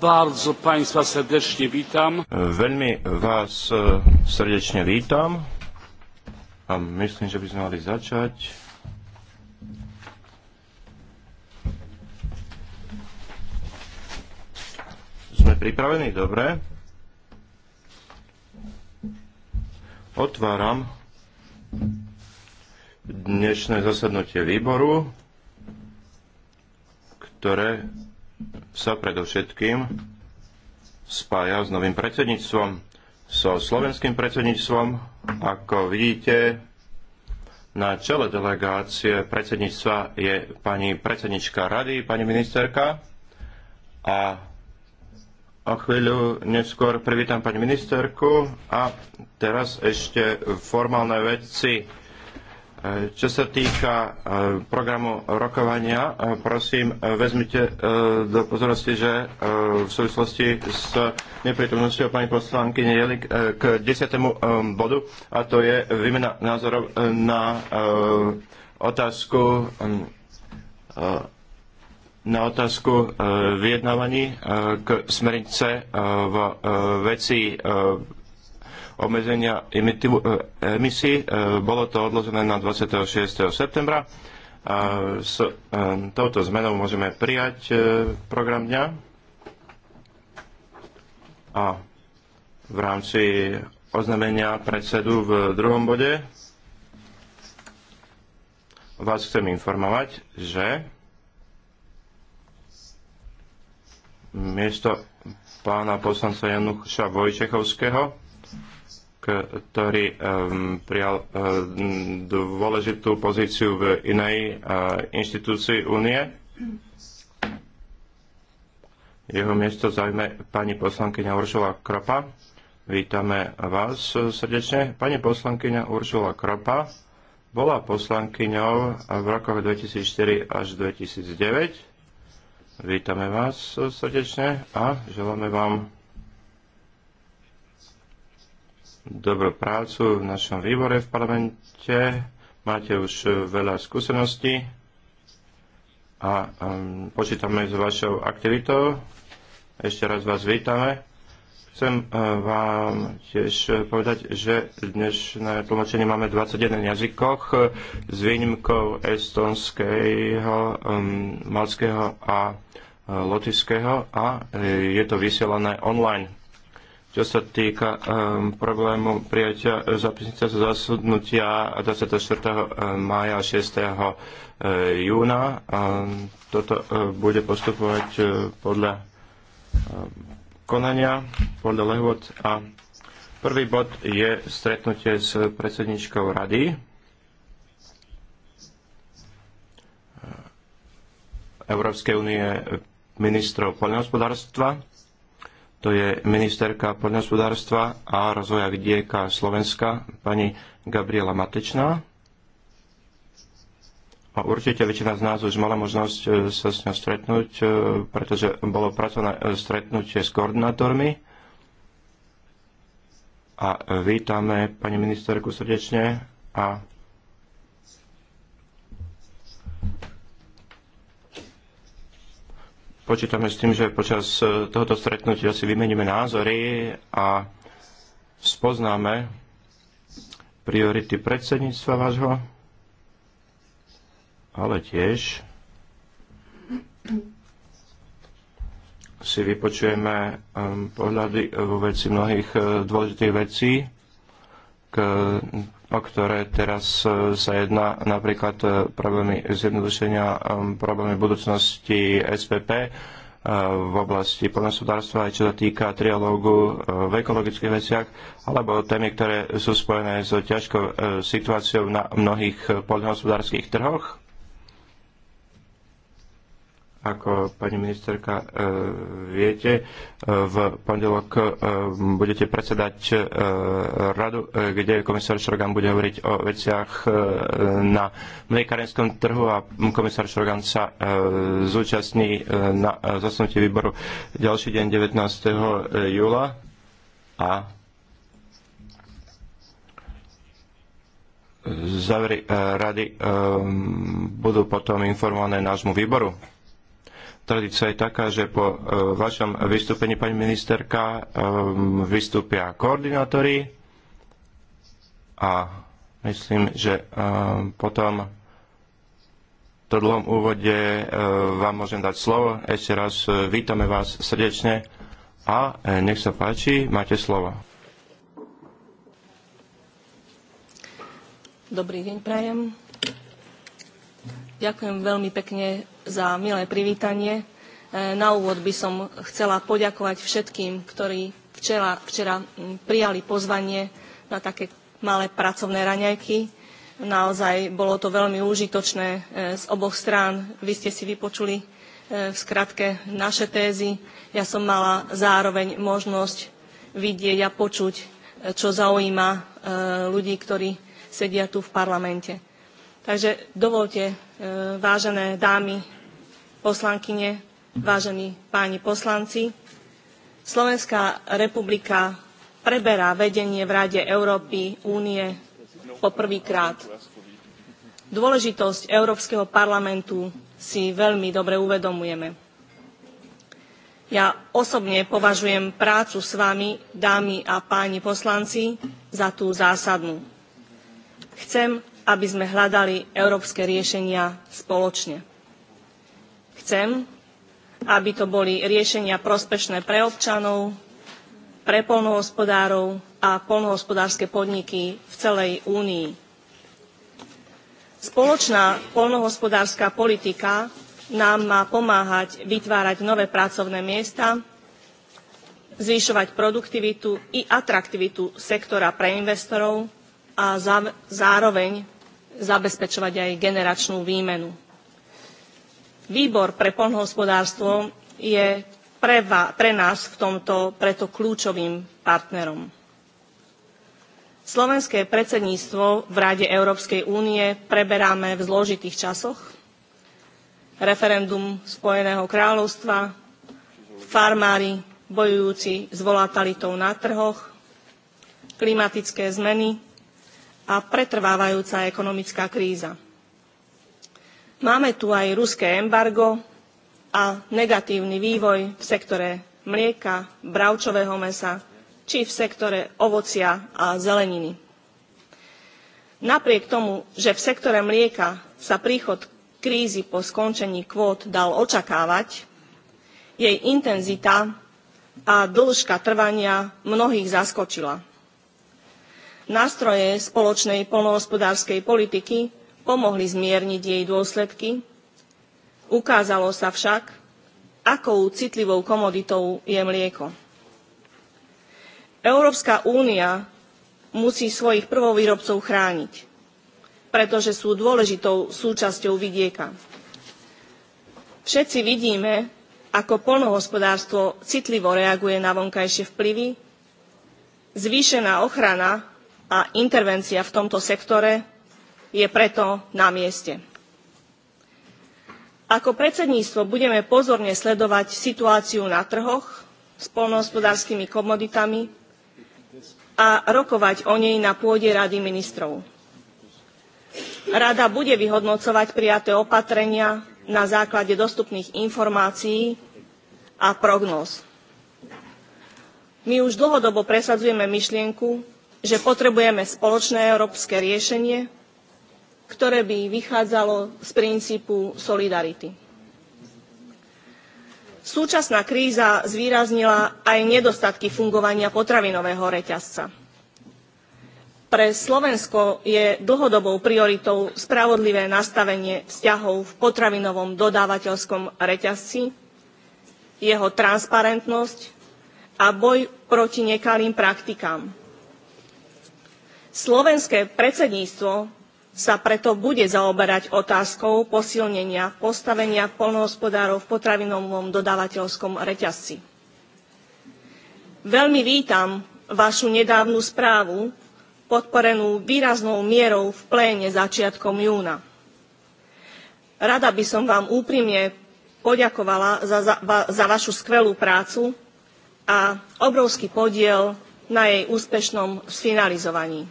bardzo Państwa serdecznie witam. Veľmi vás e, srdečne vítam a myslím, že by sme mali začať. Sme pripravení? Dobre. Otváram dnešné zasadnutie výboru, ktoré sa predovšetkým spája s novým predsedníctvom, so slovenským predsedníctvom. Ako vidíte, na čele delegácie predsedníctva je pani predsednička rady, pani ministerka a o chvíľu neskôr privítam pani ministerku a teraz ešte formálne veci E, čo sa týka e, programu rokovania, e, prosím, vezmite do pozornosti, že v súvislosti s neprítomnosťou pani poslankyne Jelik k 10. bodu, a to je výmena názorov na otázku na otázku vyjednávaní k smernice v veci obmedzenia e, emisí. E, bolo to odložené na 26. septembra. E, s touto zmenou môžeme prijať program dňa. A v rámci oznámenia predsedu v druhom bode vás chcem informovať, že miesto pána poslanca Januša Vojčechovského ktorý ehm, prijal ehm, dôležitú pozíciu v inej eh, inštitúcii únie. Jeho miesto zaujme pani poslankyňa Uršula Kropa. Vítame vás srdečne. Pani poslankyňa Uršula Kropa bola poslankyňou v rokoch 2004 až 2009. Vítame vás srdečne a želáme vám dobrú prácu v našom výbore v parlamente. Máte už veľa skúseností a um, počítame s vašou aktivitou. Ešte raz vás vítame. Chcem uh, vám tiež povedať, že dnešné tlmočení máme 21 jazykoch s výnimkou estonského, um, malského a uh, lotiského a uh, je to vysielané online. Čo sa týka um, problému prijatia zapisnice sa zasudnutia 24. mája a 6. E, júna, um, toto uh, bude postupovať uh, podľa uh, konania, podľa lehôd a Prvý bod je stretnutie s predsedničkou rady. Európskej únie ministrov poľnohospodárstva to je ministerka poľnohospodárstva a rozvoja vidieka Slovenska, pani Gabriela Matečná. A určite väčšina z nás už mala možnosť e, sa s ňou stretnúť, e, pretože bolo pracovné e, stretnutie s koordinátormi. A vítame pani ministerku srdečne a počítame s tým, že počas e, tohoto stretnutia si vymeníme názory a spoznáme priority predsedníctva vášho, ale tiež si vypočujeme um, pohľady vo veci mnohých e, dôležitých vecí, k o ktoré teraz e, sa jedná, napríklad e, problémy zjednodušenia, e, problémy budúcnosti SPP v oblasti poľnohospodárstva, aj čo sa týka trialógu v ekologických veciach, alebo témy, ktoré sú spojené s ťažkou situáciou na mnohých poľnohospodárských trhoch ako pani ministerka e, viete, e, v pondelok e, budete predsedať radu, kde komisár Šorgan bude hovoriť o veciach na mliekarenskom trhu a komisár Šorgan sa zúčastní na zasnutí výboru ďalší deň 19. júla a závery rady budú potom informované nášmu výboru. Tradícia je taká, že po e, vašom vystúpení, pani ministerka, e, vystúpia koordinátori a myslím, že e, potom to dlhom úvode vám môžem dať slovo. Ešte raz vítame vás srdečne a nech sa páči, máte slovo. Dobrý deň, prajem. Ďakujem veľmi pekne za milé privítanie. E, na úvod by som chcela poďakovať všetkým, ktorí včera, včera prijali pozvanie na také malé pracovné raňajky. Naozaj bolo to veľmi užitočné e, z oboch strán. Vy ste si vypočuli e, v skratke naše tézy. Ja som mala zároveň možnosť vidieť a počuť, čo zaujíma ľudí, ktorí sedia tu v parlamente. Takže dovolte, vážené dámy poslankyne, vážení páni poslanci, Slovenská republika preberá vedenie v Rade Európy únie po prvýkrát. Dôležitosť Európskeho parlamentu si veľmi dobre uvedomujeme. Ja osobne považujem prácu s vami, dámy a páni poslanci, za tú zásadnú. Chcem, aby sme hľadali európske riešenia spoločne chcem, aby to boli riešenia prospešné pre občanov, pre poľnohospodárov a poľnohospodárske podniky v celej Únii. Spoločná poľnohospodárska politika nám má pomáhať vytvárať nové pracovné miesta, zvyšovať produktivitu i atraktivitu sektora pre investorov a zároveň zabezpečovať aj generačnú výmenu výbor pre poľnohospodárstvo je pre, nás v tomto preto kľúčovým partnerom. Slovenské predsedníctvo v Rade Európskej únie preberáme v zložitých časoch. Referendum Spojeného kráľovstva, farmári bojujúci s volatilitou na trhoch, klimatické zmeny a pretrvávajúca ekonomická kríza. Máme tu aj ruské embargo a negatívny vývoj v sektore mlieka, bravčového mäsa či v sektore ovocia a zeleniny. Napriek tomu, že v sektore mlieka sa príchod krízy po skončení kvót dal očakávať, jej intenzita a dĺžka trvania mnohých zaskočila. Nástroje spoločnej poľnohospodárskej politiky pomohli zmierniť jej dôsledky. Ukázalo sa však, akou citlivou komoditou je mlieko. Európska únia musí svojich prvovýrobcov chrániť, pretože sú dôležitou súčasťou vidieka. Všetci vidíme, ako poľnohospodárstvo citlivo reaguje na vonkajšie vplyvy. Zvýšená ochrana a intervencia v tomto sektore je preto na mieste. Ako predsedníctvo budeme pozorne sledovať situáciu na trhoch s poľnohospodárskymi komoditami a rokovať o nej na pôde Rady ministrov. Rada bude vyhodnocovať prijaté opatrenia na základe dostupných informácií a prognóz. My už dlhodobo presadzujeme myšlienku, že potrebujeme spoločné európske riešenie ktoré by vychádzalo z princípu solidarity. Súčasná kríza zvýraznila aj nedostatky fungovania potravinového reťazca. Pre Slovensko je dlhodobou prioritou spravodlivé nastavenie vzťahov v potravinovom dodávateľskom reťazci, jeho transparentnosť a boj proti nekalým praktikám. Slovenské predsedníctvo sa preto bude zaoberať otázkou posilnenia postavenia poľnohospodárov v potravinovom dodávateľskom reťazci. Veľmi vítam vašu nedávnu správu, podporenú výraznou mierou v pléne začiatkom júna. Rada by som vám úprimne poďakovala za, za, za vašu skvelú prácu a obrovský podiel na jej úspešnom sfinalizovaní.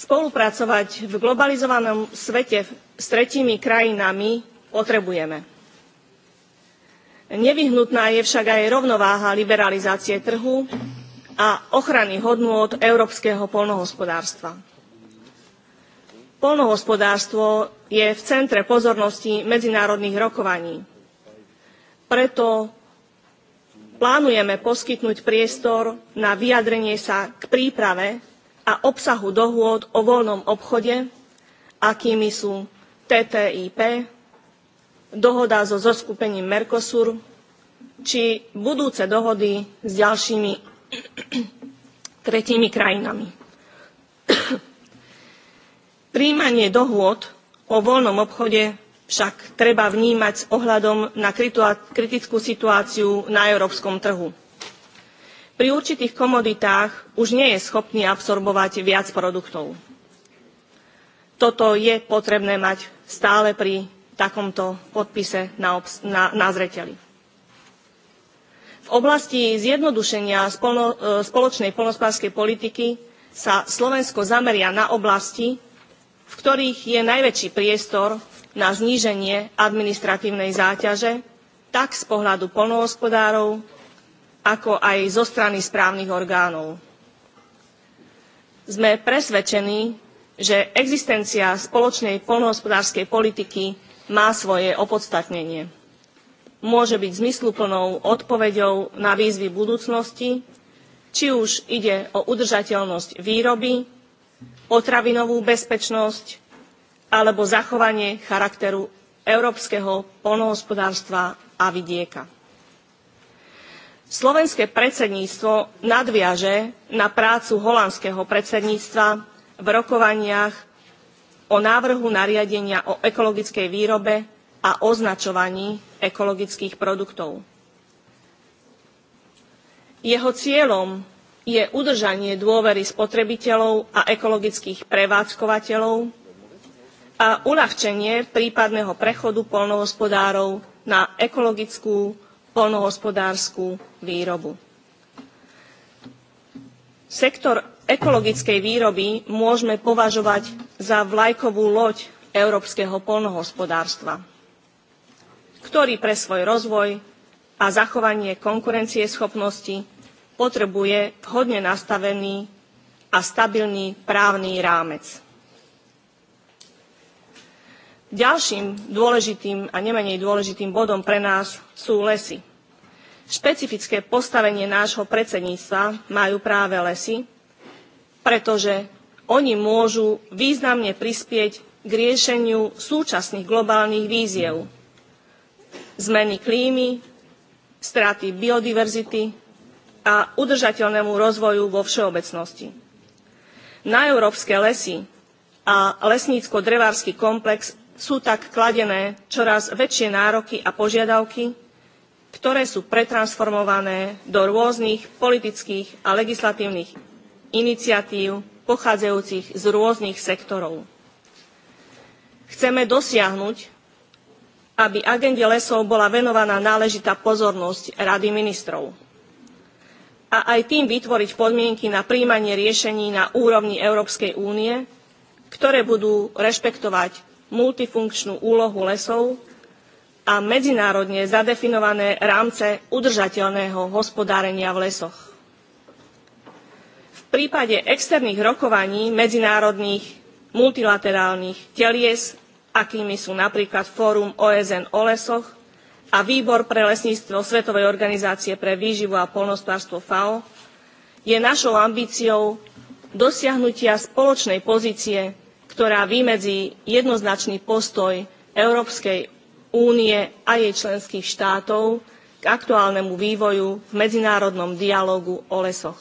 spolupracovať v globalizovanom svete s tretími krajinami potrebujeme. Nevyhnutná je však aj rovnováha liberalizácie trhu a ochrany hodnôt európskeho poľnohospodárstva. Poľnohospodárstvo je v centre pozornosti medzinárodných rokovaní. Preto plánujeme poskytnúť priestor na vyjadrenie sa k príprave a obsahu dohôd o voľnom obchode, akými sú TTIP, dohoda so zoskupením Mercosur či budúce dohody s ďalšími tretími krajinami. Príjmanie dohôd o voľnom obchode však treba vnímať s ohľadom na kritickú situáciu na európskom trhu pri určitých komoditách už nie je schopný absorbovať viac produktov. Toto je potrebné mať stále pri takomto podpise na, na, na zreteli. V oblasti zjednodušenia spolo, e, spoločnej poľnohospodárskej politiky sa Slovensko zameria na oblasti, v ktorých je najväčší priestor na zníženie administratívnej záťaže tak z pohľadu poľnohospodárov ako aj zo strany správnych orgánov. Sme presvedčení, že existencia spoločnej poľnohospodárskej politiky má svoje opodstatnenie. Môže byť zmysluplnou odpoveďou na výzvy budúcnosti, či už ide o udržateľnosť výroby, potravinovú bezpečnosť alebo zachovanie charakteru európskeho poľnohospodárstva a vidieka. Slovenské predsedníctvo nadviaže na prácu holandského predsedníctva v rokovaniach o návrhu nariadenia o ekologickej výrobe a označovaní ekologických produktov. Jeho cieľom je udržanie dôvery spotrebiteľov a ekologických prevádzkovateľov a uľahčenie prípadného prechodu poľnohospodárov na ekologickú poľnohospodárskú výrobu. Sektor ekologickej výroby môžeme považovať za vlajkovú loď európskeho poľnohospodárstva, ktorý pre svoj rozvoj a zachovanie konkurencieschopnosti potrebuje vhodne nastavený a stabilný právny rámec Ďalším dôležitým a nemenej dôležitým bodom pre nás sú lesy. Špecifické postavenie nášho predsedníctva majú práve lesy, pretože oni môžu významne prispieť k riešeniu súčasných globálnych víziev. Zmeny klímy, straty biodiverzity a udržateľnému rozvoju vo všeobecnosti. Na európske lesy a lesnícko drevársky komplex sú tak kladené čoraz väčšie nároky a požiadavky, ktoré sú pretransformované do rôznych politických a legislatívnych iniciatív pochádzajúcich z rôznych sektorov. Chceme dosiahnuť, aby agende lesov bola venovaná náležitá pozornosť Rady ministrov a aj tým vytvoriť podmienky na príjmanie riešení na úrovni Európskej únie, ktoré budú rešpektovať multifunkčnú úlohu lesov a medzinárodne zadefinované rámce udržateľného hospodárenia v lesoch. V prípade externých rokovaní medzinárodných multilaterálnych telies, akými sú napríklad Fórum OSN o lesoch a Výbor pre lesníctvo Svetovej organizácie pre výživu a poľnohospodárstvo FAO, je našou ambíciou dosiahnutia spoločnej pozície ktorá vymedzí jednoznačný postoj Európskej únie a jej členských štátov k aktuálnemu vývoju v medzinárodnom dialógu o lesoch.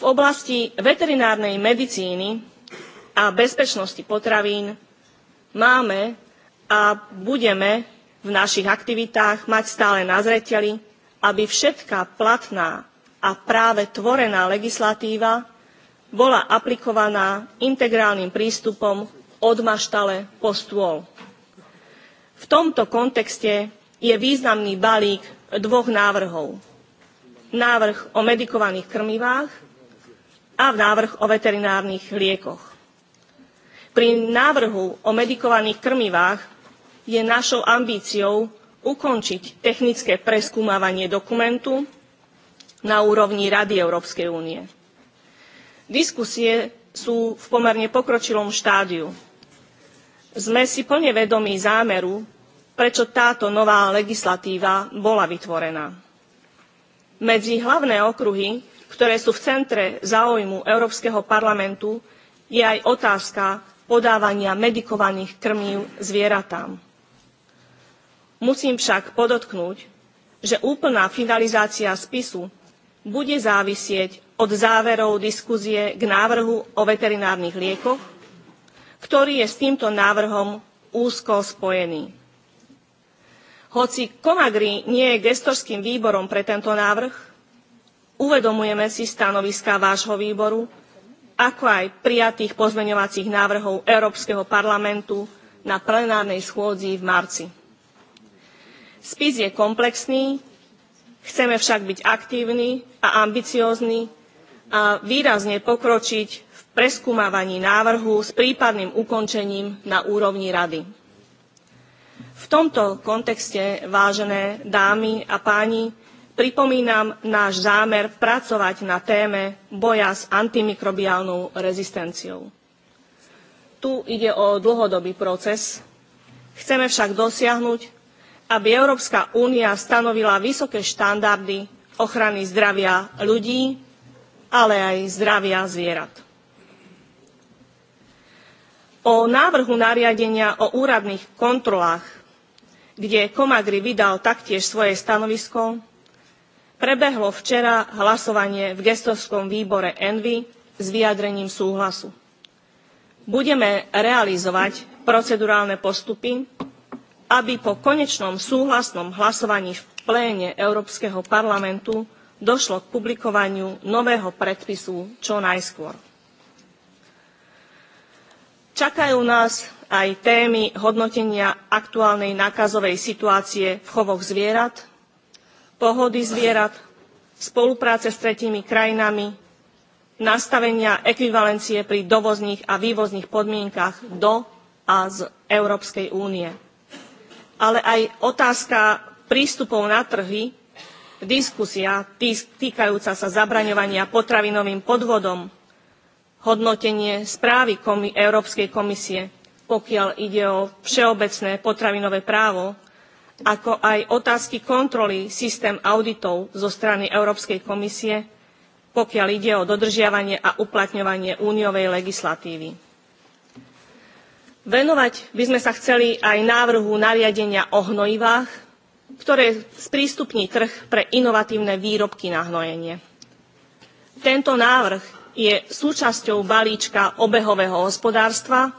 V oblasti veterinárnej medicíny a bezpečnosti potravín máme a budeme v našich aktivitách mať stále na zreteli, aby všetká platná a práve tvorená legislatíva bola aplikovaná integrálnym prístupom od maštale po stôl. V tomto kontexte je významný balík dvoch návrhov. Návrh o medikovaných krmivách a návrh o veterinárnych liekoch. Pri návrhu o medikovaných krmivách je našou ambíciou ukončiť technické preskúmavanie dokumentu na úrovni Rady Európskej únie Diskusie sú v pomerne pokročilom štádiu. Sme si plne vedomí zámeru, prečo táto nová legislatíva bola vytvorená. Medzi hlavné okruhy, ktoré sú v centre záujmu Európskeho parlamentu, je aj otázka podávania medikovaných krmív zvieratám. Musím však podotknúť, že úplná finalizácia spisu bude závisieť od záverov diskusie k návrhu o veterinárnych liekoch, ktorý je s týmto návrhom úzko spojený. Hoci Konagri nie je gestorským výborom pre tento návrh, uvedomujeme si stanoviská vášho výboru, ako aj prijatých pozmeňovacích návrhov Európskeho parlamentu na plenárnej schôdzi v marci. Spis je komplexný Chceme však byť aktívni a ambiciózni a výrazne pokročiť v preskúmavaní návrhu s prípadným ukončením na úrovni Rady. V tomto kontexte, vážené dámy a páni, pripomínam náš zámer pracovať na téme boja s antimikrobiálnou rezistenciou. Tu ide o dlhodobý proces. Chceme však dosiahnuť aby Európska únia stanovila vysoké štandardy ochrany zdravia ľudí, ale aj zdravia zvierat. O návrhu nariadenia o úradných kontrolách, kde Komagri vydal taktiež svoje stanovisko, prebehlo včera hlasovanie v gestovskom výbore ENVI s vyjadrením súhlasu. Budeme realizovať procedurálne postupy, aby po konečnom súhlasnom hlasovaní v pléne Európskeho parlamentu došlo k publikovaniu nového predpisu čo najskôr. Čakajú nás aj témy hodnotenia aktuálnej nákazovej situácie v chovoch zvierat, pohody zvierat, spolupráce s tretími krajinami, nastavenia ekvivalencie pri dovozných a vývozných podmienkach do a z Európskej únie ale aj otázka prístupov na trhy, diskusia týkajúca sa zabraňovania potravinovým podvodom, hodnotenie správy Európskej komisie, pokiaľ ide o všeobecné potravinové právo, ako aj otázky kontroly systém auditov zo strany Európskej komisie, pokiaľ ide o dodržiavanie a uplatňovanie úniovej legislatívy. Venovať by sme sa chceli aj návrhu nariadenia o hnojivách, ktoré sprístupní trh pre inovatívne výrobky na hnojenie. Tento návrh je súčasťou balíčka obehového hospodárstva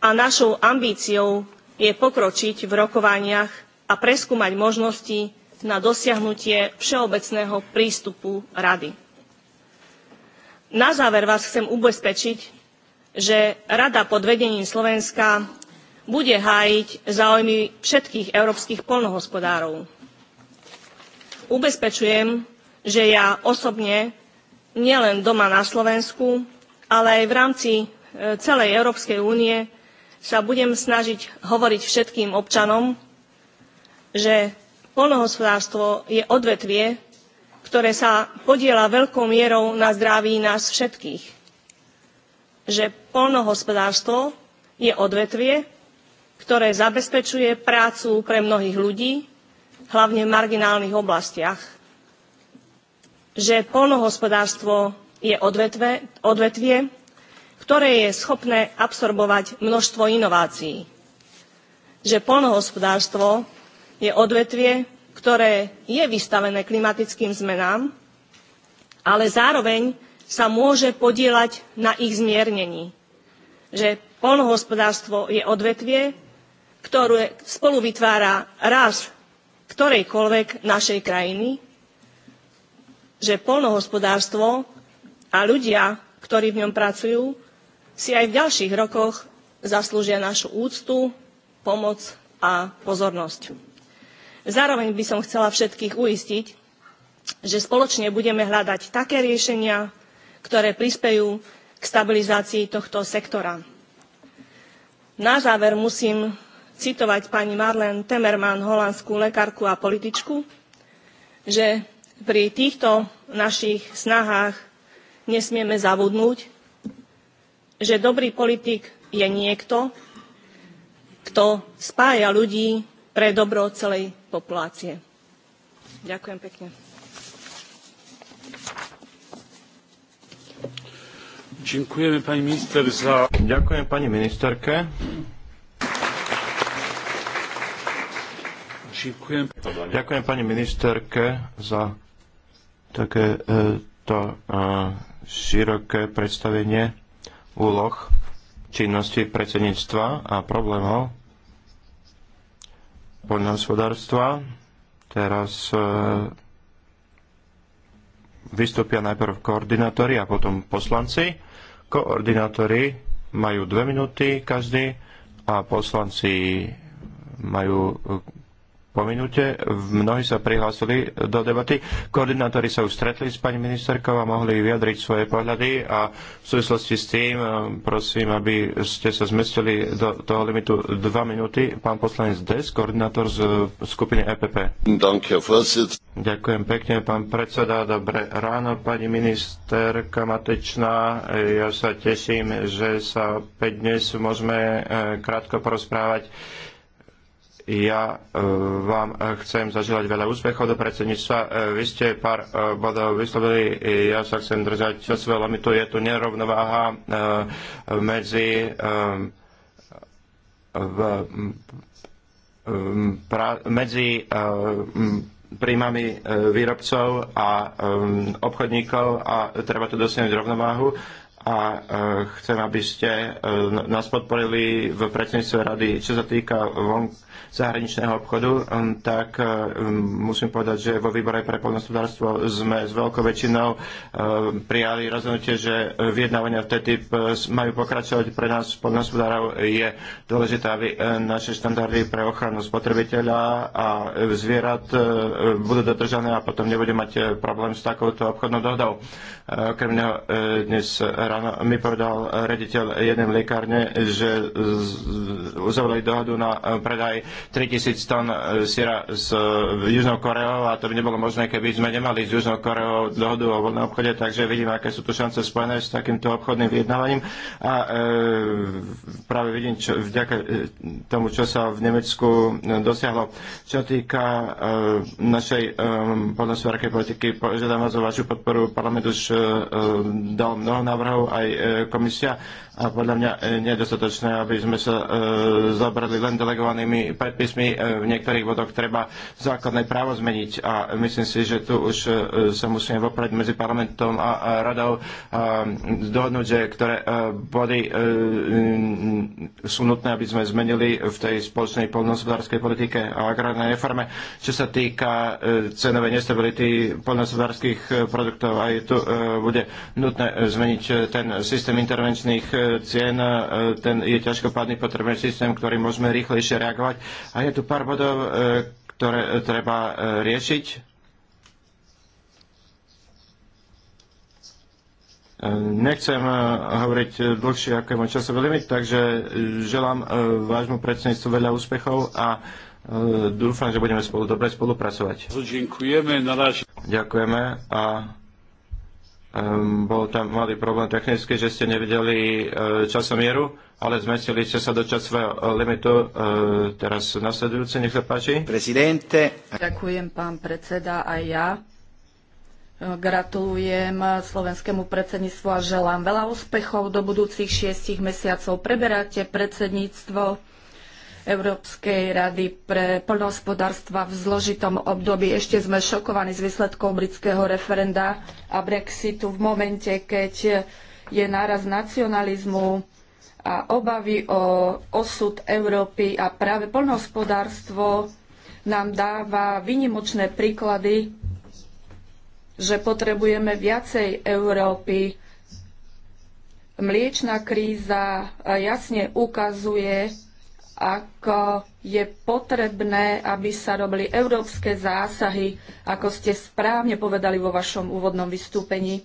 a našou ambíciou je pokročiť v rokovaniach a preskúmať možnosti na dosiahnutie všeobecného prístupu Rady. Na záver vás chcem ubezpečiť, že Rada pod vedením Slovenska bude hájiť záujmy všetkých európskych poľnohospodárov. Ubezpečujem, že ja osobne nielen doma na Slovensku, ale aj v rámci e, celej Európskej únie sa budem snažiť hovoriť všetkým občanom, že poľnohospodárstvo je odvetvie, ktoré sa podieľa veľkou mierou na zdraví nás všetkých že poľnohospodárstvo je odvetvie, ktoré zabezpečuje prácu pre mnohých ľudí, hlavne v marginálnych oblastiach. Že poľnohospodárstvo je odvetve, odvetvie, ktoré je schopné absorbovať množstvo inovácií. Že poľnohospodárstvo je odvetvie, ktoré je vystavené klimatickým zmenám, ale zároveň sa môže podieľať na ich zmiernení. Že poľnohospodárstvo je odvetvie, ktoré spolu vytvára rast ktorejkoľvek našej krajiny, že poľnohospodárstvo a ľudia, ktorí v ňom pracujú, si aj v ďalších rokoch zaslúžia našu úctu, pomoc a pozornosť. Zároveň by som chcela všetkých uistiť, že spoločne budeme hľadať také riešenia, ktoré prispejú k stabilizácii tohto sektora. Na záver musím citovať pani Marlene Temerman, holandskú lekárku a političku, že pri týchto našich snahách nesmieme zavudnúť, že dobrý politik je niekto, kto spája ľudí pre dobro celej populácie. Ďakujem pekne. Ďakujeme pani minister za... Ďakujem pani ministerke. Ďakujem. Ďakujem pani ministerke za také e, to e, široké predstavenie úloh činnosti predsedníctva a problémov poľnohospodárstva. Teraz e, vystúpia najprv koordinátori a potom poslanci. Koordinátori majú dve minúty každý a poslanci majú po minúte. Mnohí sa prihlásili do debaty. Koordinátori sa už stretli s pani ministerkou a mohli vyjadriť svoje pohľady a v súvislosti s tým eh, prosím, aby ste sa zmestili do toho limitu dva minúty. Pán poslanec Des, koordinátor z eh, skupiny EPP. Ďakujem pekne, pán predseda. Dobré ráno, pani ministerka Matečná. Eh, ja sa teším, že sa opäť dnes môžeme krátko porozprávať ja e, vám e, chcem zaželať veľa úspechov do predsedníctva. E, vy ste pár bodov vyslovili. Ja sa chcem držať časového limitu. Je tu nerovnováha medzi medzi príjmami výrobcov a obchodníkov a treba tu dosiahnuť rovnováhu a chcem, aby ste nás podporili v predsedníctve rady, čo sa týka vonk zahraničného obchodu, um, tak uh, um, musím povedať, že vo výbore pre poľnohospodárstvo sme s veľkou väčšinou uh, prijali rozhodnutie, že vyjednávania v TTIP uh, majú pokračovať pre nás poľnohospodárov. Je dôležité, aby naše štandardy pre ochranu spotrebiteľa a zvierat budú dodržané a potom nebude mať problém s takouto obchodnou dohodou. Okrem mňa dnes ráno mi povedal rediteľ jednej lekárne, že uzavreli dohodu na predaj 3000 tón e, syra s e, Južnou Koreou a to by nebolo možné, keby sme nemali s Južnou Koreou dohodu o voľnom obchode, takže vidím, aké sú tu šance spojené s takýmto obchodným vyjednávaním a e, práve vidím, čo, vďaka e, tomu, čo sa v Nemecku dosiahlo. Čo týka e, našej e, podnosvárkej politiky, požiadam vás o vašu podporu. Parlament už e, dal mnoho návrhov, aj e, komisia a podľa mňa e, nedostatočné, aby sme sa e, zabrali len delegovanými predpismi. E, v niektorých bodoch treba základné právo zmeniť a myslím si, že tu už e, sa musíme voprať medzi parlamentom a, a radou a e, dohodnúť, že ktoré e, body e, sú nutné, aby sme zmenili v tej spoločnej poľnohospodárskej politike a agrárnej reforme. Čo sa týka e, cenovej nestability poľnohospodárskych e, produktov, aj tu e, bude nutné zmeniť ten systém intervenčných cien, e, ten je ťažkopádny, potrebný systém, ktorý môžeme rýchlejšie reagovať. A je tu pár bodov, e, ktoré e, treba riešiť. Nechcem hovoriť dlhšie, ako je môj časový limit, takže želám vášmu predsedníctvu veľa úspechov a dúfam, že budeme spolu dobre spolupracovať. Ďakujeme. Ďakujeme a um, bol tam malý problém technicky, že ste nevideli uh, časomieru, ale zmestili ste sa do časového eh, limitu. Uh, teraz nasledujúce, nech sa páči. Prezidente. Ďakujem, pán predseda, aj ja. Gratulujem slovenskému predsedníctvu a želám veľa úspechov do budúcich šiestich mesiacov. Preberáte predsedníctvo Európskej rady pre plnohospodárstva v zložitom období. Ešte sme šokovaní z výsledkov britského referenda a Brexitu v momente, keď je náraz nacionalizmu a obavy o osud Európy a práve plnohospodárstvo nám dáva vynimočné príklady, že potrebujeme viacej Európy. Mliečná kríza jasne ukazuje, ako je potrebné, aby sa robili európske zásahy, ako ste správne povedali vo vašom úvodnom vystúpení. E,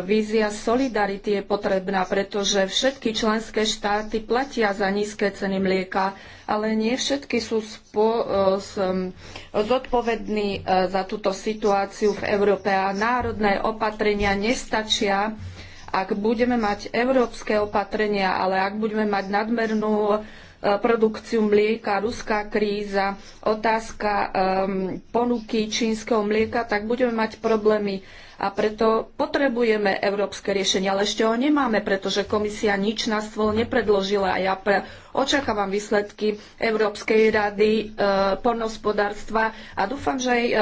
vízia solidarity je potrebná, pretože všetky členské štáty platia za nízke ceny mlieka, ale nie všetky sú spo, e, zodpovední e, za túto situáciu v Európe a národné opatrenia nestačia, ak budeme mať európske opatrenia, ale ak budeme mať nadmernú E, produkciu mlieka, ruská kríza, otázka um, ponuky čínskeho mlieka, tak budeme mať problémy a preto potrebujeme európske riešenie, ale ešte ho nemáme, pretože komisia nič na stôl nepredložila a ja očakávam výsledky Európskej rady e, pornohospodárstva a dúfam, že aj e,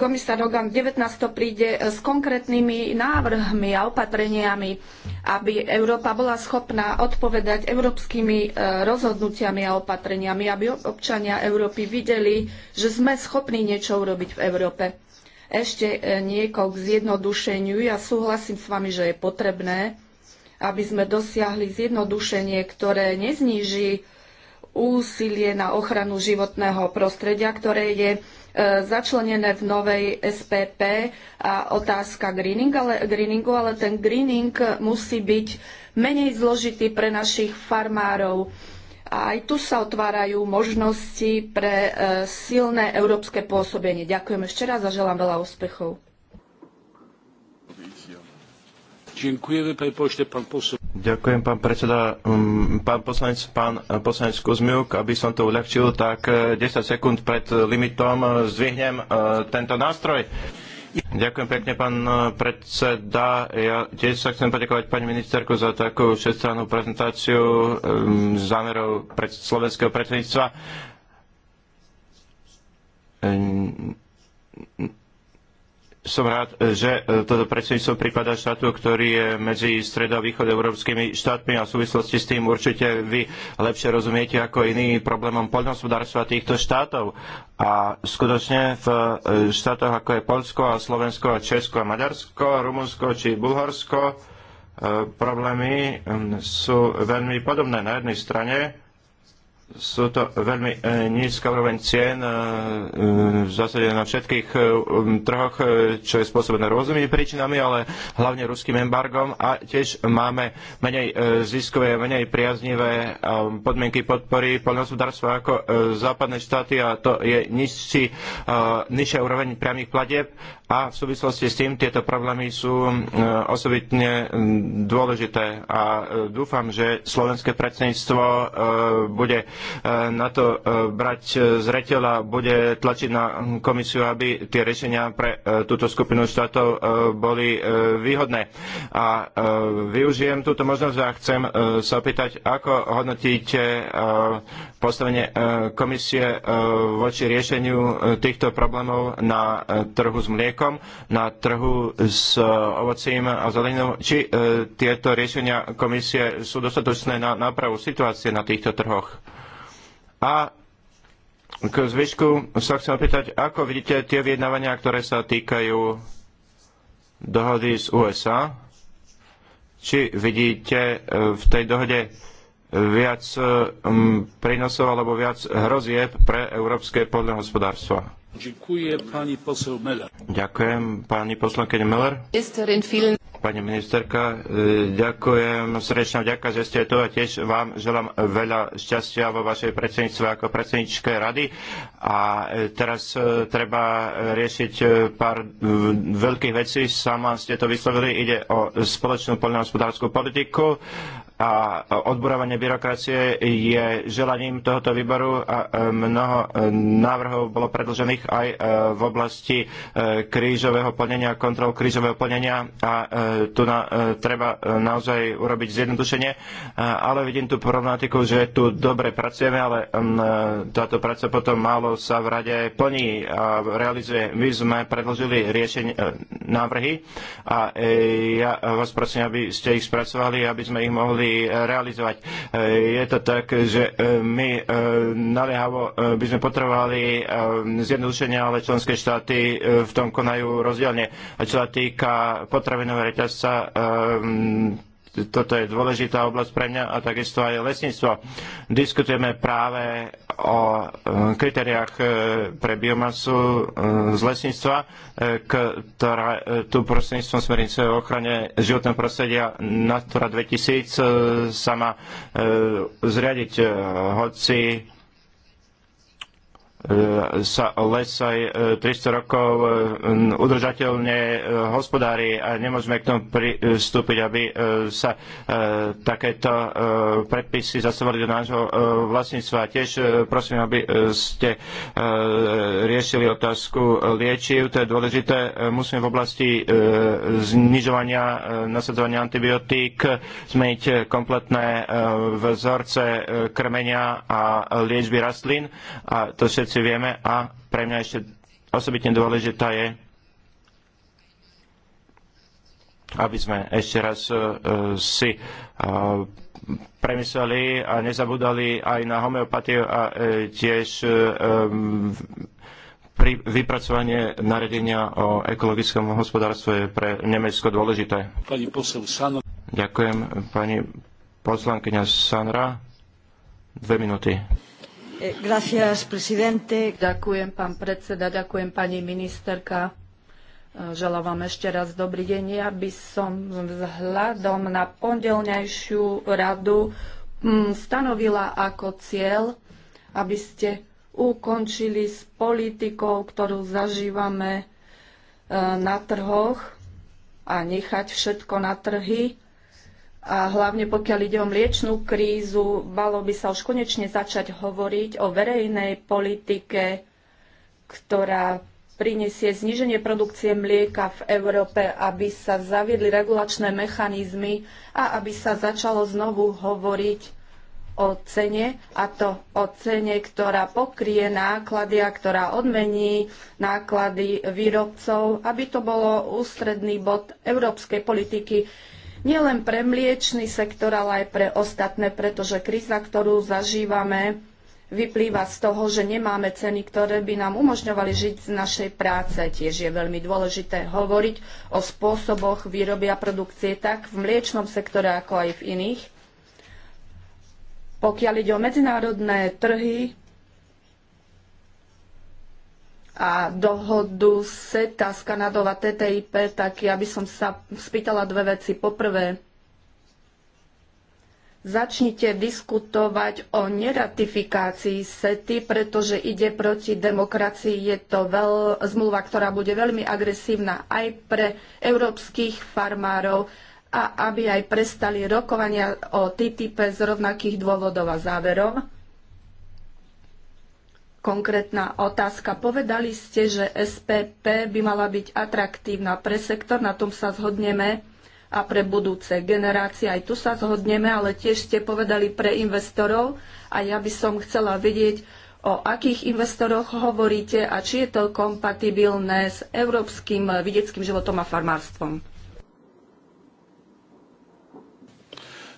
komisár Hogan 19. príde e, s konkrétnymi návrhmi a opatreniami, aby Európa bola schopná odpovedať európskymi e, rozhodnutiami a opatreniami, aby občania Európy videli, že sme schopní niečo urobiť v Európe. Ešte e, nieko k zjednodušeniu. Ja súhlasím s vami, že je potrebné, aby sme dosiahli zjednodušenie, ktoré nezníži úsilie na ochranu životného prostredia, ktoré je e, začlenené v novej SPP a otázka greening, ale, greeningu, ale ten greening musí byť menej zložitý pre našich farmárov. A aj tu sa otvárajú možnosti pre e, silné európske pôsobenie. Ďakujem ešte raz a želám veľa úspechov. Ďakujem, pán predseda. Mm, pán poslanec, pán e, poslanec Kuzmiuk, aby som to uľahčil, tak 10 e, sekúnd pred limitom zdvihnem tento nástroj. Ďakujem pekne, pán e, predseda. Ja tiež sa chcem poďakovať pani ministerku za takú všestrannú prezentáciu e, zámerov pred slovenského predsedníctva e, som rád, e, že e, toto predsedníctvo pripadá štátu, ktorý je medzi stredo- a východoeurópskymi štátmi a v súvislosti s tým určite vy lepšie rozumiete ako iný problémom poľnohospodárstva týchto štátov. A skutočne v e, štátoch ako je Polsko a Slovensko a Česko a Maďarsko, Rumunsko či Bulharsko problémy sú veľmi podobné. Na jednej strane sú to veľmi e, nízka úroveň cien e, e, v zásade na všetkých um, trhoch, čo je spôsobené rôznymi príčinami, ale hlavne ruským embargom a tiež máme menej ziskové, menej priaznivé podmienky podpory poľnohospodárstva ako západné štáty a to je nižší, nižšia úroveň priamých platieb a v súvislosti s tým tieto problémy sú osobitne dôležité a dúfam, že slovenské predsedníctvo bude E, na to e, brať e, zreteľ a bude tlačiť na komisiu, aby tie riešenia pre túto skupinu štátov boli výhodné. A využijem túto možnosť a chcem sa opýtať, ako hodnotíte postavenie komisie voči riešeniu týchto problémov na trhu s mliekom, na trhu s ovocím a zeleninou, či tieto riešenia komisie sú dostatočné na nápravu situácie na týchto trhoch? A k zvyšku sa chcem opýtať, ako vidíte tie vyjednávania, ktoré sa týkajú dohody z USA? Či vidíte e, v tej dohode viac e, prínosov alebo viac hrozieb pre európske poľnohospodárstvo? Ďakujem pani, Ďakujem, pani poslankyne Miller. Pani ministerka, e, ďakujem srdečne vďaka, že ste tu a tiež vám želám veľa šťastia vo vašej predsedníctve ako predsedničkej rady. A e, teraz e, treba riešiť pár veľkých vecí. Sama ste to vyslovili. Ide o spoločnú poľnohospodárskú politiku a odburovanie byrokracie je želaním tohoto výboru a e, mnoho e, návrhov bolo predlžených aj e, v oblasti krížového plnenia, kontrol krížového plnenia a tu na, treba naozaj urobiť zjednodušenie, ale vidím tu problematiku, že tu dobre pracujeme, ale táto práca potom málo sa v rade plní a realizuje. My sme predložili riešenie návrhy a ja vás prosím, aby ste ich spracovali, aby sme ich mohli realizovať. Eh, je to tak, že eh, my eh, naliehavo by sme potrebovali zjednodušenia, ale členské štáty v tom konajú rozdielne. A čo sa týka potravinového reťazca, toto je dôležitá oblasť pre mňa a takisto aj lesníctvo. Diskutujeme práve o e, kritériách e, pre biomasu e, z lesníctva, ktorá tu prostredníctvom smernice o ochrane životného prostredia Natura 2000 sa má zriadiť, hoci E, sa les aj 300 e, rokov e, udržateľne hospodári a nemôžeme k tomu pristúpiť, aby sa takéto predpisy zastavali do nášho vlastníctva. Tiež prosím, aby ste riešili otázku liečiv. To je dôležité. Musíme v oblasti znižovania nasadzovania antibiotík zmeniť kompletné vzorce krmenia a liečby rastlín. A to všetci všetci vieme a pre mňa ešte osobitne dôležitá je, aby sme ešte raz uh, si uh, premysleli a nezabudali aj na homeopatiu a uh, tiež um, pri vypracovanie naredenia o ekologickom hospodárstve je pre Nemecko dôležité. Pani posel Ďakujem, pani poslankyňa Sanra. Dve minúty. Ďakujem, pán predseda, ďakujem, pani ministerka. E, želám vám ešte raz dobrý deň. Ja by som vzhľadom na pondelňajšiu radu mm, stanovila ako cieľ, aby ste ukončili s politikou, ktorú zažívame e, na trhoch a nechať všetko na trhy a hlavne pokiaľ ide o mliečnú krízu, malo by sa už konečne začať hovoriť o verejnej politike, ktorá prinesie zníženie produkcie mlieka v Európe, aby sa zaviedli regulačné mechanizmy a aby sa začalo znovu hovoriť o cene, a to o cene, ktorá pokrie náklady a ktorá odmení náklady výrobcov, aby to bolo ústredný bod európskej politiky nielen pre mliečný sektor, ale aj pre ostatné, pretože kríza, ktorú zažívame, vyplýva z toho, že nemáme ceny, ktoré by nám umožňovali žiť z našej práce. Tiež je veľmi dôležité hovoriť o spôsoboch výroby a produkcie tak v mliečnom sektore, ako aj v iných. Pokiaľ ide o medzinárodné trhy, a dohodu SETA s Kanadou a TTIP, tak ja by som sa spýtala dve veci. Poprvé, začnite diskutovať o neratifikácii SETI, pretože ide proti demokracii. Je to veľ, zmluva, ktorá bude veľmi agresívna aj pre európskych farmárov a aby aj prestali rokovania o TTIP z rovnakých dôvodov a záverom Konkrétna otázka. Povedali ste, že SPP by mala byť atraktívna pre sektor, na tom sa zhodneme a pre budúce generácie. Aj tu sa zhodneme, ale tiež ste povedali pre investorov a ja by som chcela vedieť, o akých investoroch hovoríte a či je to kompatibilné s európskym vidieckým životom a farmárstvom.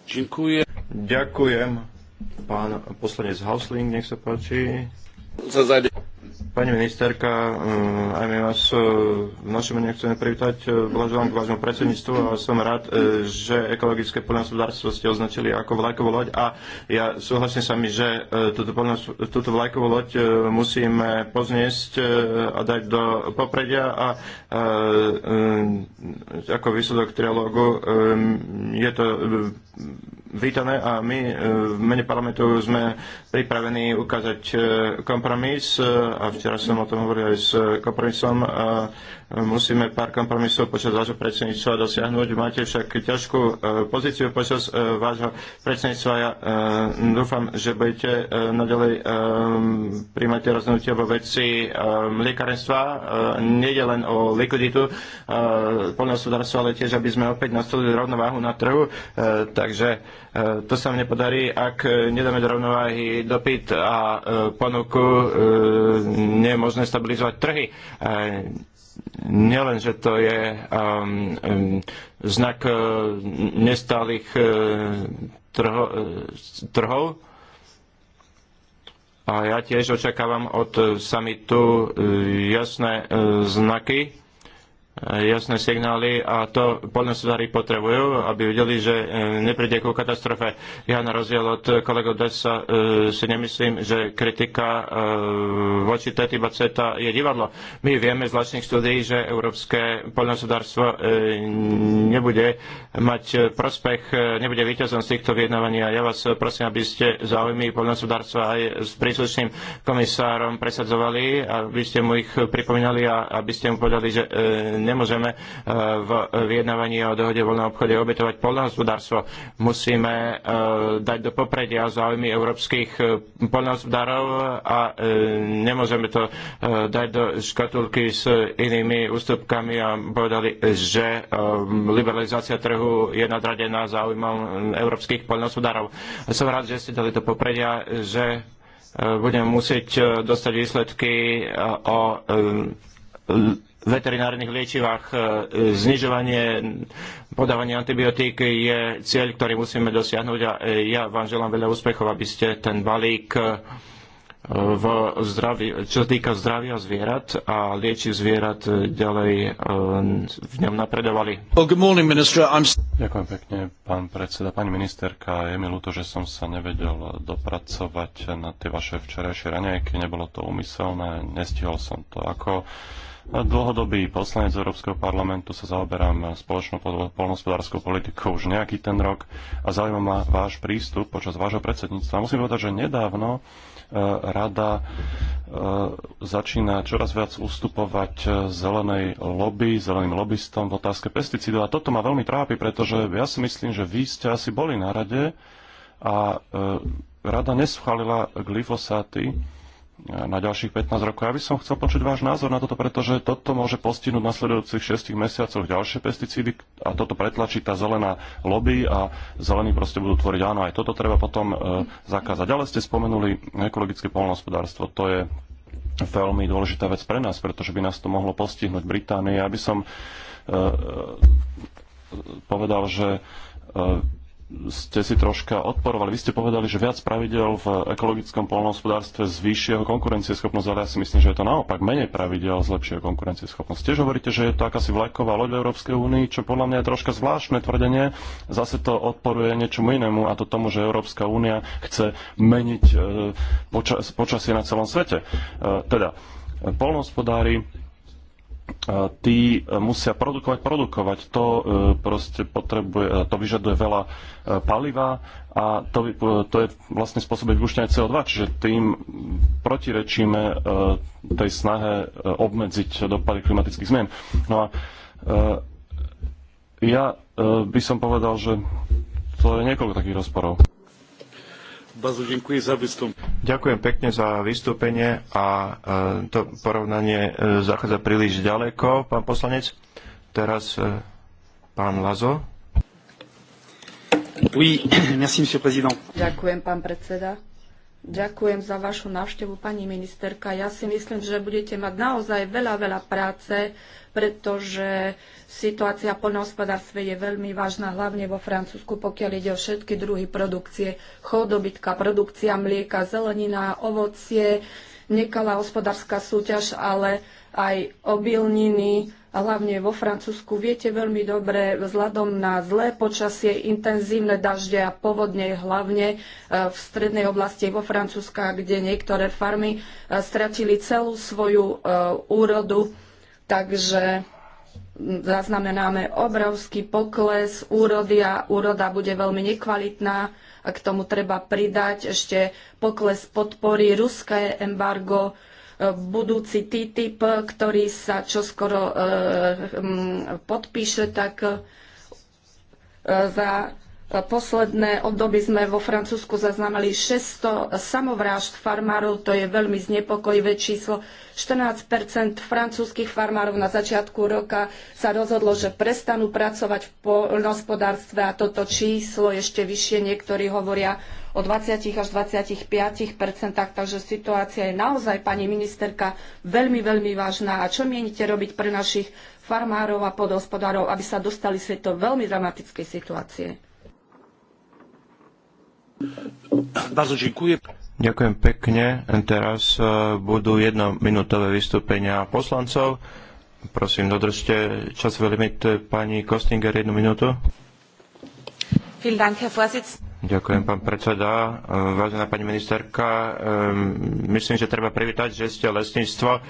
Ďakujem. Ďakujem. Pán poslanec Hausling, nech sa páči. Pani ministerka, eh, aj my vás eh, v našom mene chceme privítať. Eh, Blažujem k vášmu predsedníctvu a som rád, že ekologické poľnohospodárstvo ste označili ako vlajkovú loď a ja súhlasím s vami, že túto, túto vlajkovú loď musíme pozniesť a dať do popredia a ako výsledok trialógu je to vítané a my e, v mene parlamentu sme pripravení ukázať e, kompromis e, a včera som o tom hovoril aj s kompromisom musíme pár kompromisov počas vášho predsedníctva dosiahnuť. Máte však ťažkú e, pozíciu počas e, vášho predsedníctva. Ja e, dúfam, že budete naďalej príjmať rozhodnutia vo veci mliekarenstva. Nejde len o likviditu poľnohospodárstva, ale tiež, aby sme opäť nastolili rovnováhu na trhu. Takže to sa mne podarí, ak nedáme do rovnováhy dopyt a ponuku, nie je možné stabilizovať trhy nielen, že to je um, um, znak uh, nestálych uh, trho, uh, trhov, a ja tiež očakávam od uh, samitu uh, jasné uh, znaky, jasné signály a to poľnohospodári potrebujú, aby videli, že e, nepríde ku katastrofe. Ja na rozdiel od kolegov Dessa e, si nemyslím, že kritika e, voči TTIP a CETA je divadlo. My vieme z vlastných štúdií, že európske poľnohospodárstvo nebude mať prospech, nebude víťazom z týchto vyjednávaní a ja vás prosím, aby ste záujmy poľnohospodárstva aj s príslušným komisárom presadzovali, aby ste mu ich pripomínali a aby ste mu povedali, že nemôžeme eh, v vyjednávaní o dohode o voľnom obchode obetovať poľnohospodárstvo. Musíme eh, dať do popredia záujmy európskych eh, poľnohospodárov a nemôžeme to dať do škatulky s inými ústupkami a povedali, že liberalizácia trhu je nadradená záujmom európskych poľnohospodárov. Som rád, že ste dali do popredia, že budeme musieť dostať výsledky o veterinárnych liečivách. E, znižovanie podávania antibiotík je cieľ, ktorý musíme dosiahnuť a e, ja vám želám veľa úspechov, aby ste ten balík e, v zdraví, čo sa týka zdravia zvierat a liečiv zvierat ďalej v ňom napredovali. Well, morning, Ďakujem pekne, pán predseda. Pani ministerka, je mi ľúto, že som sa nevedel dopracovať na tie vaše včerajšie raňajky. Nebolo to úmyselné, nestihol som to. Ako dlhodobý poslanec Európskeho parlamentu, sa zaoberám spoločnou polnospodárskou politikou už nejaký ten rok a zaujíma ma váš prístup počas vášho predsedníctva. Musím povedať, že nedávno e, rada e, začína čoraz viac ustupovať e, zelenej lobby, zeleným lobbystom v otázke pesticídov. A toto ma veľmi trápi, pretože ja si myslím, že vy ste asi boli na rade a rada neschválila glyfosáty, na ďalších 15 rokov. Ja by som chcel počuť váš názor na toto, pretože toto môže postihnúť nasledujúcich 6 mesiacoch ďalšie pesticídy a toto pretlačí tá zelená lobby a zelení proste budú tvoriť áno, aj toto treba potom e, zakázať. Ale ste spomenuli ekologické polnohospodárstvo. To je veľmi dôležitá vec pre nás, pretože by nás to mohlo postihnúť Británie. Ja by som e, e, povedal, že e, ste si troška odporovali. Vy ste povedali, že viac pravidel v ekologickom polnohospodárstve zvýši jeho konkurencieschopnosť, ale ja si myslím, že je to naopak menej pravidel zlepší jeho konkurencieschopnosť. Tiež hovoríte, že je to akási vlajková loď v Európskej únii, čo podľa mňa je troška zvláštne tvrdenie. Zase to odporuje niečomu inému a to tomu, že Európska únia chce meniť eh, počas, počasie na celom svete. Eh, teda, eh, polnohospodári Eh, tí eh, musia produkovať, produkovať. To eh, proste potrebuje, to vyžaduje veľa paliva a to, to je vlastne spôsob vypúšťania CO2, čiže tým protirečíme tej snahe obmedziť dopady klimatických zmien. No a ja by som povedal, že to je niekoľko takých rozporov. Ďakujem pekne za vystúpenie a e, to porovnanie e, zachádza príliš ďaleko, pán poslanec. Teraz e, pán Lazo. Oui, merci, monsieur président. Ďakujem, pán predseda. Ďakujem za vašu návštevu, pani ministerka. Ja si myslím, že budete mať naozaj veľa, veľa práce pretože situácia poľnohospodárstve je veľmi vážna, hlavne vo Francúzsku, pokiaľ ide o všetky druhy produkcie, chodobytka, produkcia mlieka, zelenina, ovocie, nekalá hospodárska súťaž, ale aj obilniny, hlavne vo Francúzsku. Viete veľmi dobre, vzhľadom na zlé počasie, intenzívne dažde a povodne, hlavne e, v strednej oblasti vo Francúzska, kde niektoré farmy e, stratili celú svoju e, úrodu Takže zaznamenáme obrovský pokles úrody a úroda bude veľmi nekvalitná a k tomu treba pridať ešte pokles podpory ruské embargo, e, budúci TTIP, ktorý sa čoskoro e, podpíše, tak e, za posledné období sme vo Francúzsku zaznamenali 600 samovrážd farmárov, to je veľmi znepokojivé číslo. 14 francúzskych farmárov na začiatku roka sa rozhodlo, že prestanú pracovať v poľnohospodárstve a toto číslo ešte vyššie. Niektorí hovoria o 20 až 25 takže situácia je naozaj, pani ministerka, veľmi, veľmi vážna. A čo mienite robiť pre našich farmárov a podhospodárov, aby sa dostali z tejto veľmi dramatickej situácie? Bardzo dziękuję. Ďakujem pekne. Teraz e, budú jednominútové vystúpenia poslancov. Prosím, dodržte časový limit. E, pani Kostinger, jednu minútu. Ďakujem, pán predseda. E, vážená pani ministerka, myslím, že treba privítať, že ste lesníctvo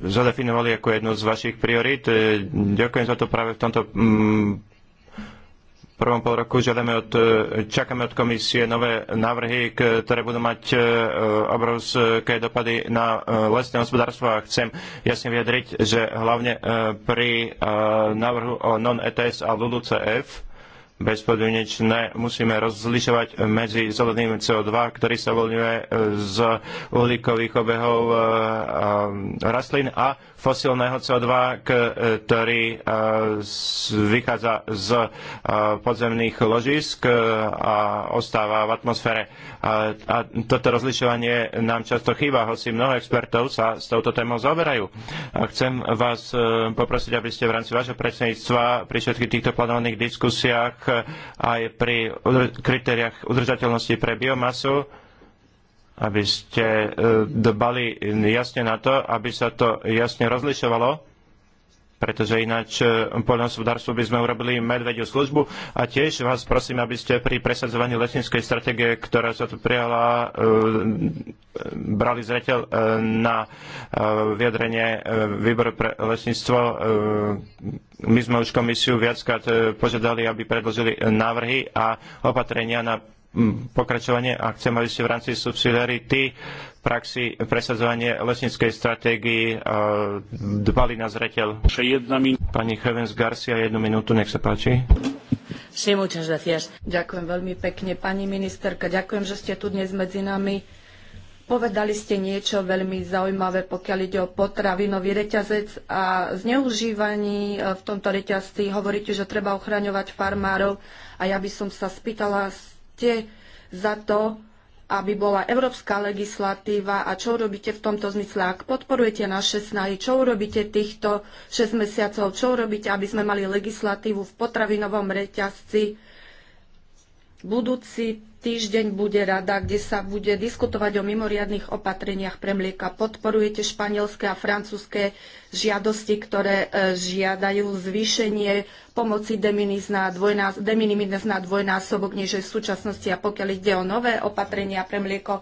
zadefinovali ako jednu z vašich priorít. Ďakujem za to práve v tomto mm, prvom pol roku žiadame od, čakáme od komisie nové návrhy, ktoré budú mať e, obrovské dopady na e, lesné hospodárstvo a chcem jasne vyjadriť, že hlavne e, pri návrhu o non-ETS a LULUCF bezpodmienečné musíme rozlišovať medzi zeleným CO2, ktorý sa voľňuje z uhlíkových obehov rastlín a fosilného CO2, e, ktorý e, vychádza z e, podzemných ložisk a ostáva v atmosfére. A toto rozlišovanie nám často chýba, hoci mnoho expertov sa s touto témou zaoberajú. A chcem vás poprosiť, aby ste v rámci vašho predsedníctva pri všetkých týchto plánovaných diskusiách aj pri kritériách udržateľnosti pre biomasu aby ste e, dbali jasne na to, aby sa to jasne rozlišovalo, pretože ináč e, poľnohospodárstvu by sme urobili medvediu službu. A tiež vás prosím, aby ste pri presadzovaní lesníckej stratégie, ktorá sa tu prijala, e, brali zreteľ na vyjadrenie výboru pre lesníctvo. My sme už komisiu viackrát požiadali, aby predložili návrhy a opatrenia na pokračovanie a chcem, ste v rámci subsidiarity v praxi presadzovanie lesníckej stratégii e, dbali na zreteľ. Pani Hevens Garcia, jednu minútu, nech sa páči. Sí, ďakujem veľmi pekne. Pani ministerka, ďakujem, že ste tu dnes medzi nami. Povedali ste niečo veľmi zaujímavé, pokiaľ ide o potravinový reťazec a zneužívaní e, v tomto reťazci. Hovoríte, že treba ochraňovať farmárov a ja by som sa spýtala, ste za to, aby bola európska legislatíva a čo urobíte v tomto zmysle, ak podporujete naše snahy, čo urobíte týchto 6 mesiacov, čo urobíte, aby sme mali legislatívu v potravinovom reťazci, Budúci týždeň bude rada, kde sa bude diskutovať o mimoriadných opatreniach pre mlieka. Podporujete španielské a francúzske žiadosti, ktoré e, žiadajú zvýšenie pomoci de minimis na, dvojnásobok, než je v súčasnosti. A pokiaľ ide o nové opatrenia pre mlieko,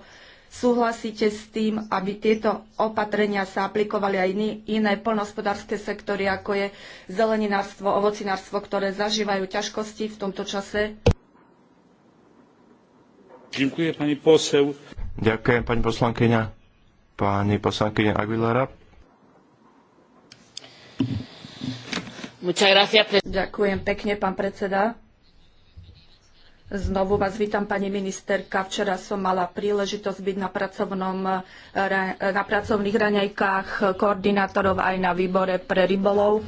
súhlasíte s tým, aby tieto opatrenia sa aplikovali aj iné, iné polnohospodárske sektory, ako je zeleninárstvo, ovocinárstvo, ktoré zažívajú ťažkosti v tomto čase? Ďakujem, pani posel. Ďakujem, pani poslankyňa. Pani poslankyňa Aguilera. Ďakujem pekne, pán predseda. Znovu vás vítam, pani ministerka. Včera som mala príležitosť byť na, pracovnom, eh, na pracovných raňajkách koordinátorov aj na výbore pre rybolov.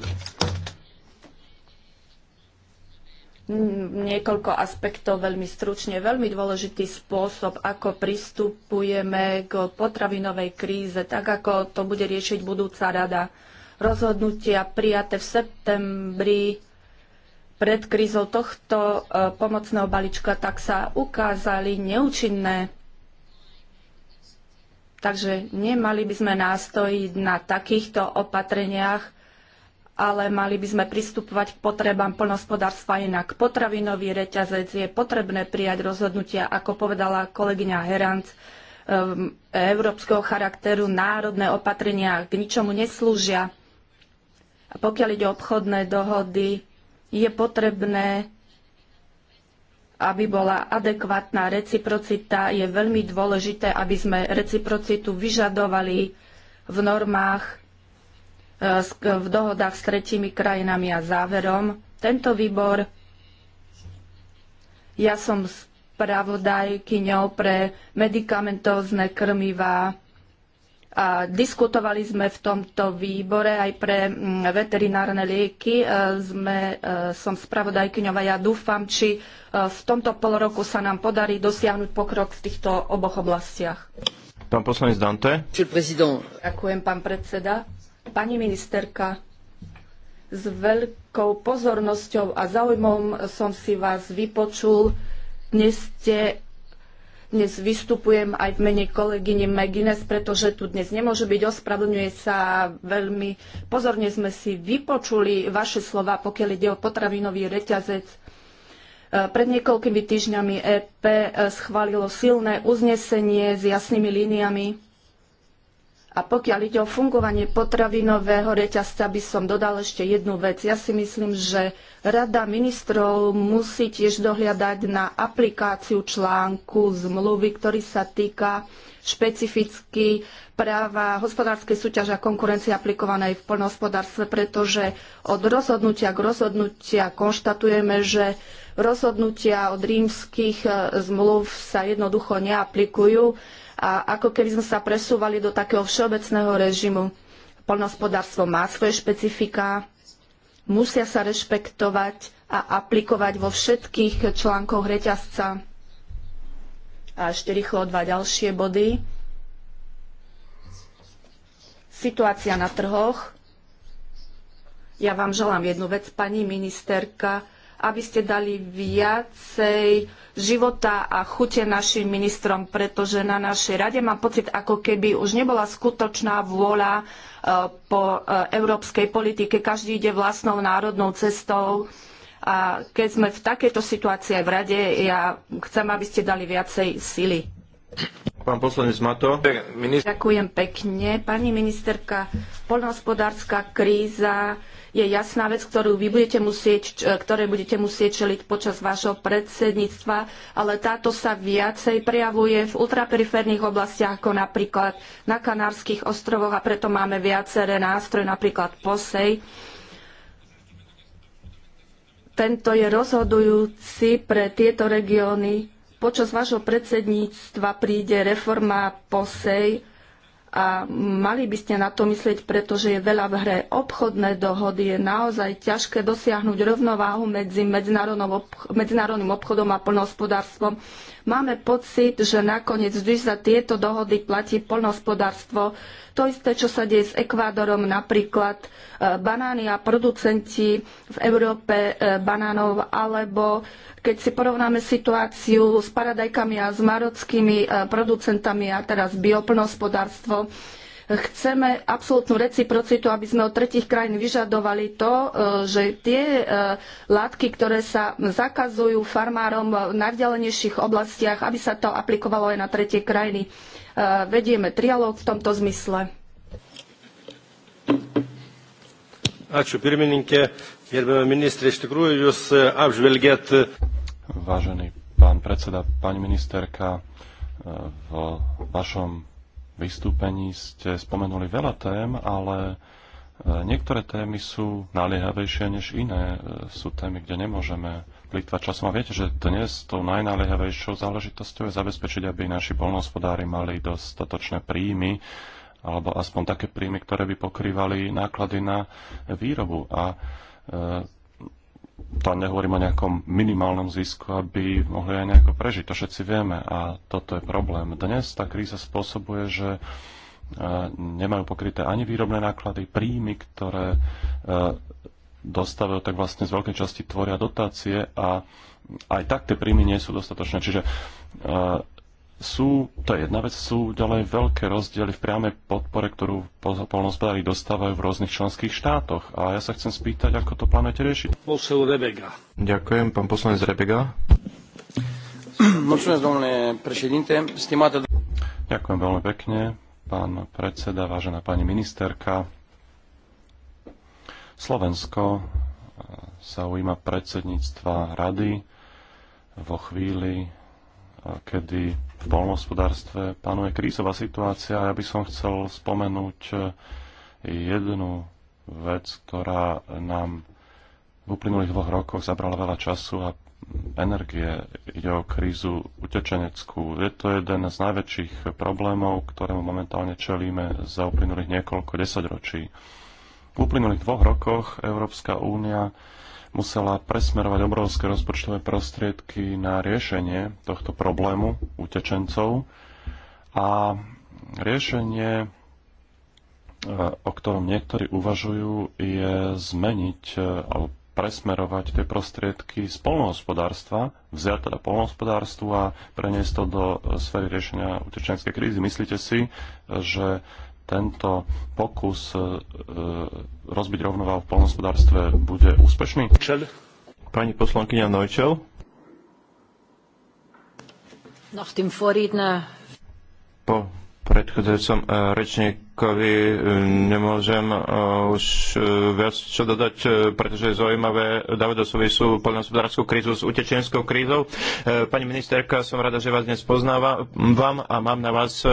Mm, niekoľko aspektov veľmi stručne. Veľmi dôležitý spôsob, ako pristupujeme k potravinovej kríze, tak ako to bude riešiť budúca rada. Rozhodnutia prijaté v septembri pred krízou tohto e, pomocného balíčka tak sa ukázali neúčinné. Takže nemali by sme nástojiť na takýchto opatreniach, ale mali by sme pristupovať k potrebám poľnohospodárstva inak. Potravinový reťazec je potrebné prijať rozhodnutia, ako povedala kolegyňa Heranc, ehm, európskeho charakteru národné opatrenia k ničomu neslúžia. A pokiaľ ide o obchodné dohody, je potrebné, aby bola adekvátna reciprocita. Je veľmi dôležité, aby sme reciprocitu vyžadovali v normách v dohodách s tretími krajinami a záverom. Tento výbor, ja som spravodajkyňou pre medikamentózne krmivá a diskutovali sme v tomto výbore aj pre mm, veterinárne lieky. E, sme, e, som spravodajkyňová, ja dúfam, či e, v tomto pol roku sa nám podarí dosiahnuť pokrok v týchto oboch oblastiach. Pán poslanec Dante. Ďakujem, pán predseda. Pani ministerka, s veľkou pozornosťou a záujmom som si vás vypočul. Dnes, ste, dnes vystupujem aj v mene kolegyne Megines, pretože tu dnes nemôže byť, ospravedlňuje sa veľmi. Pozorne sme si vypočuli vaše slova, pokiaľ ide o potravinový reťazec. E, pred niekoľkými týždňami EP e, schválilo silné uznesenie s jasnými líniami a pokiaľ ide o fungovanie potravinového reťazca, by som dodal ešte jednu vec. Ja si myslím, že Rada ministrov musí tiež dohliadať na aplikáciu článku zmluvy, ktorý sa týka špecificky práva hospodárskej súťaže a konkurencie aplikovanej v poľnohospodárstve, pretože od rozhodnutia k rozhodnutia konštatujeme, že rozhodnutia od rímskych e, zmluv sa jednoducho neaplikujú a ako keby sme sa presúvali do takého všeobecného režimu. poľnohospodárstvo má svoje špecifika, musia sa rešpektovať a aplikovať vo všetkých článkoch reťazca. A ešte rýchlo dva ďalšie body. Situácia na trhoch. Ja vám želám jednu vec, pani ministerka, aby ste dali viacej života a chute našim ministrom, pretože na našej rade mám pocit, ako keby už nebola skutočná vôľa e, po e, európskej politike. Každý ide vlastnou národnou cestou. A keď sme v takejto situácii aj v rade, ja chcem, aby ste dali viacej sily. Pán poslanec Mato. Ďakujem pekne. Pani ministerka, poľnohospodárska kríza je jasná vec, ktorú vy budete musieť, e, ktoré budete musieť čeliť počas vášho predsedníctva, ale táto sa viacej prejavuje v ultraperiférnych oblastiach, ako napríklad na Kanárskych ostrovoch a preto máme viaceré nástroje, napríklad POSEJ. Tento je rozhodujúci pre tieto regióny. Počas vášho predsedníctva príde reforma POSEJ, a mali by ste na to myslieť, pretože je veľa v hre obchodné dohody. Je naozaj ťažké dosiahnuť rovnováhu medzi medzinárodným obchodom a poľnohospodárstvom. Máme pocit, že nakoniec vždy za tieto dohody platí plnohospodárstvo. To isté, čo sa deje s Ekvádorom, napríklad e, banány a producenti v Európe e, banánov alebo keď si porovnáme situáciu s paradajkami a s marockými e, producentami a teraz bioplnohospodárstvo, chceme absolútnu reciprocitu, aby sme od tretich krajín vyžadovali to, e, že tie e, látky, ktoré sa zakazujú farmárom v najvzdialenejších oblastiach, aby sa to aplikovalo aj na tretie krajiny. Vedieme trialóg v tomto zmysle iš tikrųjų jūs e, apžvelgėt. E, Vážený pán predseda, pani ministerka, e, V vašom vystúpení ste spomenuli veľa tém, ale niektoré témy sú naliehavejšie než iné. Sú témy, kde nemôžeme plýtvať časom. A viete, že dnes tou najnaliehavejšou záležitosťou je zabezpečiť, aby naši polnohospodári mali dostatočné príjmy, alebo aspoň také príjmy, ktoré by pokrývali náklady na výrobu. A E, tam nehovorím o nejakom minimálnom zisku, aby mohli aj nejako prežiť. To všetci vieme a toto je problém. Dnes tá kríza spôsobuje, že e, nemajú pokryté ani výrobné náklady, príjmy, ktoré e, dostávajú, tak vlastne z veľkej časti tvoria dotácie a aj tak tie príjmy nie sú dostatočné. Čiže sú, to je jedna vec, sú ďalej veľké rozdiely v priamej podpore, ktorú polnospodári dostávajú v rôznych členských štátoch. A ja sa chcem spýtať, ako to plánujete riešiť. Posel Rebega. Ďakujem, pán poslanec Rebega. Ďakujem veľmi pekne, pán predseda, vážená pani ministerka. Slovensko eh, sa ujíma predsedníctva rady vo chvíli, eh, kedy v polnospodárstve panuje krízová situácia. Ja by som chcel spomenúť eh, jednu vec, ktorá nám v uplynulých dvoch rokoch zabrala veľa času a energie. Ide o krízu utečeneckú. Je to jeden z najväčších problémov, ktorému momentálne čelíme za uplynulých niekoľko desaťročí. V uplynulých dvoch rokoch Európska únia musela presmerovať obrovské rozpočtové prostriedky na riešenie tohto problému utečencov a riešenie, e, o ktorom niektorí uvažujú, je zmeniť e, alebo presmerovať tie prostriedky z polnohospodárstva, vziať teda polnohospodárstvu a preniesť to do sféry riešenia utečenskej krízy. Myslíte si, že tento pokus e, e, rozbiť rovnováhu v polnospodárstve bude úspešný? Pani poslankyňa Nojčel. Po predchádzajúcom e, rečníku Brokovi e, nemôžem e, už e, viac čo dodať, pretože je zaujímavé dávať do poľnohospodárskú krízu s utečenskou krízou. Pani ministerka, som rada, že vás dnes poznávam vám a mám na vás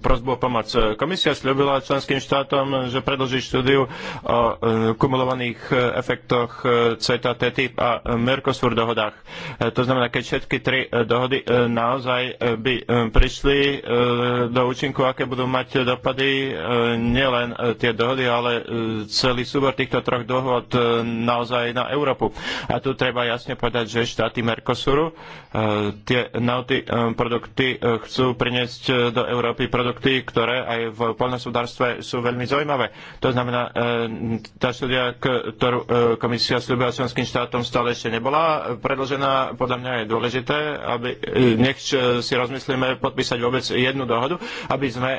prozbu o pomoc. Komisia slúbila členským štátom, že predloží štúdiu o kumulovaných efektoch CETA, TTIP a Mercosur dohodách. To znamená, keď všetky tri dohody naozaj by prišli do účinku, aké budú mať dopady nielen e, tie dohody, ale e, celý súbor týchto troch dohod e, naozaj na Európu. A tu treba jasne povedať, že štáty Mercosuru tie nauty produkty chcú priniesť do Európy produkty, ktoré aj v poľnohospodárstve sú veľmi zaujímavé. To znamená, tá štúdia, ktorú komisia slúbila členským štátom, stále ešte nebola predložená. Podľa mňa je dôležité, aby nech si rozmyslíme podpísať vôbec jednu dohodu, aby sme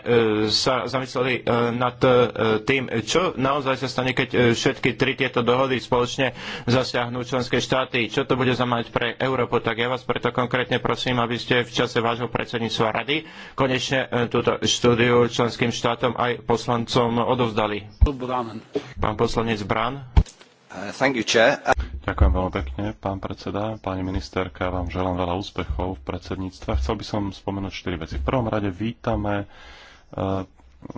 sa zamysleli E, nad e, tým, čo naozaj sa stane, keď e, všetky tri tieto dohody spoločne zasiahnu členské štáty. Čo to bude znamenať pre Európu? Tak ja vás preto konkrétne prosím, aby ste v čase vášho predsedníctva rady konečne túto štúdiu členským štátom aj poslancom odovzdali. Pán poslanec Brán. You, Ďakujem veľmi pekne, pán predseda. Pani ministerka, vám želám veľa úspechov v predsedníctve. Chcel by som spomenúť štyri veci. V prvom rade vítame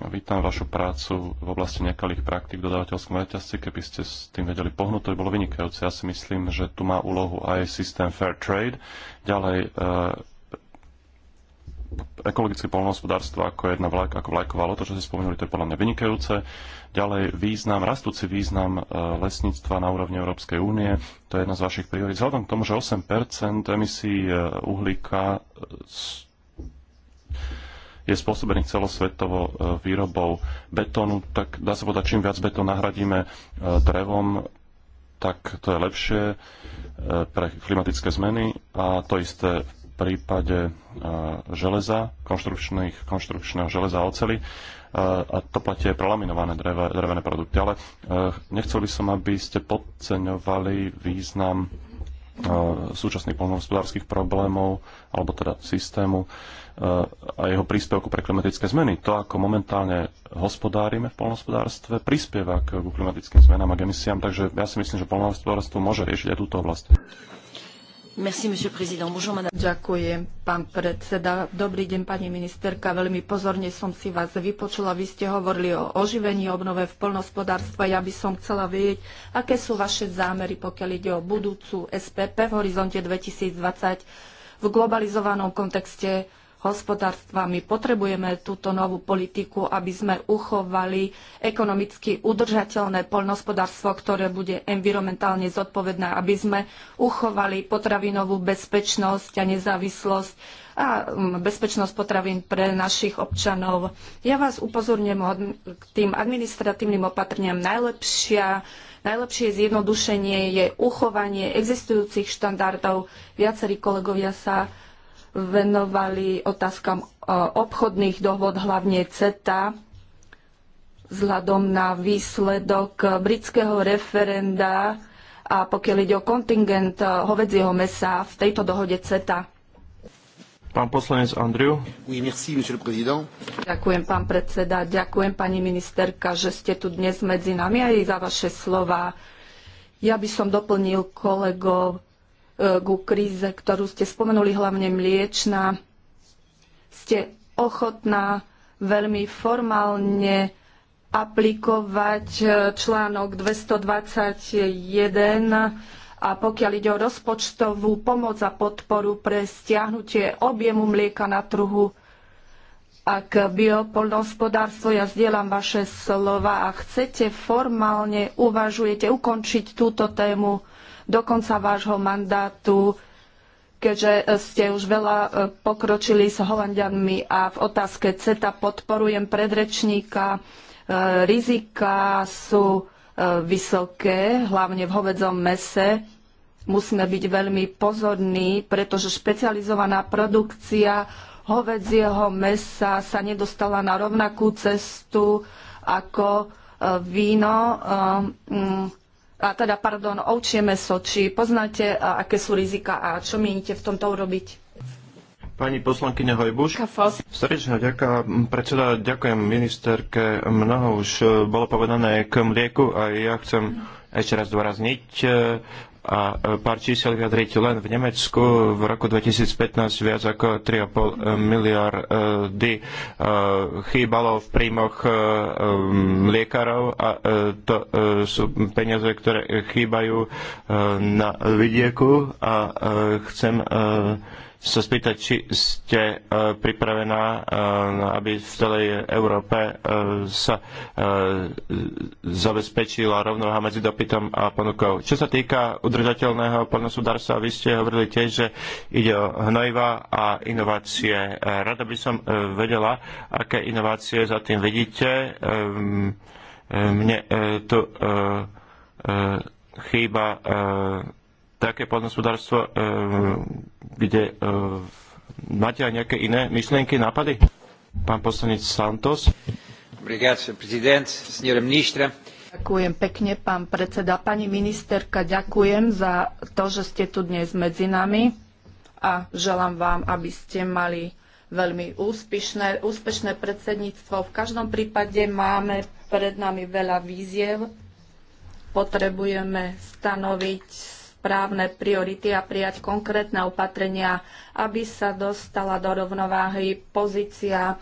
Vítam vašu prácu v oblasti nekalých praktík v dodávateľskom reťazci. Keby ste s tým vedeli pohnúť, to by bolo vynikajúce. Ja si myslím, že tu má úlohu aj systém Fair Trade. Ďalej, eh, ekologické polnohospodárstvo ako jedna vlajka, ako vlajkovalo, to čo ste spomenuli, to je podľa mňa vynikajúce. Ďalej význam, rastúci význam eh, lesníctva na úrovni Európskej únie, to je jedna z vašich priorít. Vzhľadom k tomu, že 8% emisí eh, uhlíka je spôsobený celosvetovo e, výrobou betónu, tak dá sa povedať, čím viac betón nahradíme e, drevom, tak to je lepšie e, pre klimatické zmeny a to isté v prípade železa, konštrukčného železa a oceli a to platí aj pre laminované dreve, drevené produkty. Ale nechcel by som, aby ste podceňovali význam súčasných polnohospodárských problémov alebo teda systému Eh, a jeho príspevku pre klimatické zmeny. To, ako momentálne hospodárime v polnohospodárstve, prispieva k klimatickým zmenám a k emisiám, takže ja si myslím, že polnohospodárstvo môže riešiť aj túto oblasť. Merci, Bonjour, Ďakujem, pán predseda. Dobrý deň, pani ministerka. Veľmi pozorne som si vás vypočula. Vy ste hovorili o oživení obnove v poľnohospodárstve. Ja by som chcela vedieť, aké sú vaše zámery, pokiaľ ide o budúcu SPP v horizonte 2020 v globalizovanom kontexte hospodárstvami potrebujeme túto novú politiku, aby sme uchovali ekonomicky udržateľné poľnohospodárstvo, ktoré bude environmentálne zodpovedné, aby sme uchovali potravinovú bezpečnosť a nezávislosť a mm, bezpečnosť potravín pre našich občanov. Ja vás upozorňujem k tým administratívnym opatreniam. Najlepšia Najlepšie zjednodušenie je uchovanie existujúcich štandardov. Viacerí kolegovia sa venovali otázkam e, obchodných dohod, hlavne CETA, vzhľadom na výsledok britského referenda a pokiaľ ide o kontingent e, hovedzieho mesa v tejto dohode CETA. Pán poslanec Andriu. Oui, merci, monsieur le président. Ďakujem, pán predseda. Ďakujem, pani ministerka, že ste tu dnes medzi nami aj za vaše slova. Ja by som doplnil kolegov ku kríze, ktorú ste spomenuli, hlavne mliečná. Ste ochotná veľmi formálne aplikovať e, článok 221 a pokiaľ ide o rozpočtovú pomoc a podporu pre stiahnutie objemu mlieka na trhu ak biopolnohospodárstvo, Ja zdieľam vaše slova a chcete formálne, uvažujete ukončiť túto tému do konca vášho mandátu, keďže ste už veľa e, pokročili s Holandianmi a v otázke CETA podporujem predrečníka. E, rizika sú e, vysoké, hlavne v hovedzom mese. Musíme byť veľmi pozorní, pretože špecializovaná produkcia hovedzieho mesa sa nedostala na rovnakú cestu ako víno a teda, pardon, ovčie meso, či poznáte, a, aké sú rizika a čo mienite v tomto urobiť? Pani poslankyňa Hojbuš. Srdečne ďaká. Predseda, ďakujem ministerke. Mnoho už e, bolo povedané k mlieku a ja chcem ešte raz dôrazniť e, a e, pár čísel vyjadriť. Len v Nemecku v roku 2015 viac ako 3,5 e, miliardy e, chýbalo v príjmoch liekarov a to sú peniaze, ktoré chýbajú na vidieku a chcem sa spýtať, či ste e, pripravená, e, aby v celej Európe e, sa zabezpečila rovnováha medzi dopytom a ponukou. Čo sa týka udržateľného poľnohospodárstva, vy ste hovorili tiež, že ide o hnojiva a inovácie. Rada by som vedela, aké inovácie za tým vidíte. Mne tu chýba také podnospodárstvo, e, kde e, máte aj nejaké iné myšlienky, nápady? Pán poslanec Santos. Ďakujem pekne, pán predseda. Pani ministerka, ďakujem za to, že ste tu dnes medzi nami a želám vám, aby ste mali veľmi úspešné, úspešné predsedníctvo. V každom prípade máme pred nami veľa víziev. Potrebujeme stanoviť správne priority a prijať konkrétne opatrenia, aby sa dostala do rovnováhy pozícia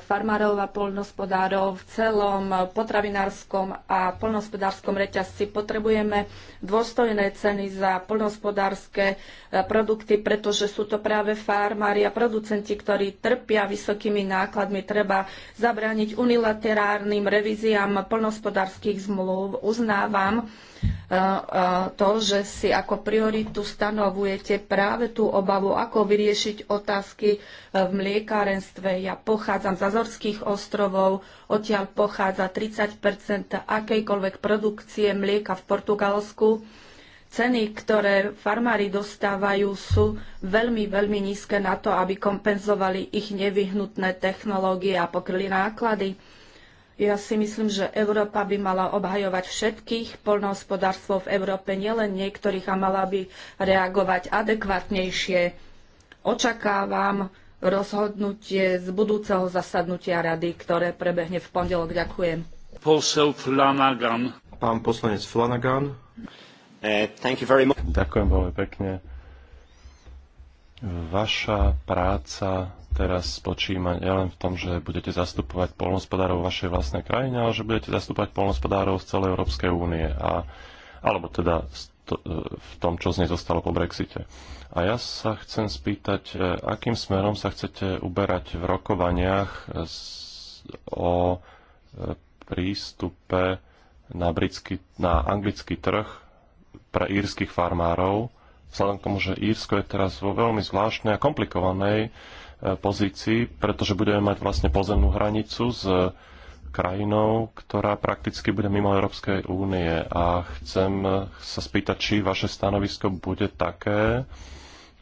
farmárov a poľnospodárov v celom potravinárskom a poľnospodárskom reťazci. Potrebujeme dôstojné ceny za poľnospodárske e, produkty, pretože sú to práve farmári a producenti, ktorí trpia vysokými nákladmi. Treba zabrániť unilaterárnym revíziám poľnospodárských zmluv. Uznávam, e, e, to, že si ako prioritu stanovujete práve tú obavu, ako vyriešiť otázky v mliekárenstve. Ja pochádzam pochádzam z Azorských ostrovov, odtiaľ pochádza 30 akejkoľvek produkcie mlieka v Portugalsku. Ceny, ktoré farmári dostávajú, sú veľmi, veľmi nízke na to, aby kompenzovali ich nevyhnutné technológie a pokryli náklady. Ja si myslím, že Európa by mala obhajovať všetkých poľnohospodárstvo v Európe, nielen niektorých, a mala by reagovať adekvátnejšie. Očakávam rozhodnutie z budúceho zasadnutia rady, ktoré prebehne v pondelok. Ďakujem. Posel Flanagan. Pán poslanec Flanagan. Uh, thank you very much. Ďakujem veľmi pekne. Vaša práca teraz spočíva nielen v tom, že budete zastupovať polnospodárov v vašej vlastnej krajine, ale že budete zastupovať polnospodárov z celej Európskej únie. A, alebo teda z to, e, v tom, čo z nej zostalo po Brexite. A ja sa chcem spýtať, e, akým smerom sa chcete uberať v rokovaniach e, o prístupe na, britsky, na anglický trh pre írskych farmárov, vzhľadom k tomu, že Írsko je teraz vo veľmi zvláštnej a komplikovanej pozícii, pretože budeme mať vlastne pozemnú hranicu s krajinou, ktorá prakticky bude mimo Európskej únie. A chcem sa spýtať, či vaše stanovisko bude také,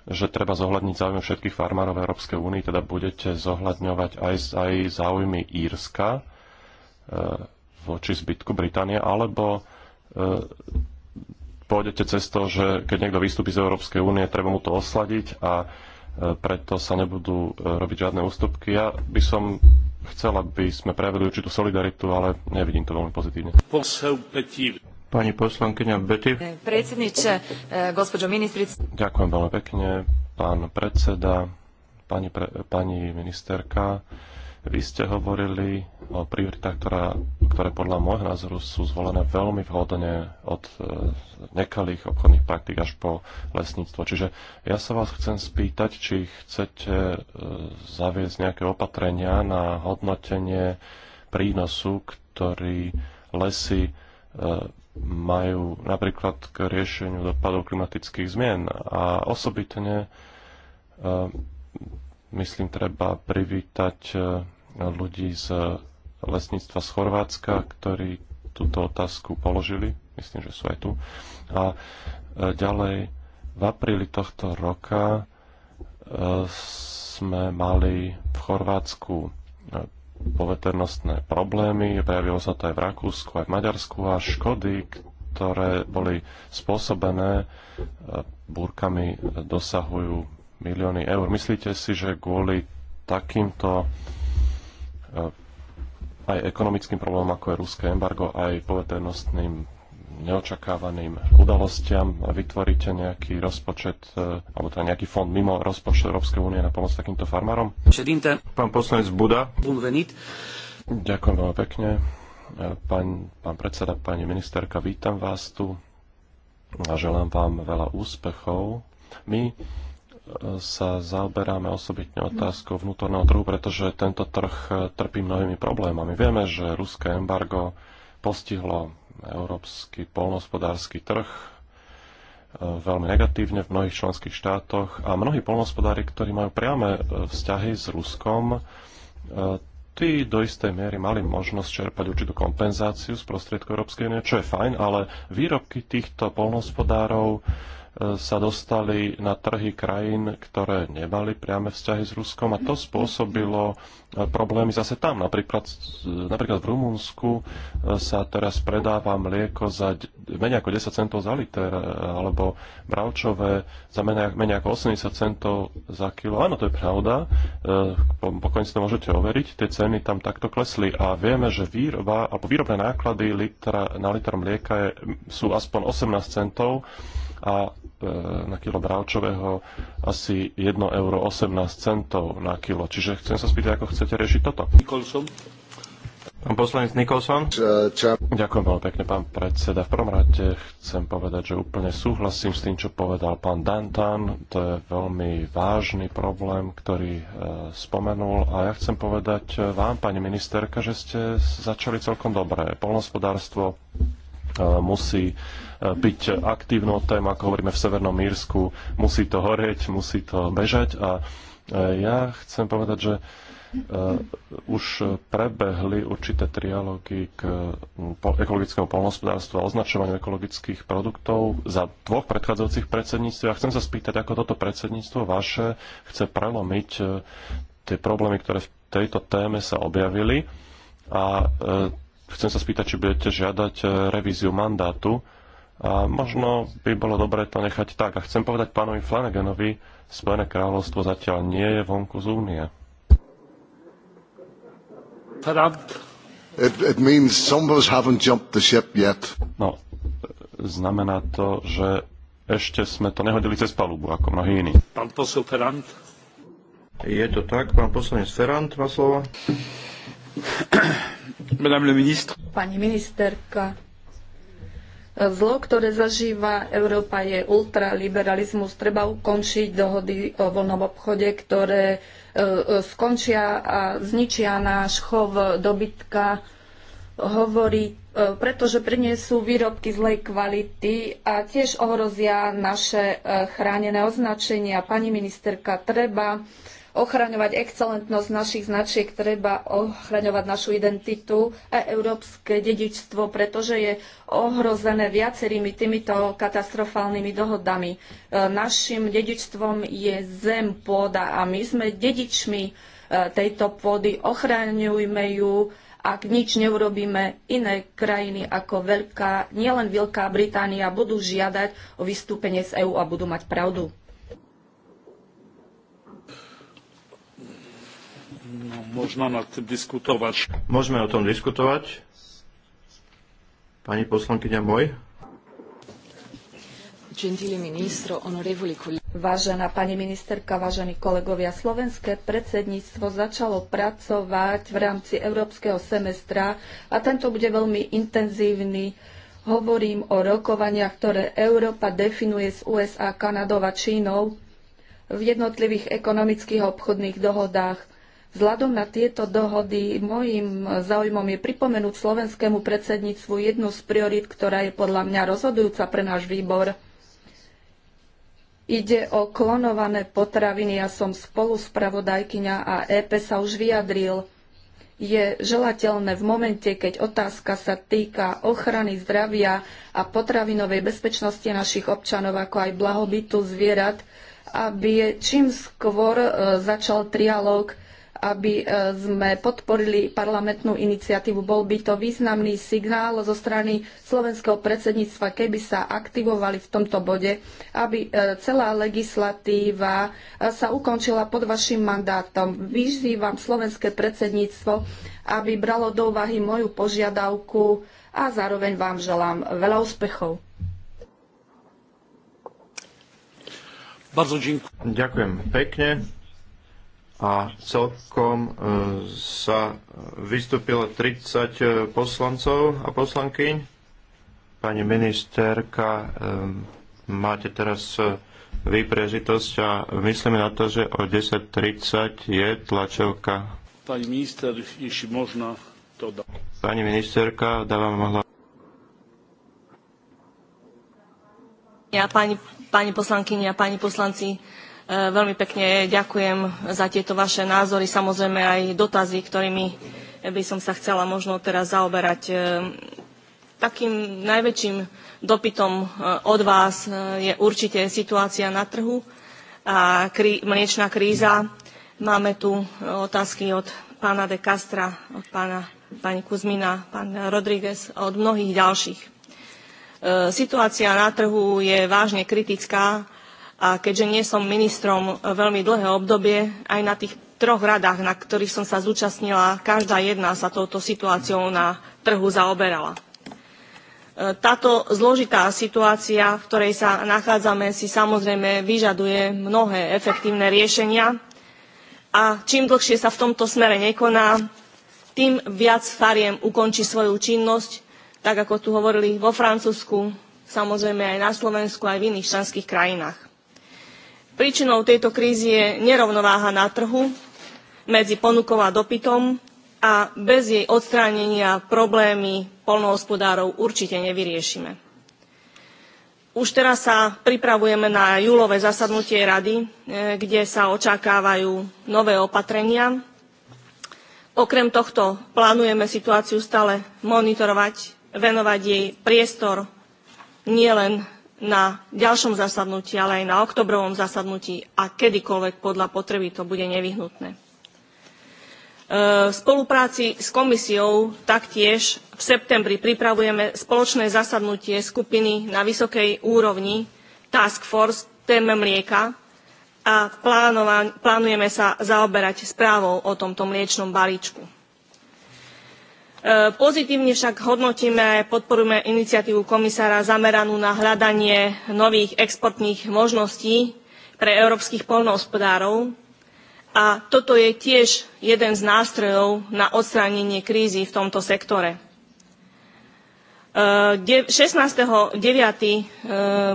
že treba zohľadniť záujmy všetkých farmárov v Európskej únie, teda budete zohľadňovať aj, aj záujmy Írska e, voči zbytku Británie, alebo e, pôjdete cez to, že keď niekto vystúpi z Európskej únie, treba mu to osladiť a e, preto sa nebudú e, robiť žiadne ústupky. Ja by som chcel, aby sme prejavili určitú solidaritu, ale nevidím to veľmi pozitívne. Pani poslankyňa Predsedniče, eh, gospođo ministrice. Ďakujem veľmi pekne, pán predseda, pani, pre, pani ministerka. Vy ste hovorili o prioritách, ktorá, ktoré podľa môjho názoru sú zvolené veľmi vhodne od e, nekalých obchodných praktik až po lesníctvo. Čiže ja sa vás chcem spýtať, či chcete e, zaviesť nejaké opatrenia na hodnotenie prínosu, ktorý lesy e, majú napríklad k riešeniu dopadov klimatických zmien a osobitne myslím, treba privítať e, ľudí z lesníctva z Chorvátska, ktorí túto otázku položili. Myslím, že sú aj tu. A e, ďalej, v apríli tohto roka e, sme mali v Chorvátsku poveternostné problémy, prejavilo sa to aj v Rakúsku, aj v Maďarsku a škody, ktoré boli spôsobené búrkami, dosahujú milióny eur. Myslíte si, že kvôli takýmto eh, aj ekonomickým problémom, ako je ruské embargo, aj poveternostným neočakávaným udalostiam vytvoríte nejaký rozpočet, eh, alebo teda nejaký fond mimo rozpočtu Európskej únie na pomoc takýmto farmárom? Pán poslanec Buda. Ďakujem veľmi pekne. Eh, pán, pán predseda, pani ministerka, vítam vás tu a želám vám veľa úspechov. My sa zaoberáme osobitne otázkou vnútorného trhu, pretože tento trh eh, trpí mnohými problémami. Vieme, že ruské embargo postihlo európsky polnospodársky trh eh, veľmi negatívne v mnohých členských štátoch a mnohí polnospodári, ktorí majú priame eh, vzťahy s Ruskom, tí do istej miery mali možnosť čerpať určitú kompenzáciu z prostriedkov Európskej únie, čo je fajn, ale výrobky týchto polnospodárov sa dostali na trhy krajín, ktoré nemali priame vzťahy s Ruskom a to spôsobilo e, problémy zase tam. Napríklad, napríklad v Rumunsku e, sa teraz predáva mlieko za menej ako 10 centov za liter e, alebo bravčové za menej, menej ako 80 centov za kilo. Áno, to je pravda. Pokojne si to môžete overiť. Tie ceny tam takto klesli a vieme, že výroba alebo výrobné náklady litra, na liter mlieka je, sú aspoň 18 centov a e, na kilo bravčového asi 1,18 euro centov na kilo. Čiže chcem sa spýtať, ako chcete riešiť toto. Nikolson. Pán poslanec Nikolson. Ďakujem veľmi pekne, pán predseda. V prvom rade chcem povedať, že úplne súhlasím s tým, čo povedal pán Dantan. To je veľmi vážny problém, ktorý e, spomenul. A ja chcem povedať e, vám, pani ministerka, že ste začali celkom dobre. Polnospodárstvo e, musí byť aktívno od tém, ako hovoríme v Severnom Mírsku. Musí to horieť, musí to bežať a e, ja chcem povedať, že Uh, už prebehli určité trialógy k ekologickému polnospodárstvu a označovaniu ekologických produktov za dvoch predchádzajúcich predsedníctv. A chcem sa spýtať, ako toto predsedníctvo vaše chce prelomiť uh, tie problémy, ktoré v tejto téme sa objavili. A uh, chcem sa spýtať, či budete žiadať revíziu mandátu a možno by bolo dobré to nechať tak. A chcem povedať pánovi Flanaganovi, Spojené kráľovstvo zatiaľ nie je vonku z únie. It, it means some of us haven't jumped the ship yet. No, znamená to, že ešte sme to nehodili cez palubu, ako mnohí iní. Pán posol Ferrand. Je to tak, pán poslanec Ferrand má slovo. Madame le ministre. Pani ministerka, Zlo, ktoré zažíva Európa, je ultraliberalizmus. Treba ukončiť dohody o voľnom obchode, ktoré e, e, skončia a zničia náš chov dobytka. Hovorí, e, pretože prinesú výrobky zlej kvality a tiež ohrozia naše chránené označenia. Pani ministerka, treba ochraňovať excelentnosť našich značiek, treba ochraňovať našu identitu a európske dedičstvo, pretože je ohrozené viacerými týmito katastrofálnymi dohodami. E, našim dedičstvom je zem, pôda a my sme dedičmi e, tejto pôdy, ochraňujme ju, ak nič neurobíme, iné krajiny ako Veľká, nielen Veľká Británia budú žiadať o vystúpenie z EÚ a budú mať pravdu. Možno nad tým diskutovať. Môžeme o tom diskutovať. Pani poslankyňa Moj. Vážená pani ministerka, vážení kolegovia, slovenské predsedníctvo začalo pracovať v rámci európskeho semestra a tento bude veľmi intenzívny. Hovorím o rokovaniach, ktoré Európa definuje s USA, Kanadou a Čínou v jednotlivých ekonomických a obchodných dohodách. Vzhľadom na tieto dohody môjim záujmom je pripomenúť slovenskému predsedníctvu jednu z priorit, ktorá je podľa mňa rozhodujúca pre náš výbor. Ide o klonované potraviny. Ja som spolu spravodajkyňa a EP sa už vyjadril. Je želateľné v momente, keď otázka sa týka ochrany zdravia a potravinovej bezpečnosti našich občanov, ako aj blahobytu zvierat, aby čím skôr e, začal trialóg aby e, sme podporili parlamentnú iniciatívu. Bol by to významný signál zo strany slovenského predsedníctva, keby sa aktivovali v tomto bode, aby e, celá legislatíva e, sa ukončila pod vašim mandátom. Vyzývam slovenské predsedníctvo, aby bralo do úvahy moju požiadavku a zároveň vám želám veľa úspechov. Ďakujem pekne a celkom e, sa vystúpilo 30 e, poslancov a poslankyň. Pani ministerka, e, máte teraz vy a myslíme na to, že o 10.30 je tlačovka. Pani minister, ešte možno to dá. Pani ministerka, dávam hlas. Ja, pani, pani a pani poslanci, E, veľmi pekne ďakujem za tieto vaše názory, samozrejme aj dotazy, ktorými by som sa chcela možno teraz zaoberať. E, takým najväčším dopytom e, od vás je určite situácia na trhu a krí, mliečná kríza. Máme tu otázky od pána de Castra, od pána, pani Kuzmina, pán Rodríguez, od mnohých ďalších. Situácia na trhu je vážne kritická a keďže nie som ministrom e, veľmi dlhé obdobie, aj na tých troch radách, na ktorých som sa zúčastnila, každá jedna sa touto situáciou na trhu zaoberala. E, táto zložitá situácia, v ktorej sa nachádzame, si samozrejme vyžaduje mnohé efektívne riešenia a čím dlhšie sa v tomto smere nekoná, tým viac fariem ukončí svoju činnosť, tak ako tu hovorili vo Francúzsku, samozrejme aj na Slovensku, aj v iných členských krajinách. Príčinou tejto krízy je nerovnováha na trhu medzi ponukou a dopytom a bez jej odstránenia problémy poľnohospodárov určite nevyriešime. Už teraz sa pripravujeme na júlové zasadnutie rady, e, kde sa očakávajú nové opatrenia. Okrem tohto plánujeme situáciu stále monitorovať, venovať jej priestor nielen na ďalšom zasadnutí, ale aj na oktobrovom zasadnutí a kedykoľvek podľa potreby to bude nevyhnutné. E, v spolupráci s komisiou taktiež v septembri pripravujeme spoločné zasadnutie skupiny na vysokej úrovni Task Force téme mlieka a plánujeme sa zaoberať správou o tomto mliečnom balíčku E, Pozitívne však hodnotíme, a podporujeme iniciatívu komisára zameranú na hľadanie nových exportných možností pre európskych poľnohospodárov. A toto je tiež jeden z nástrojov na odstránenie krízy v tomto sektore. 16.9. E, e,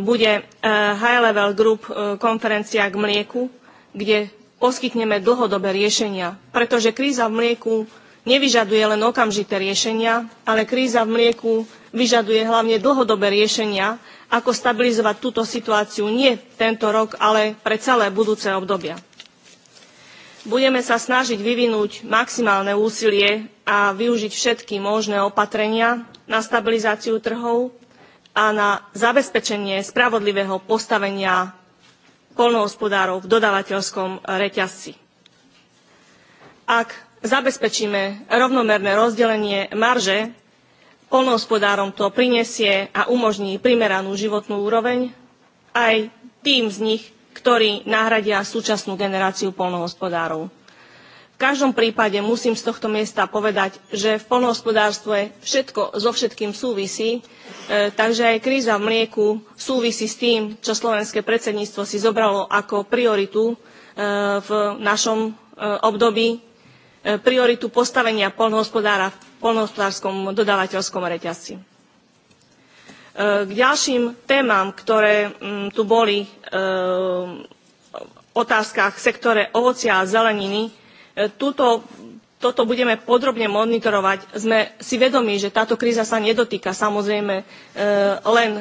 bude High Level Group konferencia k mlieku, kde poskytneme dlhodobé riešenia, pretože kríza v mlieku nevyžaduje len okamžité riešenia, ale kríza v mlieku vyžaduje hlavne dlhodobé riešenia, ako stabilizovať túto situáciu nie tento rok, ale pre celé budúce obdobia. Budeme sa snažiť vyvinúť maximálne úsilie a využiť všetky možné opatrenia na stabilizáciu trhov a na zabezpečenie spravodlivého postavenia poľnohospodárov v dodavateľskom reťazci. Ak zabezpečíme rovnomerné rozdelenie marže, poľnohospodárom to prinesie a umožní primeranú životnú úroveň aj tým z nich, ktorí nahradia súčasnú generáciu poľnohospodárov. V každom prípade musím z tohto miesta povedať, že v poľnohospodárstve všetko so všetkým súvisí, e, takže aj kríza v mlieku súvisí s tým, čo slovenské predsedníctvo si zobralo ako prioritu e, v našom e, období E, prioritu postavenia poľnohospodára v poľnohospodárskom dodávateľskom reťazci. E, k ďalším témam, ktoré mm, tu boli e, v otázkach v sektore ovocia a zeleniny, túto, toto budeme podrobne monitorovať. Sme si vedomi, že táto kríza sa nedotýka samozrejme len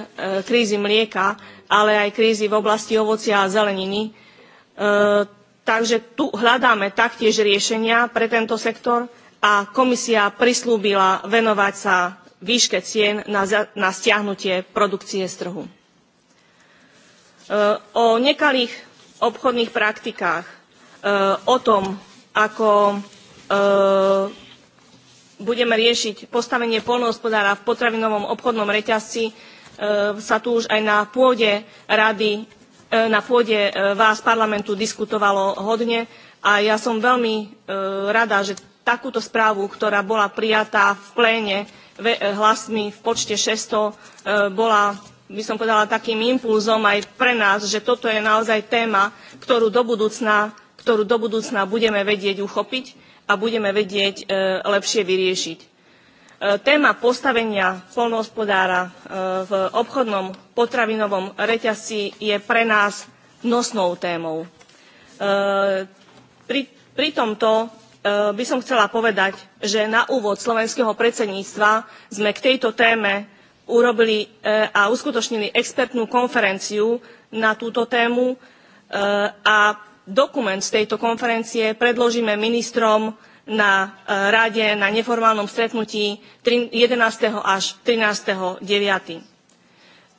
krízy mlieka, ale aj krízy v oblasti ovocia a zeleniny Takže tu hľadáme taktiež riešenia pre tento sektor a komisia prislúbila venovať sa výške cien na, na stiahnutie produkcie z trhu. E, o nekalých obchodných praktikách, e, o tom, ako e, budeme riešiť postavenie poľnohospodára v potravinovom obchodnom reťazci, sa tu už aj na pôde rady E, na pôde e, vás parlamentu diskutovalo hodne a ja som veľmi e, rada, že takúto správu, ktorá bola prijatá v pléne hlasmi v počte 600, bola by som povedala takým impulzom aj pre nás, že toto je naozaj téma, ktorú do budúcna, ktorú do budúcna budeme vedieť uchopiť a budeme vedieť lepšie vyriešiť. E, téma postavenia poľnohospodára e, v obchodnom potravinovom reťazci je pre nás nosnou témou. E, pri, pri tomto by som chcela povedať, že na úvod slovenského predsedníctva sme k tejto téme urobili a uskutočnili expertnú konferenciu na túto tému a dokument z tejto konferencie predložíme ministrom na e, rade na neformálnom stretnutí 11. až 13. 9.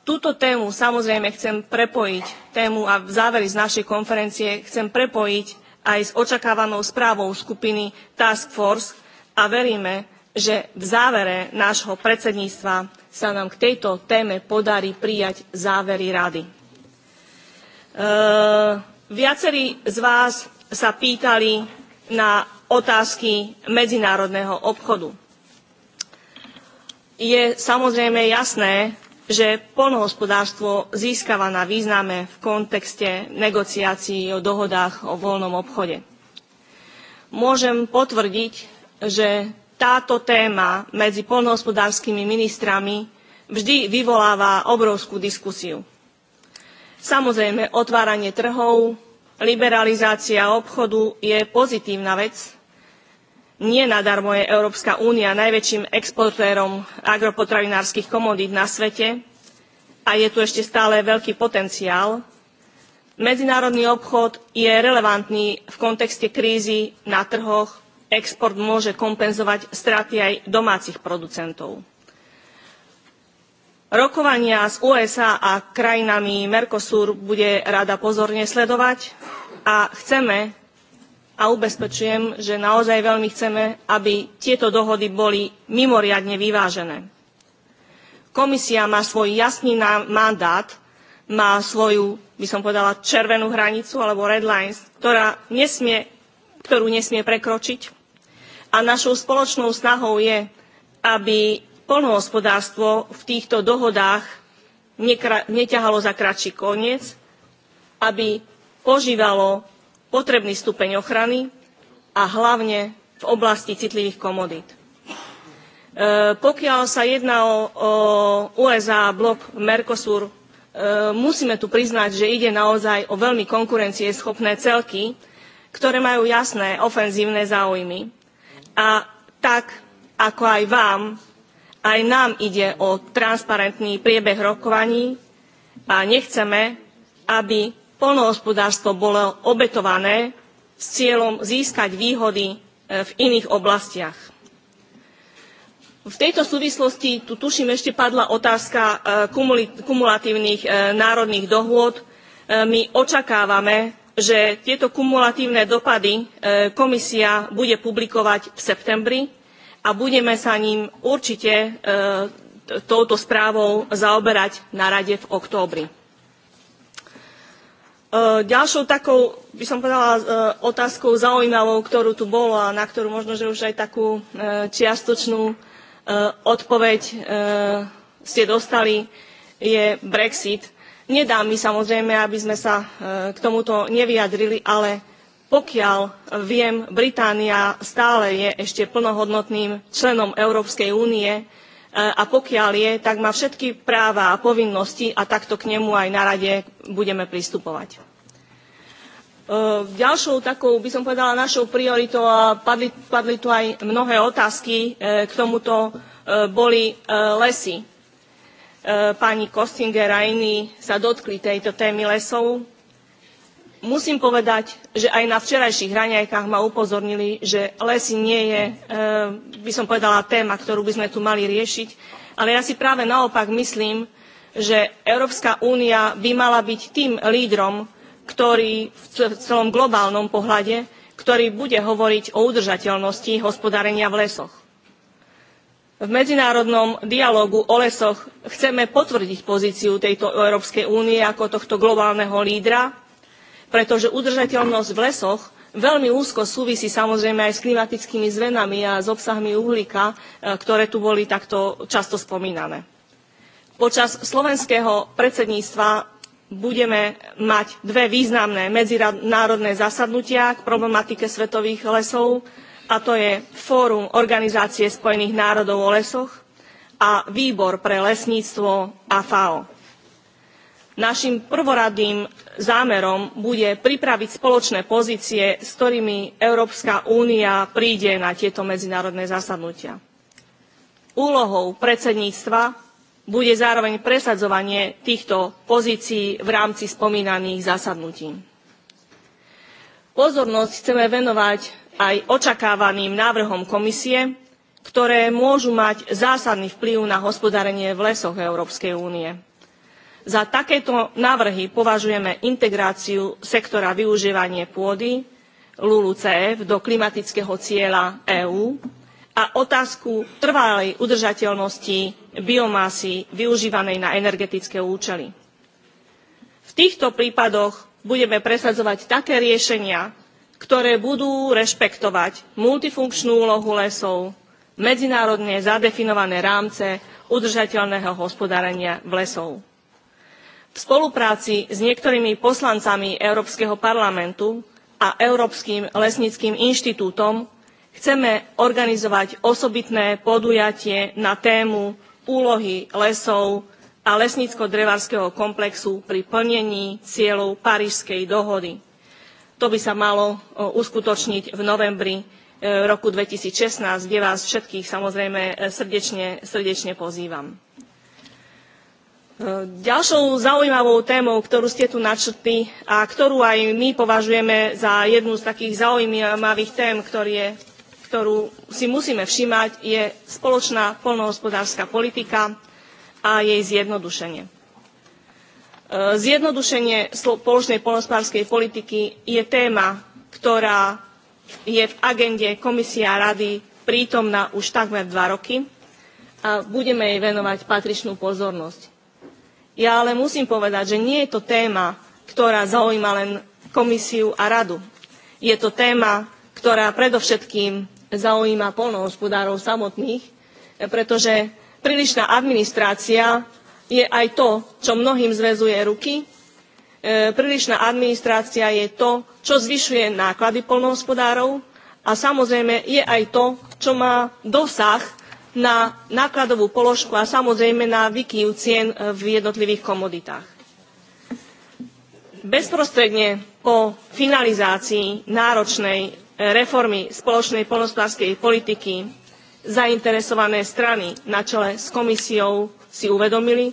Túto tému samozrejme chcem prepojiť, tému a závery z našej konferencie chcem prepojiť aj s očakávanou správou skupiny Task Force a veríme, že v závere nášho predsedníctva sa nám k tejto téme podarí prijať závery rady. E, viacerí z vás sa pýtali na otázky medzinárodného obchodu. Je samozrejme jasné, že poľnohospodárstvo získava na význame v kontexte negociácií o dohodách o voľnom obchode. Môžem potvrdiť, že táto téma medzi poľnohospodárskymi ministrami vždy vyvoláva obrovskú diskusiu. Samozrejme, otváranie trhov, liberalizácia obchodu je pozitívna vec, nie nadarmo je Európska únia najväčším exportérom agropotravinárskych komodít na svete a je tu ešte stále veľký potenciál. Medzinárodný obchod je relevantný v kontexte krízy na trhoch, export môže kompenzovať straty aj domácich producentov. Rokovania s USA a krajinami Mercosur bude rada pozorne sledovať a chceme, a ubezpečujem, že naozaj veľmi chceme, aby tieto dohody boli mimoriadne vyvážené. Komisia má svoj jasný mandát, má svoju, by som povedala, červenú hranicu alebo red lines, ktorá nesmie, ktorú nesmie prekročiť. A našou spoločnou snahou je, aby poľnohospodárstvo v týchto dohodách neťahalo za kratší koniec, aby požívalo potrebný stupeň ochrany a hlavne v oblasti citlivých komodít. E, pokiaľ sa jedná o, o USA a blok Mercosur, e, musíme tu priznať, že ide naozaj o veľmi konkurencieschopné celky, ktoré majú jasné ofenzívne záujmy. A tak, ako aj vám, aj nám ide o transparentný priebeh rokovaní a nechceme, aby poľnohospodárstvo bolo obetované s cieľom získať výhody e, v iných oblastiach. V tejto súvislosti tu tuším ešte padla otázka e, kumulatívnych e, národných dohôd. My očakávame, že tieto kumulatívne dopady komisia bude publikovať v septembri a budeme sa ním určite touto správou zaoberať na rade v októbri. E, ďalšou takou, by som povedala, e, otázkou zaujímavou, ktorú tu bolo a na ktorú možno, že už aj takú e, čiastočnú odpoveď ste dostali, je Brexit. Nedá mi samozrejme, aby sme sa k tomuto nevyjadrili, ale pokiaľ viem, Británia stále je ešte plnohodnotným členom Európskej únie, a pokiaľ je, tak má všetky práva a povinnosti a takto k nemu aj na rade budeme pristupovať. Ehm, ďalšou takou, by som povedala, našou prioritou, a padli, padli tu aj mnohé otázky ehm, k tomuto, ehm, boli lesy. Pani Kostinger a iní sa dotkli tejto témy lesov. Musím povedať, že aj na včerajších raňajkách ma upozornili, že lesy nie je, by som povedala, téma, ktorú by sme tu mali riešiť. Ale ja si práve naopak myslím, že Európska únia by mala byť tým lídrom, ktorý v celom globálnom pohľade, ktorý bude hovoriť o udržateľnosti hospodárenia v lesoch. V medzinárodnom dialógu o lesoch chceme potvrdiť pozíciu tejto Európskej únie ako tohto globálneho lídra, pretože udržateľnosť v lesoch veľmi úzko súvisí samozrejme aj s klimatickými zvenami a s obsahmi uhlíka, e, ktoré tu boli takto často spomínané. Počas slovenského predsedníctva budeme mať dve významné medzinárodné zasadnutia k problematike svetových lesov, a to je Fórum Organizácie spojených národov o lesoch a Výbor pre lesníctvo a FAO. Naším prvoradným zámerom bude pripraviť spoločné pozície, s ktorými Európska únia príde na tieto medzinárodné zasadnutia. Úlohou predsedníctva bude zároveň presadzovanie týchto pozícií v rámci spomínaných zasadnutí. Pozornosť chceme venovať aj očakávaným návrhom komisie, ktoré môžu mať zásadný vplyv na hospodárenie v lesoch Európskej únie. Za takéto návrhy považujeme integráciu sektora využívania pôdy LULUCF do klimatického cieľa EÚ a otázku trvalej udržateľnosti biomasy využívanej na energetické účely. V týchto prípadoch budeme presadzovať také riešenia, ktoré budú rešpektovať multifunkčnú úlohu lesov, medzinárodne zadefinované rámce udržateľného hospodárenia v lesov. V spolupráci s niektorými poslancami Európskeho parlamentu a Európskym lesníckym inštitútom Chceme organizovať osobitné podujatie na tému úlohy lesov a lesnícko-drevárskeho komplexu pri plnení cieľov Parížskej dohody. To by sa malo e, uskutočniť v novembri e, roku 2016, kde vás všetkých samozrejme e, srdečne, srdečne pozývam. Ďalšou zaujímavou témou, ktorú ste tu načrtli a ktorú aj my považujeme za jednu z takých zaujímavých tém, ktoré, je ktorú si musíme všímať, je spoločná poľnohospodárska politika a jej zjednodušenie. E, zjednodušenie spoločnej poľnohospodárskej politiky je téma, ktorá je v agende Komisia a Rady prítomná už takmer dva roky a budeme jej venovať patričnú pozornosť. Ja ale musím povedať, že nie je to téma, ktorá zaujíma len komisiu a radu. Je to téma, ktorá predovšetkým zaujíma poľnohospodárov samotných, pretože prílišná administrácia je aj to, čo mnohým zväzuje ruky. E, prílišná administrácia je to, čo zvyšuje náklady poľnohospodárov a samozrejme je aj to, čo má dosah na nákladovú položku a samozrejme na výkyv cien v jednotlivých komoditách. Bezprostredne po finalizácii náročnej E, reformy spoločnej poľnohospodárskej politiky zainteresované strany na čele s komisiou si uvedomili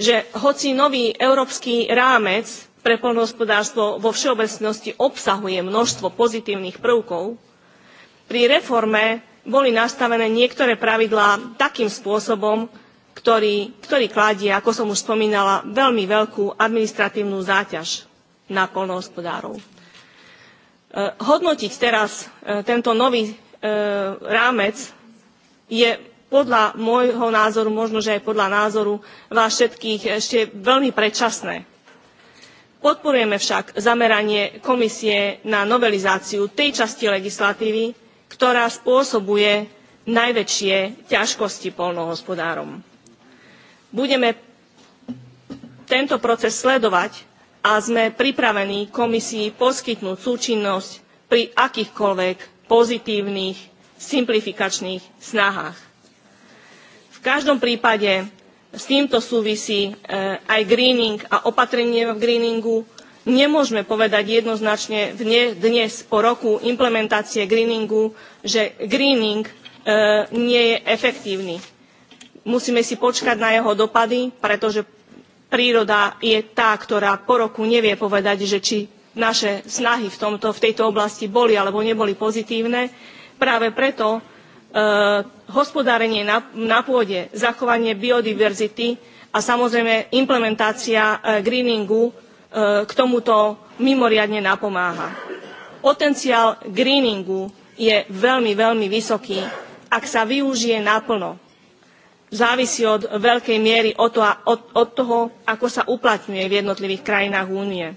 že hoci nový európsky rámec pre poľnohospodárstvo vo všeobecnosti obsahuje množstvo pozitívnych prvkov pri reforme boli nastavené niektoré pravidlá takým spôsobom ktorý, ktorý kladie ako som už spomínala veľmi veľkú administratívnu záťaž na poľnohospodárov E, hodnotiť teraz e, tento nový e, rámec je podľa môjho názoru možno že aj podľa názoru vás všetkých ešte veľmi predčasné. podporujeme však zameranie komisie na novelizáciu tej časti legislatívy ktorá spôsobuje najväčšie ťažkosti poľnohospodárom. budeme tento proces sledovať a sme pripravení komisii poskytnúť súčinnosť pri akýchkoľvek pozitívnych simplifikačných snahách. V každom prípade s týmto súvisí e, aj greening a opatrenie v greeningu. Nemôžeme povedať jednoznačne dnes po roku implementácie greeningu, že greening e, nie je efektívny. Musíme si počkať na jeho dopady, pretože príroda je tá, ktorá po roku nevie povedať, že či naše snahy v, tomto, v tejto oblasti boli alebo neboli pozitívne. Práve preto e, hospodárenie na, na pôde, zachovanie biodiverzity a samozrejme implementácia e, greeningu e, k tomuto mimoriadne napomáha. Potenciál greeningu je veľmi, veľmi vysoký, ak sa využije naplno závisí od veľkej miery od toho, ako sa uplatňuje v jednotlivých krajinách únie.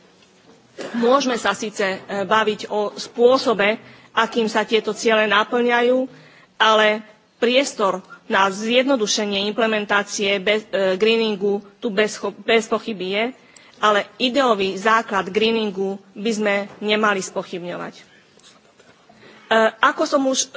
Môžeme sa síce e, baviť o spôsobe, akým sa tieto ciele naplňajú, ale priestor na zjednodušenie implementácie e, greeningu tu bez, pochyby je, ale ideový základ greeningu by sme nemali spochybňovať. E, ako som už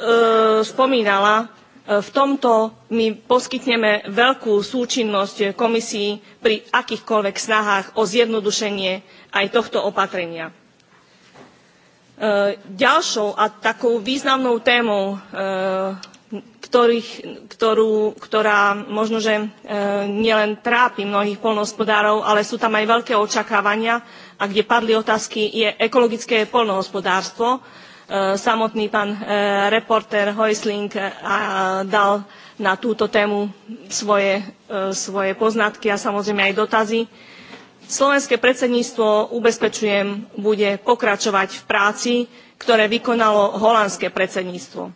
spomínala, v tomto my poskytneme veľkú súčinnosť komisii pri akýchkoľvek snahách o zjednodušenie aj tohto opatrenia. E, ďalšou a takou významnou témou, e, ktorých, ktorú, ktorá možnože e, nielen trápi mnohých poľnohospodárov, ale sú tam aj veľké očakávania a kde padli otázky, je ekologické poľnohospodárstvo E, samotný pán e, reportér Heusling e, dal na túto tému svoje, svoje poznatky a samozrejme aj dotazy. Slovenské predsedníctvo, ubezpečujem, bude pokračovať v práci, ktoré vykonalo holandské predsedníctvo.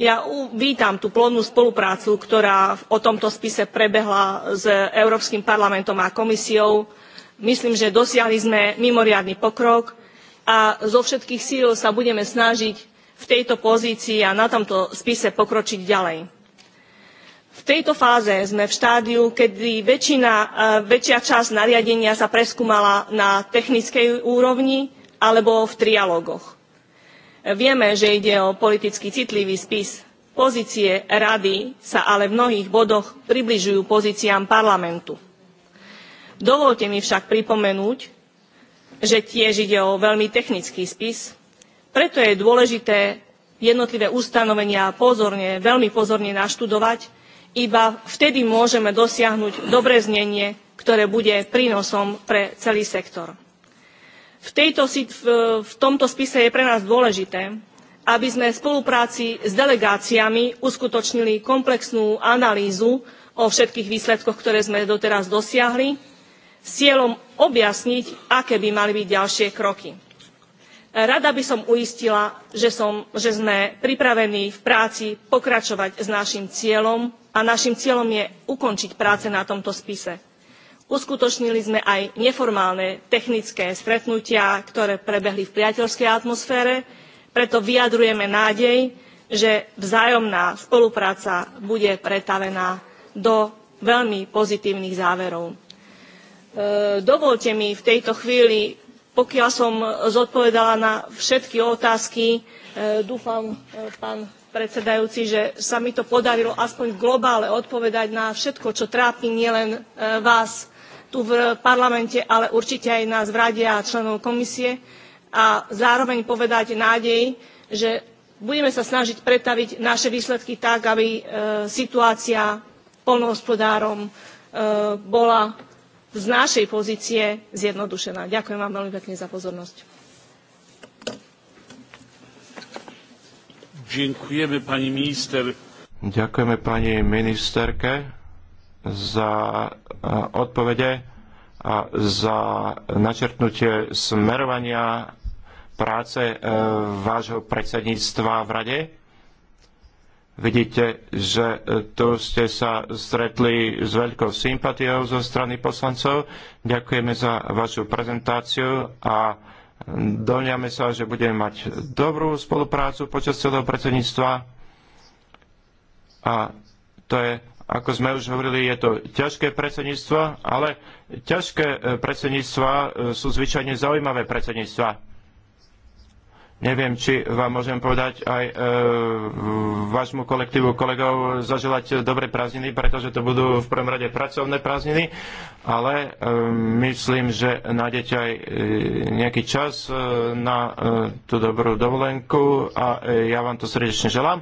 Ja vítam tú plodnú spoluprácu, ktorá o tomto spise prebehla s Európskym parlamentom a komisiou. Myslím, že dosiahli sme mimoriadny pokrok a zo všetkých síl sa budeme snažiť v tejto pozícii a na tomto spise pokročiť ďalej. V tejto fáze sme v štádiu, kedy väčšina, e, väčšia časť nariadenia sa preskúmala na technickej úrovni alebo v trialógoch. Vieme, že ide o politicky citlivý spis. Pozície rady sa ale v mnohých bodoch približujú pozíciám parlamentu. Dovolte mi však pripomenúť, že tiež ide o veľmi technický spis, preto je dôležité jednotlivé ustanovenia pozorne, veľmi pozorne naštudovať, iba vtedy môžeme dosiahnuť dobré znenie, ktoré bude prínosom pre celý sektor. V, tejto, v tomto spise je pre nás dôležité, aby sme v spolupráci s delegáciami uskutočnili komplexnú analýzu o všetkých výsledkoch, ktoré sme doteraz dosiahli s cieľom objasniť, aké by mali byť ďalšie kroky. Rada by som uistila, že, som, že sme pripravení v práci pokračovať s našim cieľom a našim cieľom je ukončiť práce na tomto spise. Uskutočnili sme aj neformálne technické stretnutia, ktoré prebehli v priateľskej atmosfére, preto vyjadrujeme nádej, že vzájomná spolupráca bude pretavená do veľmi pozitívnych záverov. E, dovolte mi v tejto chvíli, pokiaľ som zodpovedala na všetky otázky, e, dúfam, e, pán predsedajúci, že sa mi to podarilo aspoň v globále odpovedať na všetko, čo trápi nielen vás tu v parlamente, ale určite aj nás v rade a členov komisie a zároveň povedať nádej, že budeme sa snažiť pretaviť naše výsledky tak, aby situácia poľnohospodárom bola z našej pozície zjednodušená. Ďakujem vám veľmi pekne za pozornosť. Ďakujeme pani minister. Ďakujeme pani ministerke za e, odpovede a za načrtnutie smerovania práce e, vášho predsedníctva v Rade. Vidíte, že e, tu ste sa stretli s veľkou sympatiou zo strany poslancov. Ďakujeme za vašu prezentáciu a domňame sa, že budeme mať dobrú spoluprácu počas celého predsedníctva. A to je, ako sme už hovorili, je to ťažké predsedníctvo, ale ťažké e, predsedníctva e, sú zvyčajne zaujímavé predsedníctva. Neviem, či vám môžem povedať aj e, vášmu kolektívu kolegov zaželať dobre prázdniny, pretože to budú v prvom rade pracovné prázdniny, ale e, myslím, že nájdete aj e, nejaký čas e, na e, tú dobrú dovolenku a e, ja vám to srdečne želám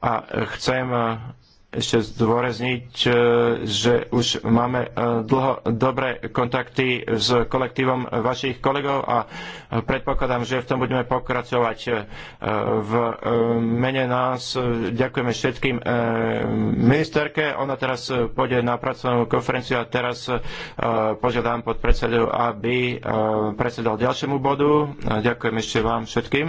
a chcem e, ešte zdôrazniť, e, že už máme e, dlho dobré kontakty s kolektívom vašich kolegov a e, predpokladám, že v tom budeme pokračovať v mene nás. Ďakujeme všetkým ministerke. Ona teraz pôjde na pracovnú konferenciu a teraz požiadam podpredsedu, aby predsedal ďalšiemu bodu. Ďakujem ešte vám všetkým.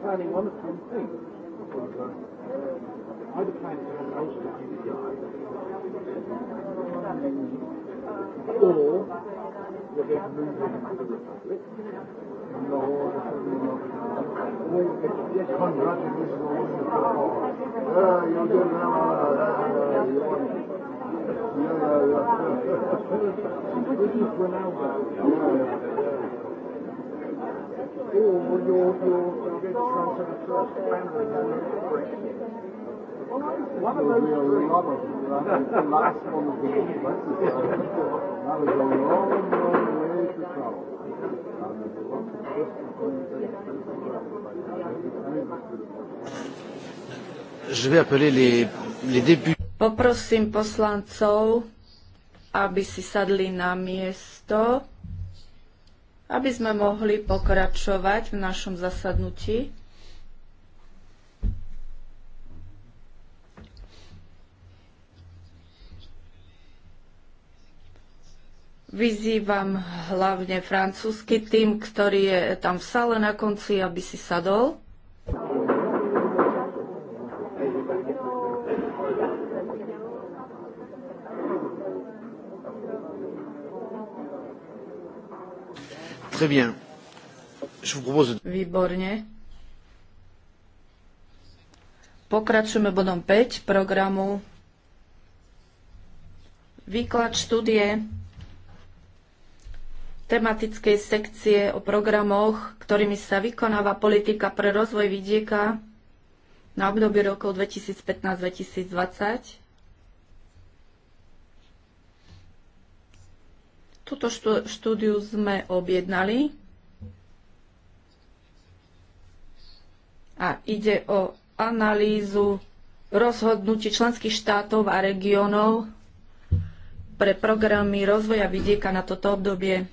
planning one of ten things. I'd plan to have else die or we're going to move to the Republic. No, it's congratulations you're doing well. Or your, your One of those three. the last one was the That was a long, long way to travel. Je vais appeler les, les députés. Poprosím poslancov, aby si sadli na miesto aby sme mohli pokračovať v našom zasadnutí. Vyzývam hlavne francúzsky tým, ktorý je tam v sále na konci, aby si sadol. Très bien. Je vous propose... Výborne. Pokračujeme bodom 5 programu. Výklad štúdie tematickej sekcie o programoch, ktorými sa vykonáva politika pre rozvoj vidieka na obdobie rokov 2015-2020. Tuto štúdiu sme objednali a ide o analýzu rozhodnutí členských štátov a regiónov pre programy rozvoja vidieka na toto obdobie.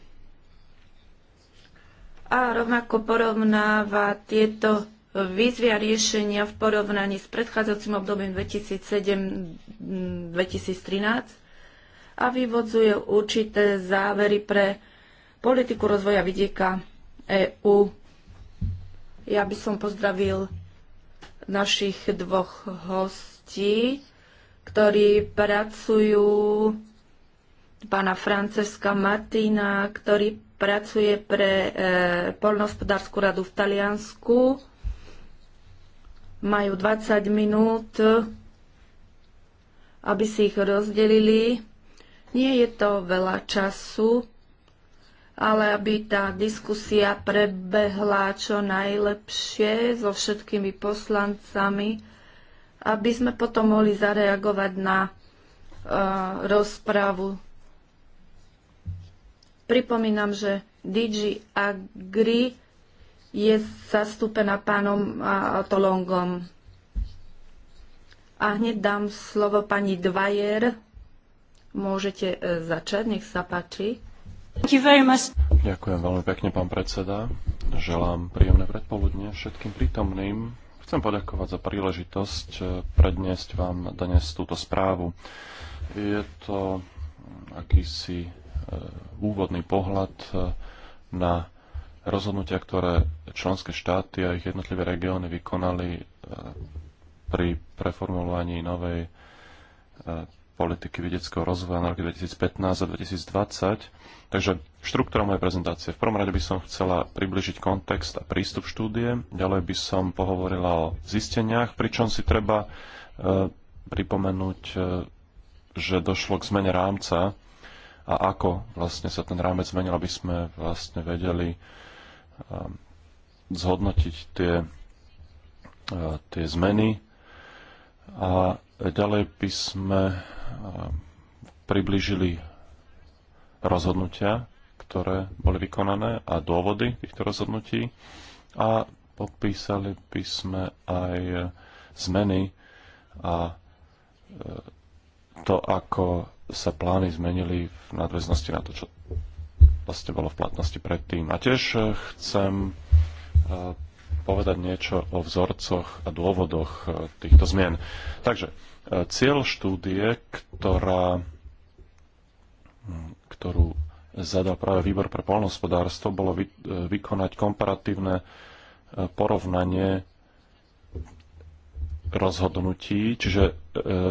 A rovnako porovnáva tieto výzvy a riešenia v porovnaní s predchádzajúcim obdobím 2007-2013 a vyvodzuje určité závery pre politiku rozvoja vidieka EÚ. Ja by som pozdravil našich dvoch hostí, ktorí pracujú pána Franceska Martina, ktorý pracuje pre e, Polnohospodárskú radu v Taliansku. Majú 20 minút, aby si ich rozdelili nie je to veľa času, ale aby tá diskusia prebehla čo najlepšie so všetkými poslancami, aby sme potom mohli zareagovať na uh, rozpravu. Pripomínam, že DG Agri je zastúpená pánom Tolongom. A hneď dám slovo pani Dvajer Môžete e, začať, nech sa páči. Ďakujem veľmi pekne, pán predseda. Želám príjemné predpoludne všetkým prítomným. Chcem poďakovať za príležitosť e, predniesť vám dnes túto správu. Je to akýsi e, úvodný pohľad na rozhodnutia, ktoré členské štáty a ich jednotlivé regióny vykonali pri preformulovaní novej politiky vedeckého rozvoja na roky 2015 a 2020. Takže štruktúra mojej prezentácie. V prvom rade by som chcela približiť kontext a prístup štúdie. Ďalej by som pohovorila o zisteniach, pričom si treba e, pripomenúť, e, že došlo k zmene rámca a ako vlastne sa ten rámec zmenil, aby sme vlastne vedeli e, zhodnotiť tie, e, tie zmeny. A ďalej by sme E, priblížili rozhodnutia, ktoré boli vykonané a dôvody týchto rozhodnutí a popísali by sme aj zmeny a e, to, ako sa plány zmenili v nadväznosti na to, čo vlastne bolo v platnosti predtým. A tiež e, chcem povedať niečo o vzorcoch a dôvodoch týchto zmien. Takže Cieľ štúdie, ktorá, ktorú zadal práve výbor pre poľnohospodárstvo, bolo vy, vykonať komparatívne e, porovnanie rozhodnutí, čiže e,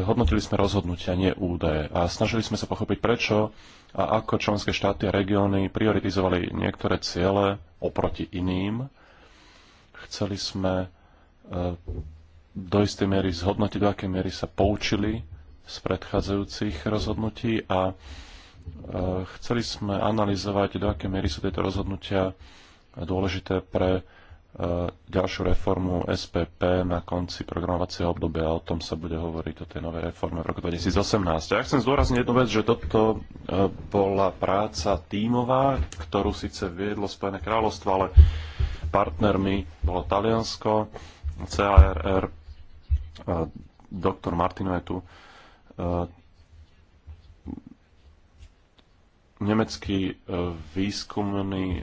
hodnotili sme rozhodnutia, nie údaje. A snažili sme sa pochopiť, prečo a ako členské štáty a regióny prioritizovali niektoré ciele oproti iným. Chceli sme e, do istej miery zhodnotiť, do akej miery sa poučili z predchádzajúcich rozhodnutí a e, chceli sme analyzovať, do akej miery sú tieto rozhodnutia dôležité pre e, ďalšiu reformu SPP na konci programovacieho obdobia. O tom sa bude hovoriť o tej novej reforme v roku 2018. A ja chcem zdôrazniť jednu vec, že toto e, bola práca tímová, ktorú síce viedlo Spojené kráľovstvo, ale partnermi bolo Taliansko, CARR, doktor Martino je tu. E, nemecký e, výskumný e,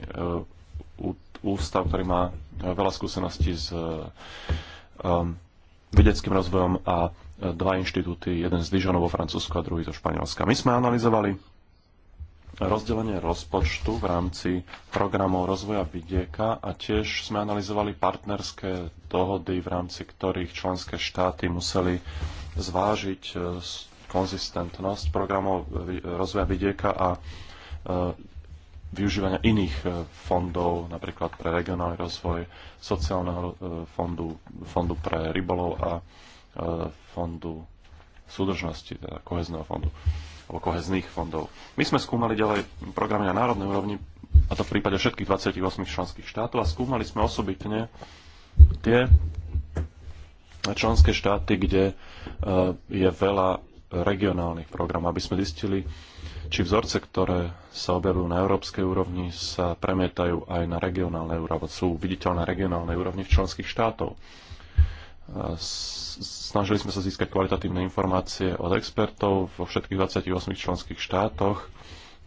ústav, ktorý má veľa skúseností s vedeckým rozvojom a dva inštitúty, jeden z Dijonu vo Francúzsku a druhý zo Španielska. My sme analyzovali rozdelenie rozpočtu v rámci programov rozvoja vidieka a tiež sme analyzovali partnerské dohody, v rámci ktorých členské štáty museli zvážiť e, konzistentnosť programov rozvoja vidieka a e, využívania iných e, fondov, napríklad pre regionálny rozvoj, sociálneho fondu, fondu pre rybolov a fondu súdržnosti, teda kohezného fondu alebo kohezných fondov. My sme skúmali ďalej programy na národnej úrovni, a to v prípade všetkých 28 členských štátov, a skúmali sme osobitne tie členské štáty, kde e, je veľa regionálnych programov, aby sme zistili, či vzorce, ktoré sa objavujú na európskej úrovni, sa premietajú aj na regionálnej úrovni, sú viditeľné na regionálnej úrovni v členských štátoch. Snažili sme sa získať kvalitatívne informácie od expertov vo všetkých 28 členských štátoch.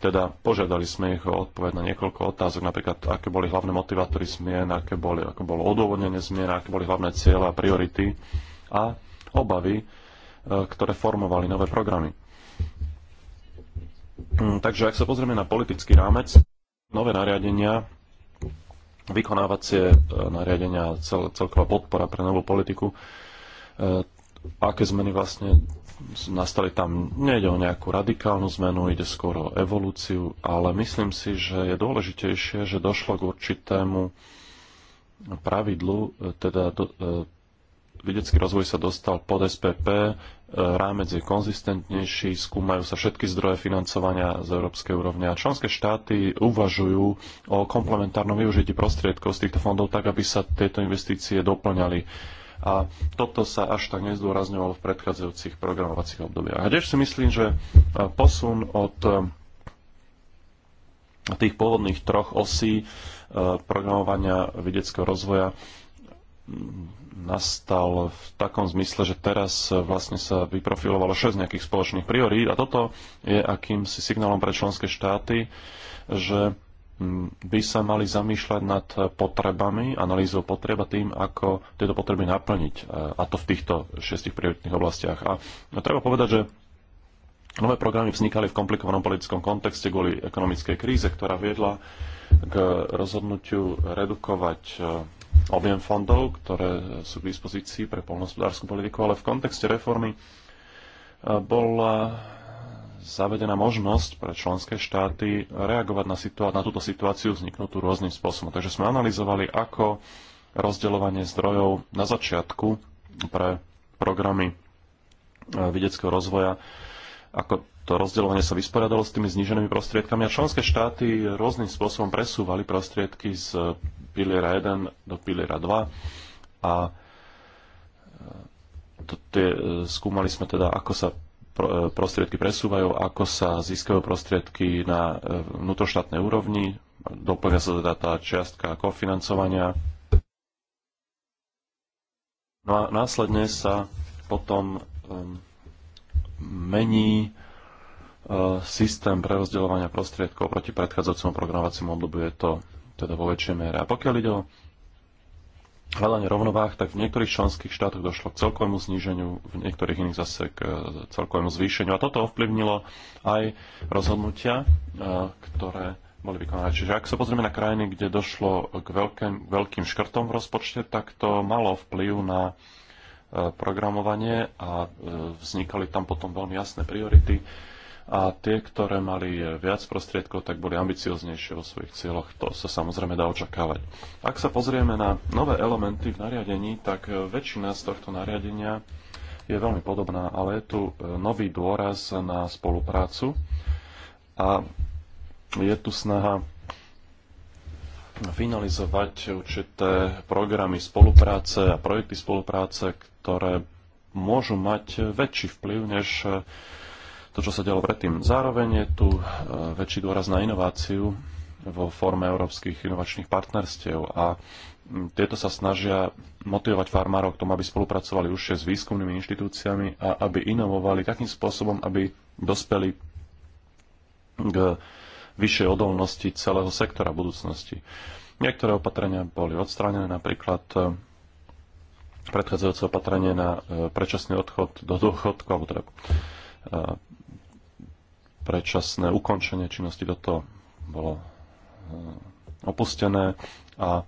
Teda požiadali sme ich o odpoveď na niekoľko otázok, napríklad aké boli hlavné motivátory zmien, aké, boli, ako bolo odôvodnenie zmien, aké boli hlavné cieľa, a priority a obavy, e, ktoré formovali nové programy. Mm, takže ak sa pozrieme na politický rámec, nové nariadenia vykonávacie e, nariadenia, cel, celková podpora pre novú politiku. E, aké zmeny vlastne nastali tam? Nejde o nejakú radikálnu zmenu, ide skôr o evolúciu, ale myslím si, že je dôležitejšie, že došlo k určitému pravidlu, e, teda do, vedecký rozvoj sa dostal pod SPP, e, rámec je konzistentnejší, skúmajú sa všetky zdroje financovania z európskej úrovne a členské štáty uvažujú o komplementárnom využití prostriedkov z týchto fondov tak, aby sa tieto investície doplňali. A toto sa až tak nezdôrazňovalo v predchádzajúcich programovacích obdobiach. A tiež si myslím, že e, posun od e, tých pôvodných troch osí programovania vedeckého rozvoja nastal v takom zmysle, že teraz vlastne sa vyprofilovalo 6 nejakých spoločných priorít a toto je akýmsi signálom pre členské štáty, že mm, by sa mali zamýšľať nad potrebami, analýzou potreba tým, ako tieto potreby naplniť, e, a to v týchto šestich prioritných oblastiach. A treba povedať, že nové programy vznikali v komplikovanom politickom kontexte kvôli ekonomickej kríze, ktorá viedla k rozhodnutiu redukovať e, objem fondov, ktoré sú k dispozícii pre polnohospodárskú politiku, ale v kontexte reformy e, bola zavedená možnosť pre členské štáty reagovať na, situá- na túto situáciu vzniknutú rôznym spôsobom. Takže sme analyzovali, ako rozdeľovanie zdrojov na začiatku pre programy e, vedeckého rozvoja, ako to rozdeľovanie sa vysporiadalo s tými zníženými prostriedkami a členské štáty rôznym spôsobom presúvali prostriedky z piliera 1 do piliera 2 a e, to, tie, e, skúmali sme teda, ako sa e, prostriedky presúvajú, ako sa získajú prostriedky na vnútroštátnej úrovni, doplňa sa teda tá čiastka kofinancovania. No a následne sa potom um, mení systém prerozdeľovania prostriedkov proti predchádzajúcemu programovaciemu obdobiu. Je to teda vo väčšej miere. A pokiaľ ide o hľadanie rovnováh, tak v niektorých členských štátoch došlo k celkovému zníženiu, v niektorých iných zase k e, celkovému zvýšeniu. A toto ovplyvnilo aj rozhodnutia, e, ktoré boli vykonané. Čiže ak sa pozrieme na krajiny, kde došlo k veľkým, veľkým škrtom v rozpočte, tak to malo vplyv na e, programovanie a vznikali tam potom veľmi jasné priority a tie, ktoré mali viac prostriedkov, tak boli ambicioznejšie vo svojich cieľoch. To sa samozrejme dá očakávať. Ak sa pozrieme na nové elementy v nariadení, tak e, väčšina z tohto nariadenia je veľmi podobná, ale je tu e, nový dôraz na spoluprácu a je tu snaha finalizovať určité programy spolupráce a projekty spolupráce, ktoré môžu mať väčší vplyv než e, to, čo sa dialo predtým. Zároveň je tu e, väčší dôraz na inováciu vo forme európskych inovačných partnerstiev a tieto sa snažia motivovať farmárov k tomu, aby spolupracovali užšie s výskumnými inštitúciami a aby inovovali takým spôsobom, aby dospeli k vyššej odolnosti celého sektora budúcnosti. Niektoré opatrenia boli odstránené, napríklad e, predchádzajúce opatrenie na e, predčasný odchod do dôchodku, alebo teda predčasné ukončenie činnosti. Toto bolo e, opustené a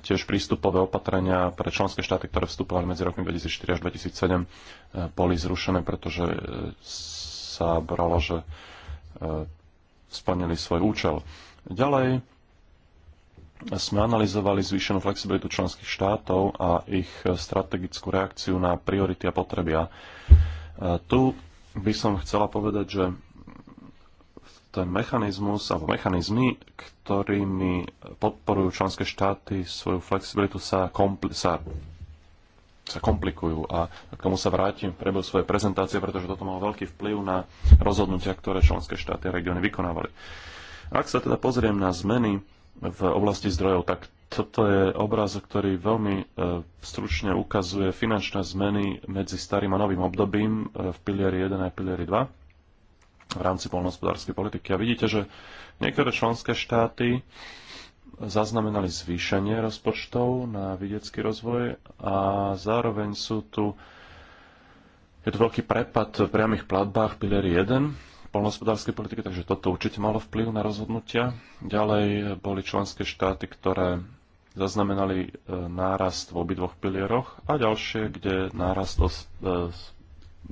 tiež prístupové opatrenia pre členské štáty, ktoré vstupovali medzi rokmi 2004 až 2007, e, boli zrušené, pretože e, sa bralo, že splnili svoj účel. Ďalej sme analyzovali zvýšenú flexibilitu členských štátov a ich strategickú reakciu na priority a potreby. A tu by som chcela povedať, že ten mechanizmus alebo mechanizmy, ktorými podporujú členské štáty svoju flexibilitu, sa, kompli- sa, sa komplikujú. A k tomu sa vrátim v priebehu svojej prezentácie, pretože toto malo veľký vplyv na rozhodnutia, ktoré členské štáty a regióny vykonávali. Ak sa teda pozriem na zmeny v oblasti zdrojov, tak toto je obraz, ktorý veľmi e, stručne ukazuje finančné zmeny medzi starým a novým obdobím e, v pilieri 1 a pilieri 2 v rámci polnohospodárskej politiky. A vidíte, že niektoré členské štáty zaznamenali zvýšenie rozpočtov na vidiecký rozvoj a zároveň sú tu je tu veľký prepad v priamých platbách pilieri 1 polnohospodárskej politiky, takže toto určite malo vplyv na rozhodnutia. Ďalej boli členské štáty, ktoré zaznamenali e, nárast v obidvoch pilieroch a ďalšie, kde nárast e,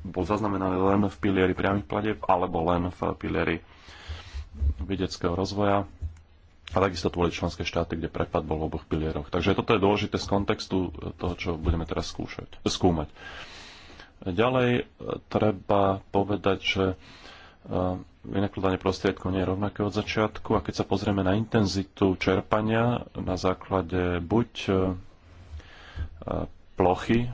bol zaznamenaný len v pilieri priamých pladeb alebo len v pilieri vedeckého rozvoja a takisto tu boli členské štáty, kde prepad bol v oboch pilieroch. Takže toto je dôležité z kontextu toho, čo budeme teraz skúšať, skúmať. Ďalej e, treba povedať, že e, vynakladanie prostriedkov nie je rovnaké od začiatku a keď sa pozrieme na intenzitu čerpania na základe buď e, plochy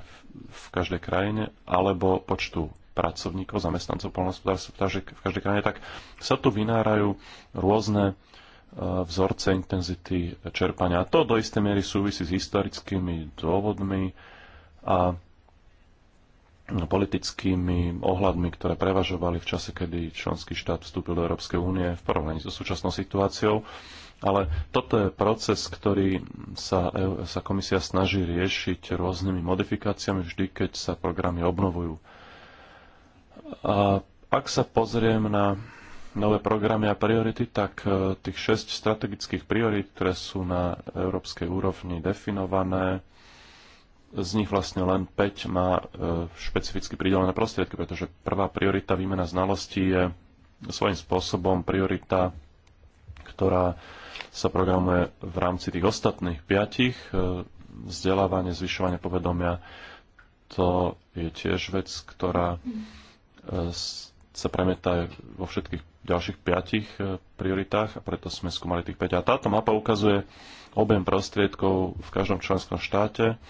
v každej krajine alebo počtu pracovníkov, zamestnancov polnohospodárstva v každej krajine, tak sa tu vynárajú rôzne e, vzorce intenzity čerpania. A to do istej miery súvisí s historickými dôvodmi a no, politickými ohľadmi, ktoré prevažovali v čase, kedy členský štát vstúpil do Európskej únie v porovnaní so súčasnou situáciou. Ale toto je proces, ktorý sa, e sa komisia snaží riešiť rôznymi modifikáciami vždy, keď sa programy obnovujú. A ak sa pozriem na nové programy a priority, tak e, tých 6 strategických priorit, ktoré sú na európskej úrovni definované, z nich vlastne len 5 má e, špecificky pridelené prostriedky, pretože prvá priorita výmena znalostí je svojím spôsobom priorita, ktorá sa programuje v rámci tých ostatných piatich. E, vzdelávanie, zvyšovanie povedomia, to je tiež vec, ktorá e, sa premieta vo všetkých ďalších piatich e, prioritách a preto sme skúmali tých 5. A táto mapa ukazuje objem prostriedkov v každom členskom štáte.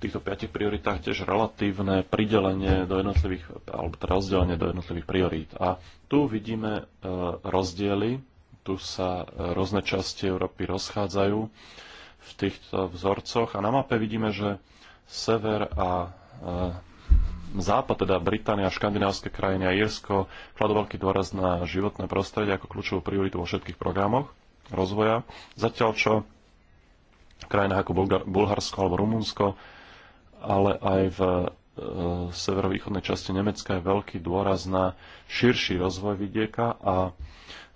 V týchto piatich prioritách tiež relatívne pridelenie do jednotlivých, alebo teda rozdelenie do jednotlivých priorít. A tu vidíme rozdiely tu sa e, rôzne časti Európy rozchádzajú v týchto vzorcoch a na mape vidíme, že sever a e, západ, teda Británia, škandinávské krajiny a Jirsko, kladú veľký dôraz na životné prostredie ako kľúčovú prioritu vo všetkých programoch rozvoja, zatiaľ čo v krajinách ako Bulgarsko alebo Rumunsko, ale aj v severovýchodnej časti Nemecka je veľký dôraz na širší rozvoj vidieka a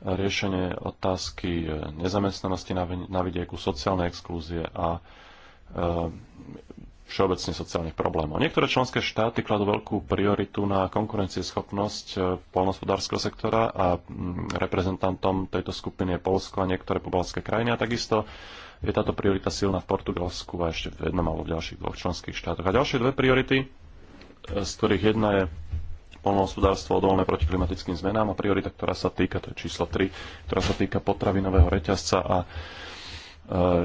riešenie otázky nezamestnanosti na vidieku, sociálnej exklúzie a e, všeobecne sociálnych problémov. Niektoré členské štáty kladú veľkú prioritu na konkurencieschopnosť e, polnospodárskeho sektora a reprezentantom tejto skupiny je Polsko a niektoré pobalské krajiny a takisto je táto priorita silná v Portugalsku a ešte v jednom alebo v ďalších dvoch členských štátoch. A ďalšie dve priority z ktorých jedna je polnohospodárstvo odolné proti klimatickým zmenám a priorita, ktorá sa týka, to je číslo 3, ktorá sa týka potravinového reťazca a e,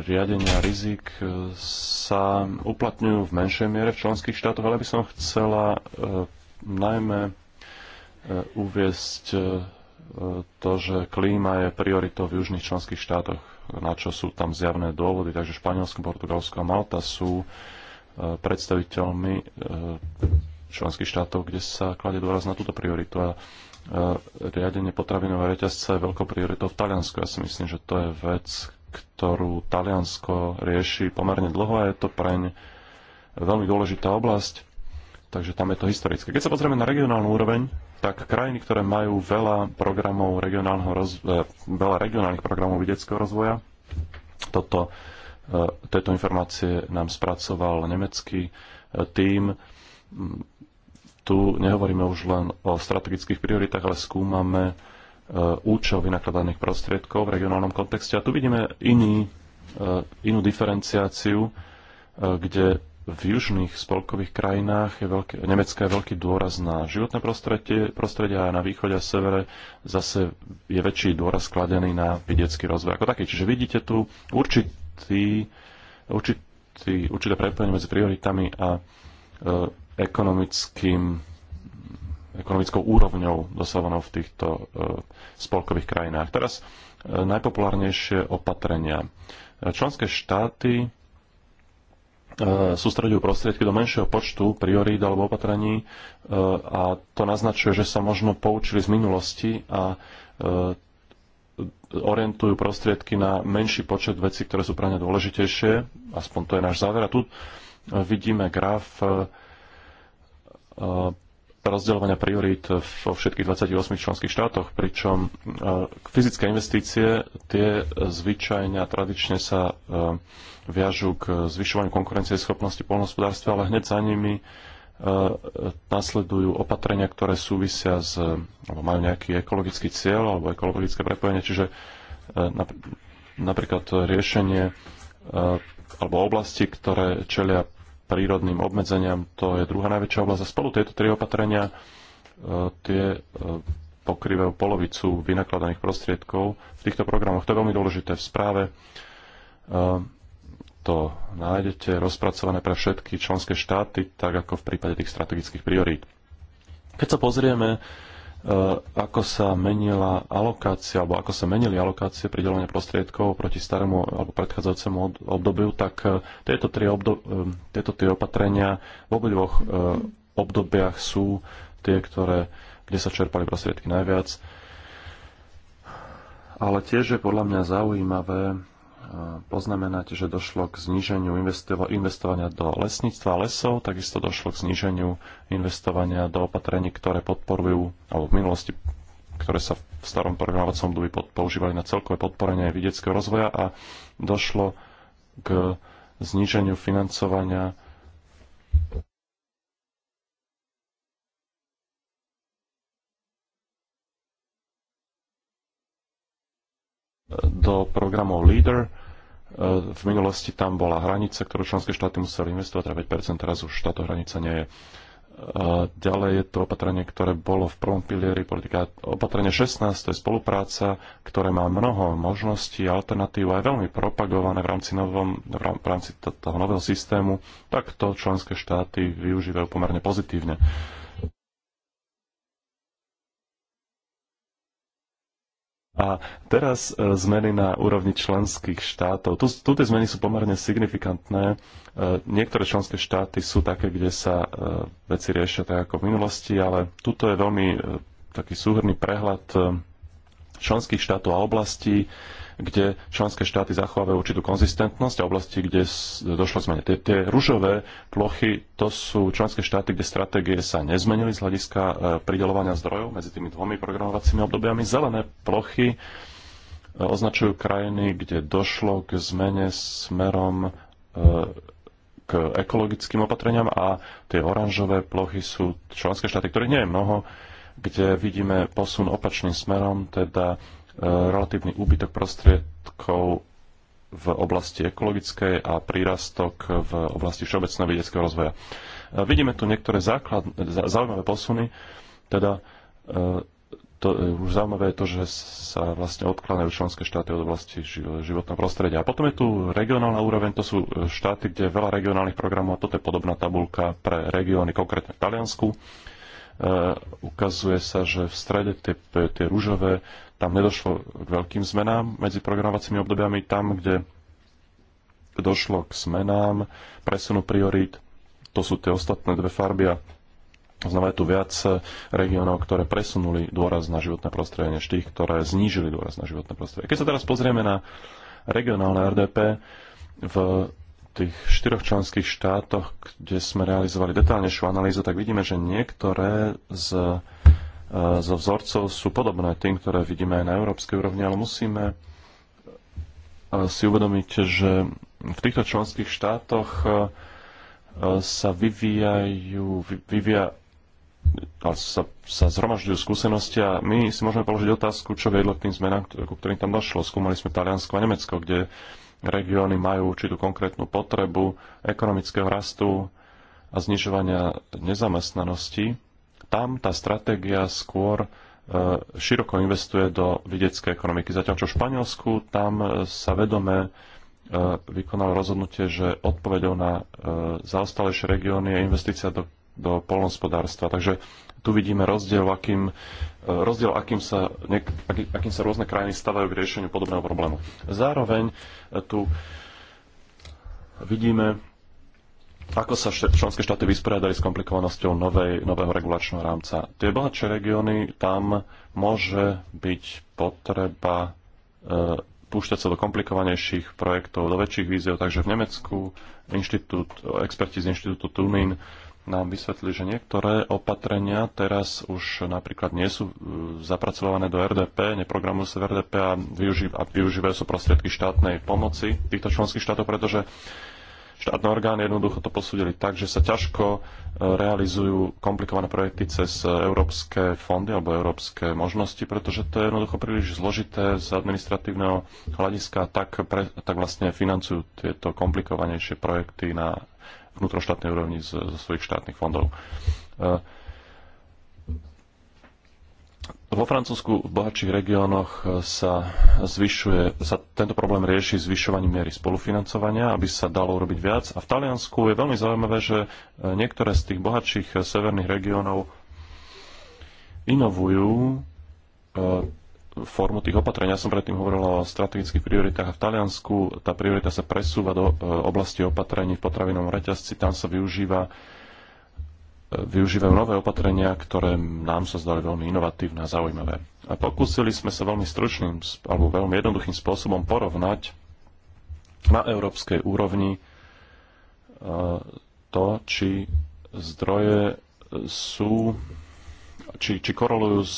riadenia rizik e, sa uplatňujú v menšej miere v členských štátoch, ale by som chcela e, najmä uviesť to, že klíma je prioritou v južných členských štátoch, na čo sú tam zjavné dôvody. Takže Španielsko, Portugalsko a Malta sú predstaviteľmi eh, členských štátov, kde sa kladie dôraz na túto prioritu. A eh, riadenie potravinového reťazca je veľkou prioritou v Taliansku. Ja si myslím, že to je vec, ktorú Taliansko rieši pomerne dlho a je to preň veľmi dôležitá oblasť, takže tam je to historické. Keď sa pozrieme na regionálnu úroveň, tak krajiny, ktoré majú veľa programov regionálneho rozvoja, eh, veľa regionálnych programov vedeckého rozvoja, toto E, tieto informácie nám spracoval nemecký e, tím. Tu nehovoríme už len o strategických prioritách, ale skúmame e, účel vynakladaných prostriedkov v regionálnom kontexte. A tu vidíme iný, inú diferenciáciu, kde v južných spolkových krajinách je veľký, Nemecka je veľký dôraz na životné prostredie, prostredie a na východe a severe zase je väčší dôraz skladený na vidiecký rozvoj ako taký. Čiže vidíte tu určit, určitý, určitý, určité prepojenie medzi prioritami a e, ekonomickým, ekonomickou úrovňou dosahovanou v týchto e, spolkových krajinách. Teraz e, najpopulárnejšie opatrenia. Členské štáty e, sústredujú prostriedky do menšieho počtu priorít alebo opatrení e, a to naznačuje, že sa možno poučili z minulosti a e, orientujú prostriedky na menší počet vecí, ktoré sú pre ne dôležitejšie, aspoň to je náš záver. A tu e, vidíme graf e, e, rozdeľovania priorít vo všetkých 28 členských štátoch, pričom fyzické investície tie zvyčajne a tradične sa viažú k zvyšovaniu konkurencie schopnosti polnohospodárstva, ale hneď za nimi nasledujú opatrenia, ktoré súvisia s, alebo majú nejaký ekologický cieľ alebo ekologické prepojenie, čiže e, napríklad riešenie e, alebo oblasti, ktoré čelia prírodným obmedzeniam, to je druhá najväčšia oblasť. A spolu tieto tri opatrenia e, tie pokrývajú polovicu vynakladaných prostriedkov v týchto programoch. To je veľmi dôležité v správe to nájdete rozpracované pre všetky členské štáty, tak ako v prípade tých strategických priorít. Keď sa pozrieme, e, ako sa menila alokácia, alebo ako sa menili alokácie pridelenia prostriedkov proti starému alebo predchádzajúcemu obdobiu, tak e, tieto tri, obdo- e, tieto tri opatrenia v obidvoch obdobiach sú tie, ktoré, kde sa čerpali prostriedky najviac. Ale tiež je podľa mňa zaujímavé poznamenať, že došlo k zníženiu investovania do lesníctva a lesov, takisto došlo k zníženiu investovania do opatrení, ktoré podporujú, alebo v minulosti, ktoré sa v starom programovacom období používali na celkové podporenie vidieckého rozvoja a došlo k zníženiu financovania do programov LEADER. E, v minulosti tam bola hranica, ktorú členské štáty museli investovať, teda 5%, teraz už táto hranica nie je. E, ďalej je to opatrenie, ktoré bolo v prvom pilieri politika. Opatrenie 16, to je spolupráca, ktoré má mnoho možností, alternatív a je veľmi propagované v rámci, novom, v rámci toho nového systému. Takto členské štáty využívajú pomerne pozitívne. A teraz e, zmeny na úrovni členských štátov. Tu, tu tie zmeny sú pomerne signifikantné. E, niektoré členské štáty sú také, kde sa e, veci riešia tak ako v minulosti, ale tuto je veľmi taký súhrný prehľad členských štátov a oblastí, kde členské štáty zachovávajú určitú konzistentnosť a oblasti, kde došlo zmene. Tie, tie ružové plochy, to sú členské štáty, kde stratégie sa nezmenili z hľadiska e, pridelovania zdrojov medzi tými dvomi programovacími obdobiami. Zelené plochy e, označujú krajiny, kde došlo k zmene smerom e, k ekologickým opatreniam a tie oranžové plochy sú členské štáty, ktorých nie je mnoho, kde vidíme posun opačným smerom, teda relatívny úbytok prostriedkov v oblasti ekologickej a prírastok v oblasti všeobecného vedeckého rozvoja. E, vidíme tu niektoré základ, zaujímavé posuny, teda e, to, e, už zaujímavé je to, že sa vlastne odkladajú členské štáty od oblasti životného prostredia. A potom je tu regionálna úroveň, to sú štáty, kde je veľa regionálnych programov a toto je podobná tabulka pre regióny, konkrétne v Taliansku. Eh, ukazuje sa, že v strede tie, tie rúžové, tam nedošlo k veľkým zmenám medzi programovacími obdobiami, tam, kde došlo k zmenám, presunu priorít, to sú tie ostatné dve farby a znamená tu viac regionov, ktoré presunuli dôraz na životné prostredie, než tých, ktoré znížili dôraz na životné prostredie. Keď sa teraz pozrieme na regionálne RDP, v tých štyroch členských štátoch, kde sme realizovali detálnejšiu analýzu, tak vidíme, že niektoré z, e, zo vzorcov sú podobné tým, ktoré vidíme aj na európskej úrovni, ale musíme e, si uvedomiť, že v týchto členských štátoch e, sa vyvíjajú, vyvíja sa, sa zhromažďujú skúsenosti a my si môžeme položiť otázku, čo viedlo k tým zmenám, ku ktorým tam došlo. Skúmali sme Taliansko a Nemecko, kde regióny majú určitú konkrétnu potrebu ekonomického rastu a znižovania nezamestnanosti, tam tá stratégia skôr e, široko investuje do vidieckej ekonomiky. Zatiaľ čo v Španielsku, tam e, sa vedome e, vykonalo rozhodnutie, že odpovedou na zaostalejšie regióny je investícia do, do polnospodárstva. Takže tu vidíme rozdiel, akým, e, rozdiel, akým, sa, aký, akým sa rôzne krajiny stavajú k riešeniu podobného problému. Zároveň e, tu vidíme, ako sa členské štáty vysporiadali s komplikovanosťou novej, nového regulačného rámca. Tie bohatšie regióny, tam môže byť potreba e, púšťať sa do komplikovanejších projektov, do väčších víziev. Takže v Nemecku inštitút, e, experti z inštitútu Tunín nám vysvetlili, že niektoré opatrenia teraz už napríklad nie sú e, zapracované do RDP, neprogramujú sa v RDP a, využív- a využívajú sa prostriedky štátnej pomoci týchto členských štátov, pretože štátne orgány jednoducho to posúdili tak, že sa ťažko e, realizujú komplikované projekty cez európske fondy alebo európske možnosti, pretože to je jednoducho príliš zložité z administratívneho hľadiska, tak, pre, tak vlastne financujú tieto komplikovanejšie projekty na vnútroštátnej úrovni zo svojich štátnych fondov. E, vo Francúzsku v bohatších regiónoch e, sa zvyšuje, sa tento problém rieši zvyšovaním miery spolufinancovania, aby sa dalo urobiť viac. A v Taliansku je veľmi zaujímavé, že e, niektoré z tých bohatších severných regiónov inovujú formu tých opatrení. Ja som predtým hovoril o strategických prioritách a v Taliansku tá priorita sa presúva do e, oblasti opatrení v potravinom reťazci. Tam sa využíva e, využívajú nové opatrenia, ktoré nám sa zdali veľmi inovatívne a zaujímavé. A pokúsili sme sa veľmi stručným alebo veľmi jednoduchým spôsobom porovnať na európskej úrovni e, to, či zdroje sú, či, či korolujú s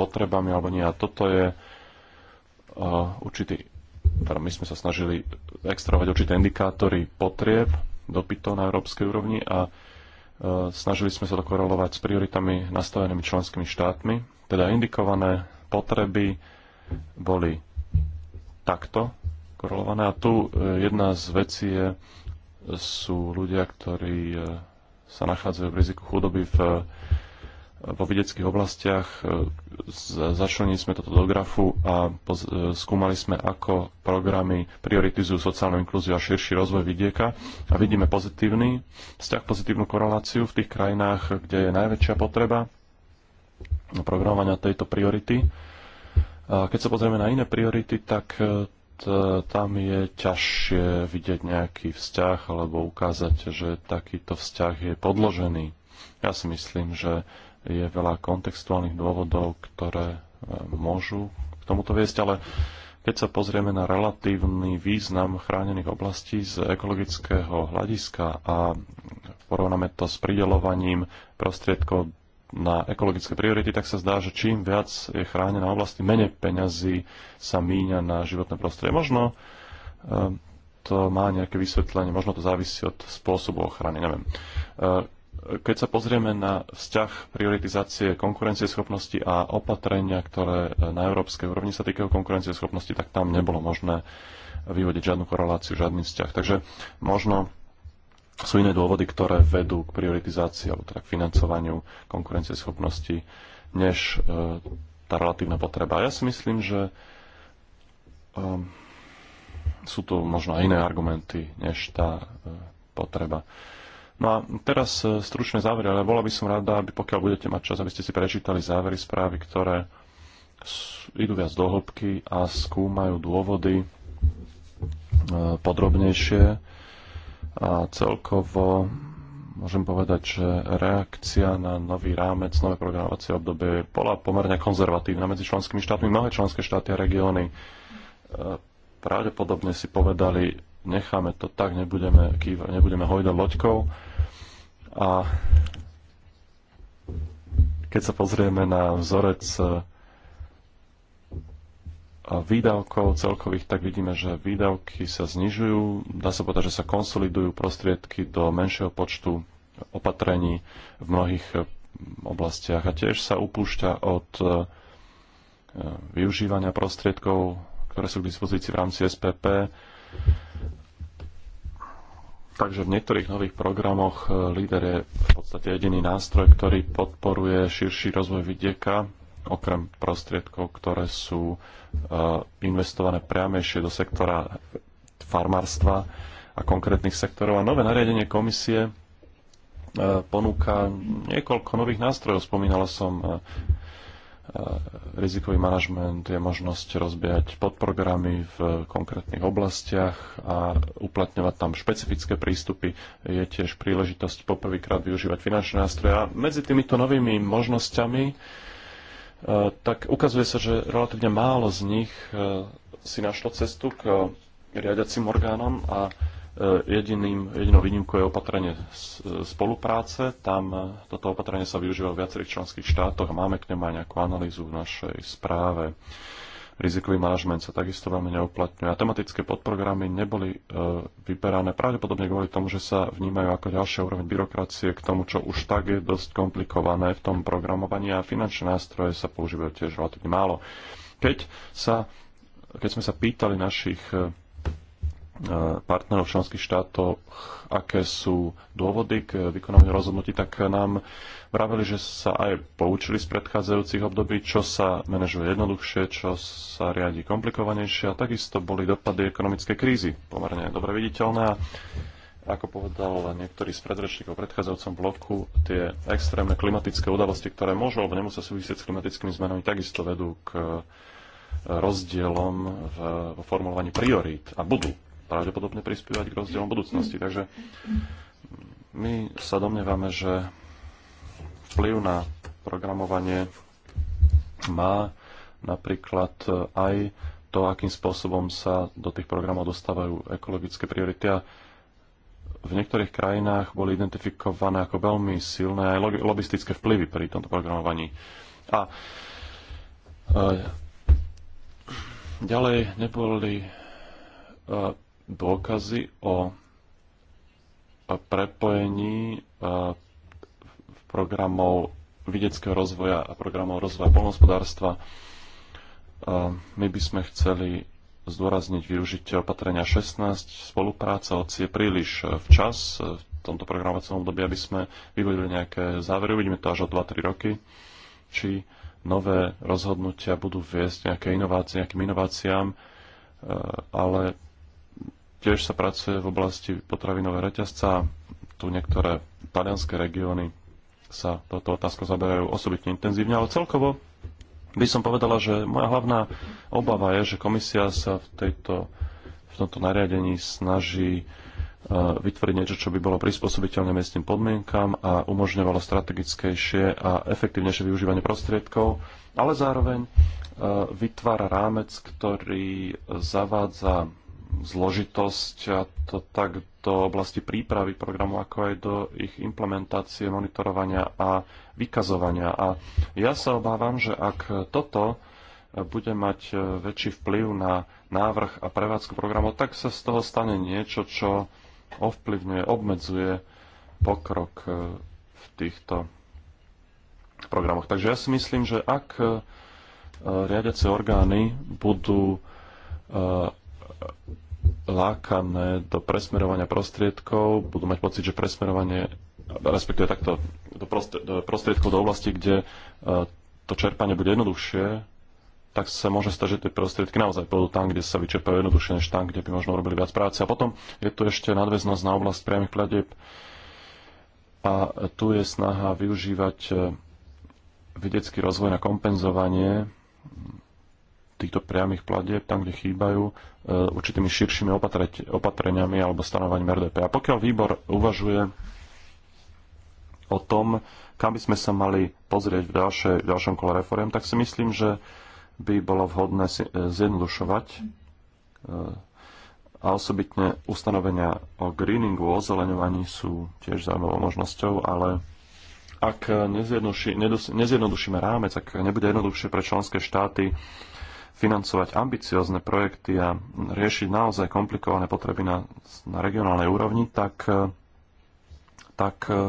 potrebami alebo nie. A toto je uh, určitý, teda my sme sa snažili extrahovať určité indikátory potrieb dopytov na európskej úrovni a uh, snažili sme sa to korelovať s prioritami nastavenými členskými štátmi. Teda indikované potreby boli takto korelované. A tu uh, jedna z vecí je, sú ľudia, ktorí sa nachádzajú v riziku chudoby v vo vedeckých oblastiach. E, začlenili sme toto do grafu a e, skúmali sme, ako programy prioritizujú sociálnu inklúziu a širší rozvoj vidieka. A vidíme pozitívny vzťah, pozitívnu koreláciu v tých krajinách, kde je najväčšia potreba programovania tejto priority. A keď sa pozrieme na iné priority, tak e, tam je ťažšie vidieť nejaký vzťah alebo ukázať, že takýto vzťah je podložený. Ja si myslím, že je veľa kontextuálnych dôvodov, ktoré e, môžu k tomuto viesť, ale keď sa pozrieme na relatívny význam chránených oblastí z ekologického hľadiska a porovnáme to s pridelovaním prostriedkov na ekologické priority, tak sa zdá, že čím viac je chránená tým menej peňazí sa míňa na životné prostredie. Možno e, to má nejaké vysvetlenie, možno to závisí od spôsobu ochrany, neviem. E, keď sa pozrieme na vzťah prioritizácie konkurencieschopnosti a opatrenia, ktoré e, na európskej úrovni sa týkajú konkurencieschopnosti, tak tam nebolo možné vyvodiť žiadnu koreláciu, žiadny vzťah. Takže možno sú iné dôvody, ktoré vedú k prioritizácii alebo teda k financovaniu konkurencieschopnosti, než e, tá relatívna potreba. Ja si myslím, že um, sú tu možno aj iné argumenty, než tá potreba. No a teraz e, stručné závery, ale bola by som rada, aby pokiaľ budete mať čas, aby ste si prečítali závery správy, ktoré idú viac do hĺbky a skúmajú dôvody e, podrobnejšie. A celkovo môžem povedať, že reakcia na nový rámec, nové programovacie obdobie bola pomerne konzervatívna medzi členskými štátmi. Mnohé členské štáty a regióny e, pravdepodobne si povedali, necháme to tak, nebudeme, kýva, nebudeme hojdať loďkou. A keď sa pozrieme na vzorec e, výdavkov celkových, tak vidíme, že výdavky sa znižujú. Dá sa povedať, že sa konsolidujú prostriedky do menšieho počtu opatrení v mnohých e, oblastiach a tiež sa upúšťa od e, využívania prostriedkov, ktoré sú k dispozícii v rámci SPP Takže v niektorých nových programoch e, líder je v podstate jediný nástroj, ktorý podporuje širší rozvoj vidieka, okrem prostriedkov, ktoré sú e, investované priamejšie do sektora farmárstva a konkrétnych sektorov. A nové nariadenie komisie e, ponúka niekoľko nových nástrojov. Spomínala som Eh, rizikový manažment, je možnosť rozbiehať podprogramy v konkrétnych oblastiach a uplatňovať tam špecifické prístupy. Je tiež príležitosť poprvýkrát využívať finančné nástroje. A medzi týmito novými možnosťami eh, tak ukazuje sa, že relatívne málo z nich eh, si našlo cestu k riadiacim orgánom a E, jediným, jedinou výnimkou je opatrenie e, spolupráce. Tam e, toto opatrenie sa využíva v viacerých členských štátoch a máme k nemu aj nejakú analýzu v našej správe. Rizikový manažment sa takisto veľmi neuplatňuje. A tematické podprogramy neboli e, vyberané pravdepodobne kvôli tomu, že sa vnímajú ako ďalšia úroveň byrokracie k tomu, čo už tak je dosť komplikované v tom programovaní a finančné nástroje sa používajú tiež relatívne málo. Keď, sa, keď sme sa pýtali našich partnerov v členských štátoch, aké sú dôvody k vykonaniu rozhodnutí, tak nám vraveli, že sa aj poučili z predchádzajúcich období, čo sa manažuje jednoduchšie, čo sa riadi komplikovanejšie a takisto boli dopady ekonomickej krízy pomerne dobre viditeľné. A ako povedal niektorý z predrečníkov v predchádzajúcom bloku, tie extrémne klimatické udalosti, ktoré môžu alebo nemusia súvisieť s klimatickými zmenami, takisto vedú k rozdielom v, formulovaní priorít a budú pravdepodobne prispievať k rozdielom budúcnosti. Takže my sa domnievame, že vplyv na programovanie má napríklad aj to, akým spôsobom sa do tých programov dostávajú ekologické priority. A v niektorých krajinách boli identifikované ako veľmi silné aj lobistické vplyvy pri tomto programovaní. A e, ďalej neboli e, dôkazy o prepojení e, programov vedeckého rozvoja a programov rozvoja polnospodárstva. E, my by sme chceli zdôrazniť využitie opatrenia 16. Spolupráca hoci je príliš včas v tomto programovacom období, aby sme vyvodili nejaké závery. Uvidíme to až o 2-3 roky, či nové rozhodnutia budú viesť nejaké inovácie, nejakým inováciám, e, ale Tiež sa pracuje v oblasti potravinového reťazca. Tu niektoré talianské regióny sa toto otázko zaberajú osobitne intenzívne, ale celkovo by som povedala, že moja hlavná obava je, že komisia sa v, tejto, v tomto nariadení snaží e, vytvoriť niečo, čo by bolo prispôsobiteľné miestnym podmienkam a umožňovalo strategickejšie a efektívnejšie využívanie prostriedkov, ale zároveň e, vytvára rámec, ktorý zavádza zložitosť a to tak do oblasti prípravy programu, ako aj do ich implementácie, monitorovania a vykazovania. A ja sa obávam, že ak toto bude mať väčší vplyv na návrh a prevádzku programov, tak sa z toho stane niečo, čo ovplyvňuje, obmedzuje pokrok v týchto programoch. Takže ja si myslím, že ak riadiace orgány budú e, lákané do presmerovania prostriedkov, budú mať pocit, že presmerovanie, respektíve takto, do, prostri, do prostriedkov do oblasti, kde e, to čerpanie bude jednoduchšie, tak sa môže stať, že tie prostriedky naozaj pôjdu tam, kde sa vyčerpajú jednoduchšie než tam, kde by možno robili viac práce. A potom je tu ešte nadväznosť na oblasť priamých pladeb a tu je snaha využívať e, vedecký rozvoj na kompenzovanie týchto priamých platieb, tam, kde chýbajú, e, určitými širšími opatreniami alebo stanovaním RDP. A pokiaľ výbor uvažuje o tom, kam by sme sa mali pozrieť v, ďalšej, v ďalšom kole reform, tak si myslím, že by bolo vhodné e, zjednodušovať e, a osobitne ustanovenia o greeningu, o zeleňovaní sú tiež zaujímavou možnosťou, ale ak nezjednodušíme rámec, ak nebude jednoduchšie pre členské štáty financovať ambiciozne projekty a riešiť naozaj komplikované potreby na, na regionálnej úrovni, tak, e, tak e, e,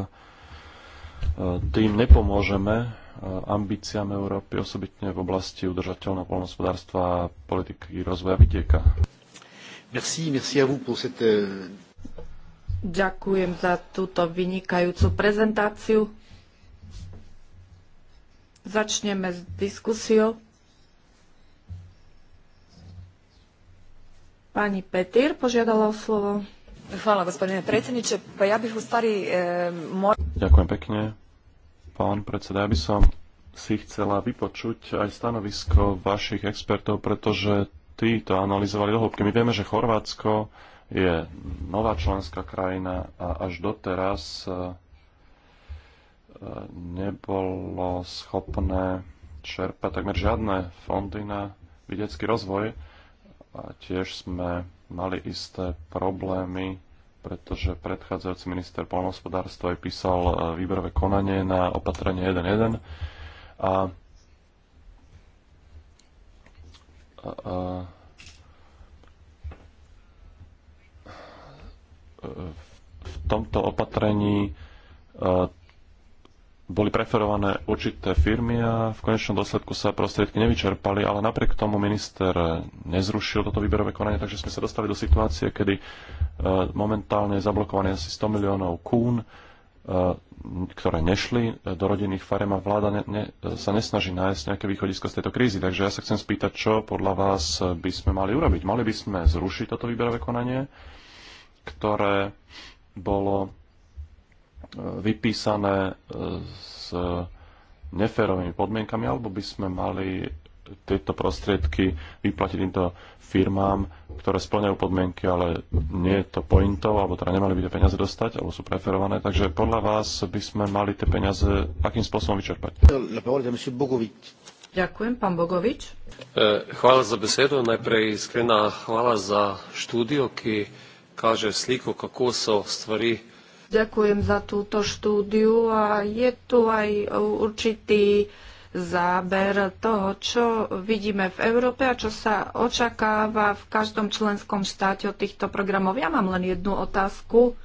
tým nepomôžeme ambíciám Európy, osobitne v oblasti udržateľného polnospodárstva a politiky rozvoja vidieka. Merci, merci a vous pour cette... Ďakujem za túto vynikajúcu prezentáciu. Začneme s diskusiou. Pani Petir požiadala o slovo. Hvala, gospodine Pa ja u stvari... E, mor... Ďakujem pekne. Pán predseda, ja by som si chcela vypočuť aj stanovisko vašich expertov, pretože tí to analyzovali dohlbky. My vieme, že Chorvátsko je nová členská krajina a až doteraz e, e, nebolo schopné čerpať takmer žiadne fondy na vidiecký rozvoj. A tiež sme mali isté problémy, pretože predchádzajúci minister poľnohospodárstva aj písal e, výberové konanie na opatrenie 1.1 a, a, a e, v tomto opatrení e, boli preferované určité firmy a v konečnom dôsledku sa prostriedky nevyčerpali, ale napriek tomu minister nezrušil toto výberové konanie, takže sme sa dostali do situácie, kedy e, momentálne je zablokované asi 100 miliónov kún, e, ktoré nešli e, do rodinných farem a vláda ne, ne, sa nesnaží nájsť nejaké východisko z tejto krízy. Takže ja sa chcem spýtať, čo podľa vás by sme mali urobiť. Mali by sme zrušiť toto výberové konanie, ktoré bolo vypísané e, s neférovými podmienkami, alebo by sme mali tieto prostriedky vyplatiť týmto firmám, ktoré splňajú podmienky, ale nie je to pointov, alebo teda nemali by tie peniaze dostať, alebo sú preferované. Takže podľa vás by sme mali tie peniaze akým spôsobom vyčerpať? Ďakujem, pán Bogovič. E, chvála za besedu. Najprej iskrena chvála za štúdio, ktorý kaže sliku, kako sa stvari Ďakujem za túto štúdiu a je tu aj určitý záber toho, čo vidíme v Európe a čo sa očakáva v každom členskom štáte od týchto programov. Ja mám len jednu otázku.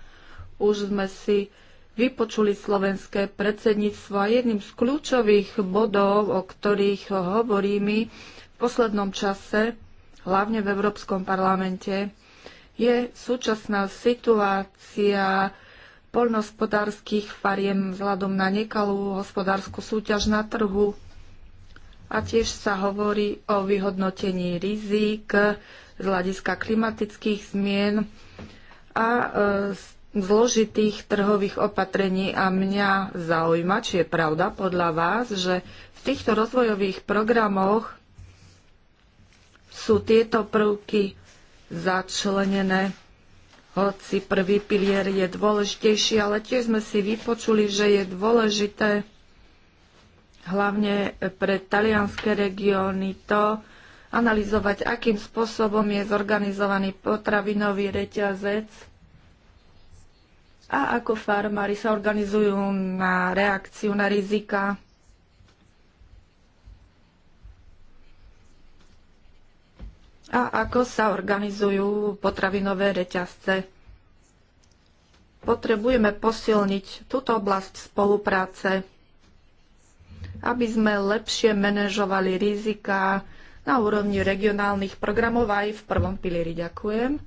Už sme si vypočuli slovenské predsedníctvo a jedným z kľúčových bodov, o ktorých hovoríme v poslednom čase, hlavne v Európskom parlamente, je súčasná situácia poľnohospodárskych fariem vzhľadom na nekalú hospodárskú súťaž na trhu a tiež sa hovorí o vyhodnotení rizik z hľadiska klimatických zmien a e, zložitých trhových opatrení a mňa zaujíma, či je pravda podľa vás, že v týchto rozvojových programoch sú tieto prvky začlenené hoci prvý pilier je dôležitejší, ale tiež sme si vypočuli, že je dôležité hlavne pre talianské regióny to analyzovať, akým spôsobom je zorganizovaný potravinový reťazec a ako farmári sa organizujú na reakciu na rizika a ako sa organizujú potravinové reťazce. Potrebujeme posilniť túto oblasť spolupráce, aby sme lepšie manažovali rizika na úrovni regionálnych programov aj v prvom pilieri. Ďakujem.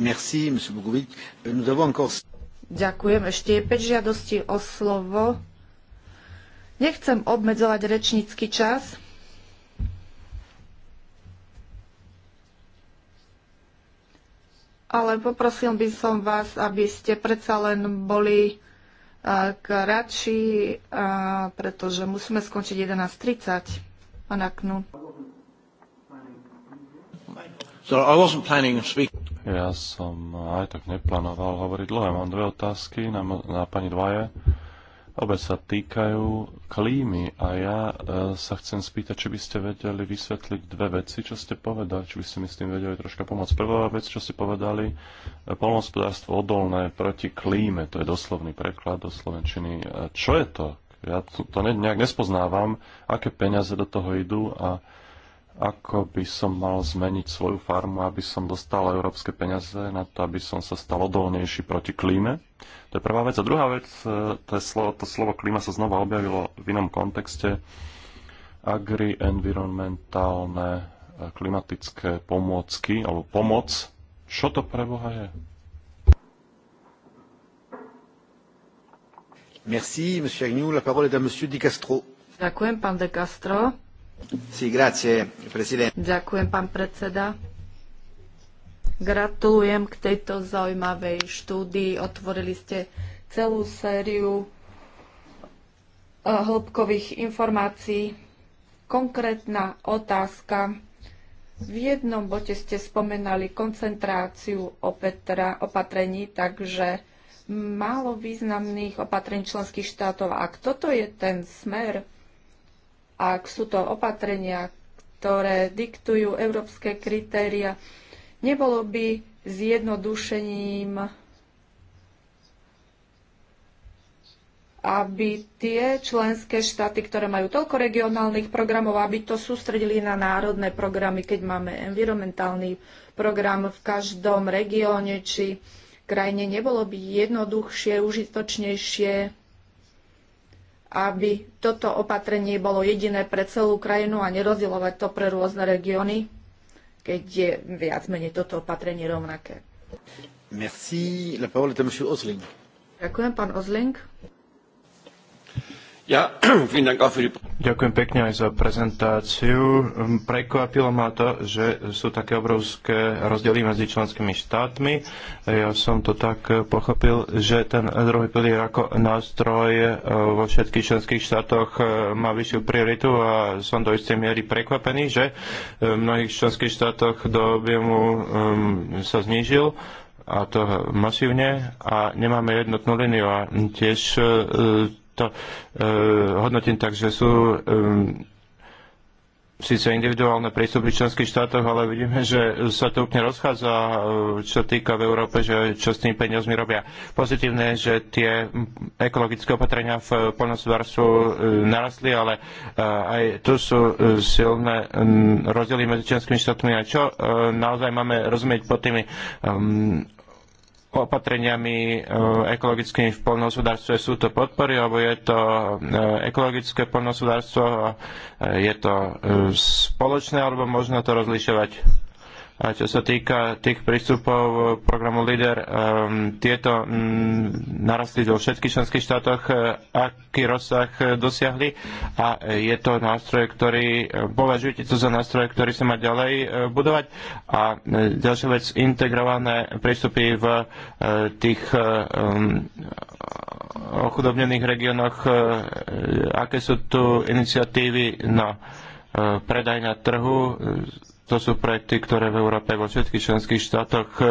Merci, Monsieur Bogovic. Nous avons encore Ďakujem. Ešte je 5 žiadostí o slovo. Nechcem obmedzovať rečnícky čas. Ale poprosil by som vás, aby ste predsa len boli kratší, pretože musíme skončiť 11.30. Pana Aknu. So I wasn't planning ja som aj tak neplánoval hovoriť dlhé. Mám dve otázky na, na pani Dvaje. Obe sa týkajú klímy a ja e, sa chcem spýtať, či by ste vedeli vysvetliť dve veci, čo ste povedali, či by ste mi s tým vedeli troška pomôcť. Prvá vec, čo ste povedali, e, polnohospodárstvo odolné proti klíme, to je doslovný preklad do Slovenčiny. E, čo je to? Ja to, to nejak nespoznávam, aké peniaze do toho idú a ako by som mal zmeniť svoju farmu, aby som dostal európske peniaze na to, aby som sa stal odolnejší proti klíme. To je prvá vec. A druhá vec, e, to, je slovo, to slovo klíma sa znova objavilo v inom kontexte. Agri-environmentálne e, klimatické pomôcky, alebo pomoc. Čo to pre Boha je? Merci, monsieur Agnew. La parole est à monsieur Di Castro. Ďakujem, pán De Castro. Ďakujem, pán predseda. Gratulujem k tejto zaujímavej štúdii. Otvorili ste celú sériu eh, hĺbkových informácií. Konkrétna otázka. V jednom bote ste spomenali koncentráciu opetra, opatrení, takže málo významných opatrení členských štátov. A toto je ten smer, ak sú to opatrenia, ktoré diktujú európske kritéria, nebolo by zjednodušením, aby tie členské štáty, ktoré majú toľko regionálnych programov, aby to sústredili na národné programy, keď máme environmentálny program v každom regióne či krajine, nebolo by jednoduchšie, užitočnejšie aby toto opatrenie bolo jediné pre celú krajinu a nerozdielovať to pre rôzne regióny, keď je viac menej toto opatrenie rovnaké. Merci. La parole est à monsieur Osling. Ďakujem, pán Osling. Ďakujem pekne aj za prezentáciu. Hm, prekvapilo ma to, že sú také obrovské rozdiely medzi členskými štátmi. Ja som to tak pochopil, že ten druhý pilier ako nástroj eh, vo všetkých členských štátoch eh, má vyššiu prioritu a som do istej miery prekvapený, že eh, v mnohých členských štátoch do objemu hm, sa znížil a to masívne a nemáme jednotnú líniu a tiež to e, hodnotím tak, že sú e, síce individuálne prístupy v členských štátoch, ale vidíme, že sa to úplne rozchádza, e, čo týka v Európe, že čo s tými peniazmi robia. Pozitívne je, že tie ekologické opatrenia v poľnohospodárstvu narastli, ale aj tu sú silné rozdiely medzi členskými štátmi. A čo naozaj máme rozumieť pod tými opatreniami eh, ekologickými v poľnohospodárstve. Sú to podpory, alebo je to eh, ekologické poľnohospodárstvo, eh, je to spoločné, alebo možno to rozlišovať? A čo sa týka tých prístupov eh, programu LIDER, eh, tieto mm, narastli vo všetkých členských štátoch, eh, aký rozsah dosiahli a je to nástroj, ktorý, považujete to za nástroj, ktorý sa má ďalej budovať. A ďalšia vec, integrované prístupy v tých ochudobnených regiónoch, aké sú tu iniciatívy na predaj na trhu to sú projekty, ktoré v Európe vo všetkých členských štátoch e,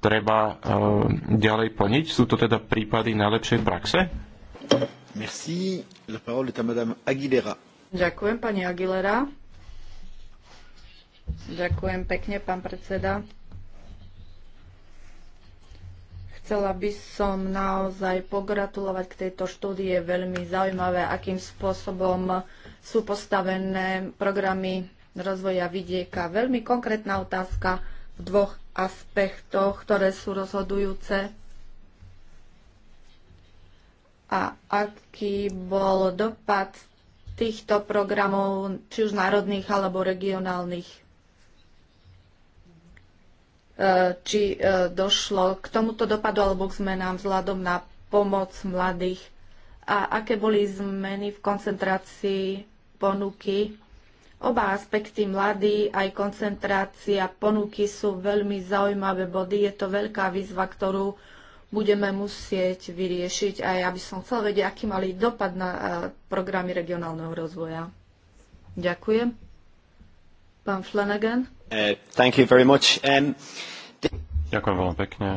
treba e, ďalej plniť. Sú to teda prípady najlepšej praxe? Merci. La parole est à madame Aguilera. Ďakujem, pani Aguilera. Ďakujem pekne, pán predseda. Chcela by som naozaj pogratulovať k tejto štúdii. Je veľmi zaujímavé, akým spôsobom sú postavené programy rozvoja vidieka. Veľmi konkrétna otázka v dvoch aspektoch, ktoré sú rozhodujúce. A aký bol dopad týchto programov, či už národných alebo regionálnych? E, či e, došlo k tomuto dopadu alebo k zmenám vzhľadom na pomoc mladých? A aké boli zmeny v koncentrácii ponuky Oba aspekty mladí, aj koncentrácia ponuky sú veľmi zaujímavé body. Je to veľká výzva, ktorú budeme musieť vyriešiť a ja by som chcel vedieť, aký mali dopad na e, programy regionálneho rozvoja. Ďakujem. Pán Flanagan. Uh, thank you very much. Um, Ďakujem veľmi pekne.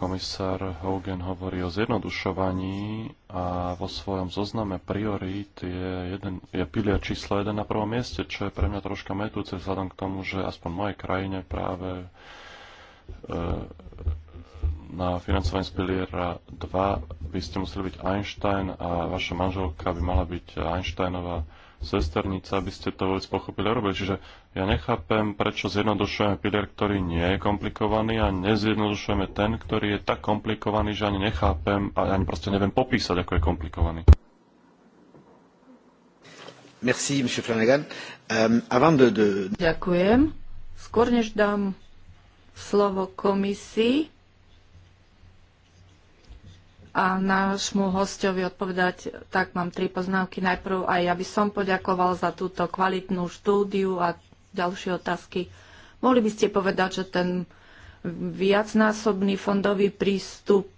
Komisár Hogan hovorí o zjednodušovaní a vo svojom zozname priorít je, jeden, je pilier číslo 1 na prvom mieste, čo je pre mňa troška metúce vzhľadom k tomu, že aspoň v mojej krajine práve e, na financovanie z piliera 2 by ste museli byť Einstein a vaša manželka by mala byť Einsteinová sesternica, aby ste to vôbec pochopili a robili. Čiže ja nechápem, prečo zjednodušujeme pilier, ktorý nie je komplikovaný a nezjednodušujeme ten, ktorý je tak komplikovaný, že ani nechápem a ani proste neviem popísať, ako je komplikovaný. Merci, monsieur Flanagan. Um, avant de, de... Ďakujem. Skôr než dám slovo komisii, a nášmu hostovi odpovedať, tak mám tri poznámky. Najprv aj ja by som poďakoval za túto kvalitnú štúdiu a ďalšie otázky. Mohli by ste povedať, že ten viacnásobný fondový prístup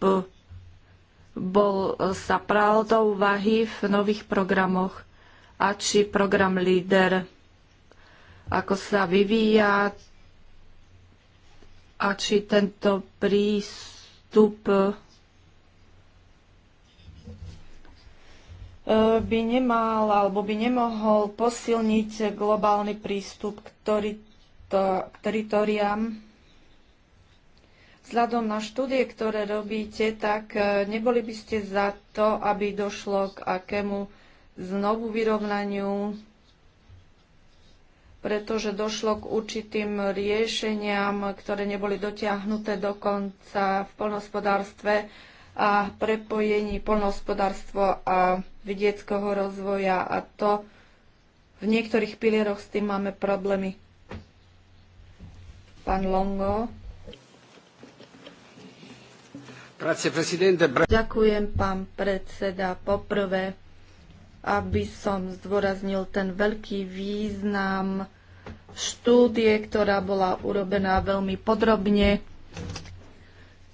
bol sa pral do úvahy v nových programoch a či program LEADER ako sa vyvíja a či tento prístup E, by nemal alebo by nemohol posilniť globálny prístup k, terito- k teritoriám. Vzhľadom na štúdie, ktoré robíte, tak e, neboli by ste za to, aby došlo k akému znovu vyrovnaniu, pretože došlo k určitým riešeniam, ktoré neboli dotiahnuté do konca v polnospodárstve a prepojení polnohospodárstvo a vidieckého rozvoja a to v niektorých pilieroch s tým máme problémy. Pán Longo. Ďakujem, pán predseda. Poprvé, aby som zdôraznil ten veľký význam štúdie, ktorá bola urobená veľmi podrobne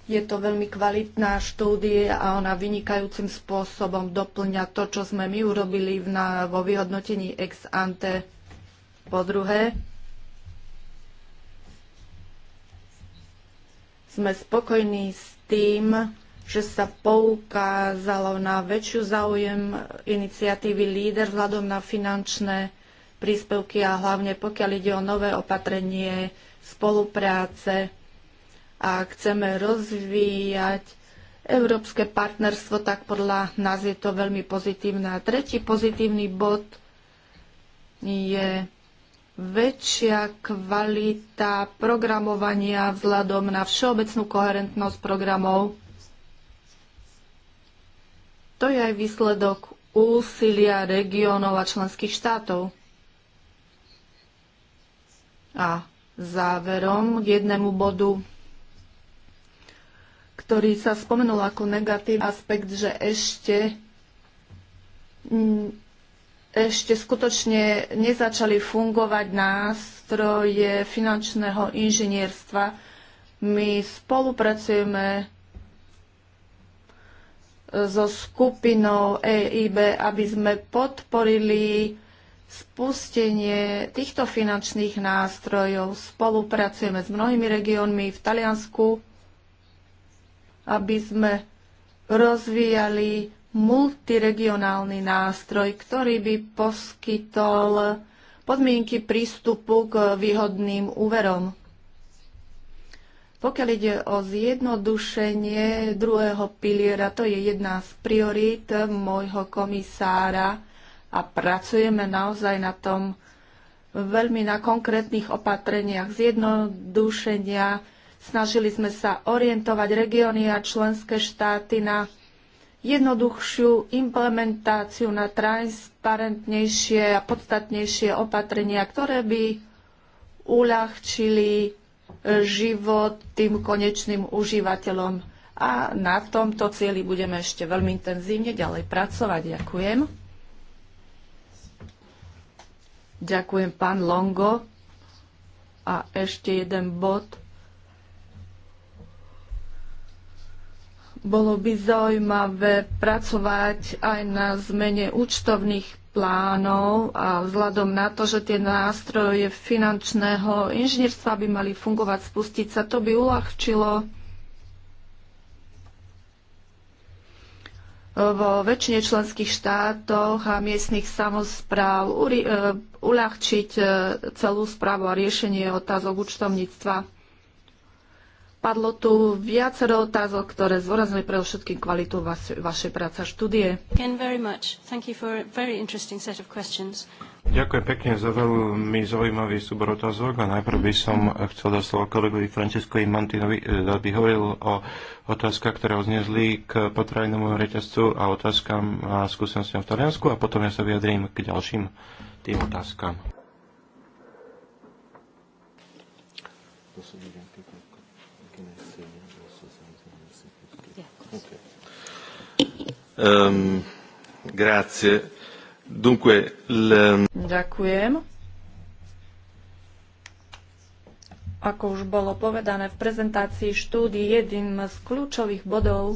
je to veľmi kvalitná štúdia a ona vynikajúcim spôsobom doplňa to, čo sme my urobili v, na, vo vyhodnotení ex ante. Po druhé, sme spokojní s tým, že sa poukázalo na väčšiu záujem iniciatívy líder vzhľadom na finančné príspevky a hlavne pokiaľ ide o nové opatrenie spolupráce a chceme rozvíjať európske partnerstvo, tak podľa nás je to veľmi pozitívne. A tretí pozitívny bod je väčšia kvalita programovania vzhľadom na všeobecnú koherentnosť programov. To je aj výsledok úsilia regiónov a členských štátov. A záverom k jednému bodu ktorý sa spomenul ako negatívny aspekt, že ešte mm, ešte skutočne nezačali fungovať nástroje finančného inžinierstva. My spolupracujeme so skupinou EIB, aby sme podporili spustenie týchto finančných nástrojov. Spolupracujeme s mnohými regiónmi v Taliansku, aby sme rozvíjali multiregionálny nástroj, ktorý by poskytol podmienky prístupu k výhodným úverom. Pokiaľ ide o zjednodušenie druhého piliera, to je jedna z priorít môjho komisára a pracujeme naozaj na tom veľmi na konkrétnych opatreniach zjednodušenia, Snažili sme sa orientovať regióny a členské štáty na jednoduchšiu implementáciu, na transparentnejšie a podstatnejšie opatrenia, ktoré by uľahčili e, život tým konečným užívateľom. A na tomto cieli budeme ešte veľmi intenzívne ďalej pracovať. Ďakujem. Ďakujem, pán Longo. A ešte jeden bod Bolo by zaujímavé pracovať aj na zmene účtovných plánov a vzhľadom na to, že tie nástroje finančného inžinierstva by mali fungovať, spustiť sa, to by uľahčilo vo väčšine členských štátoch a miestnych samozpráv e, uľahčiť e, celú správu a riešenie otázok účtovníctva. Padlo tu viacero otázok, ktoré zvorazujú pre všetkým kvalitu vaš- vašej práce a štúdie. Ďakujem pekne za veľmi zaujímavý súbor otázok a najprv by som chcel dať slovo kolegovi Franceskovi Mantinovi, eh, aby hovoril o otázkach, ktoré oznezli k potravinému reťazcu a otázkam a skúsenostiam v Taliansku a potom ja sa vyjadrím k ďalším tým otázkam. Um, grazie. Dunque, l... Ďakujem. Ako už bolo povedané v prezentácii štúdii, jedným z kľúčových bodov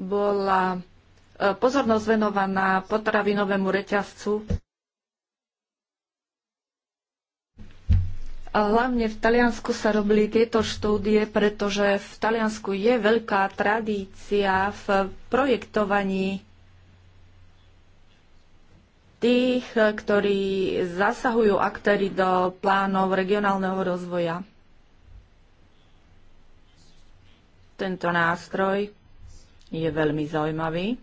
bola e, pozornosť venovaná potravinovému reťazcu. Hlavne v Taliansku sa robili tieto štúdie, pretože v Taliansku je veľká tradícia v projektovaní tých, ktorí zasahujú aktéry do plánov regionálneho rozvoja. Tento nástroj je veľmi zaujímavý.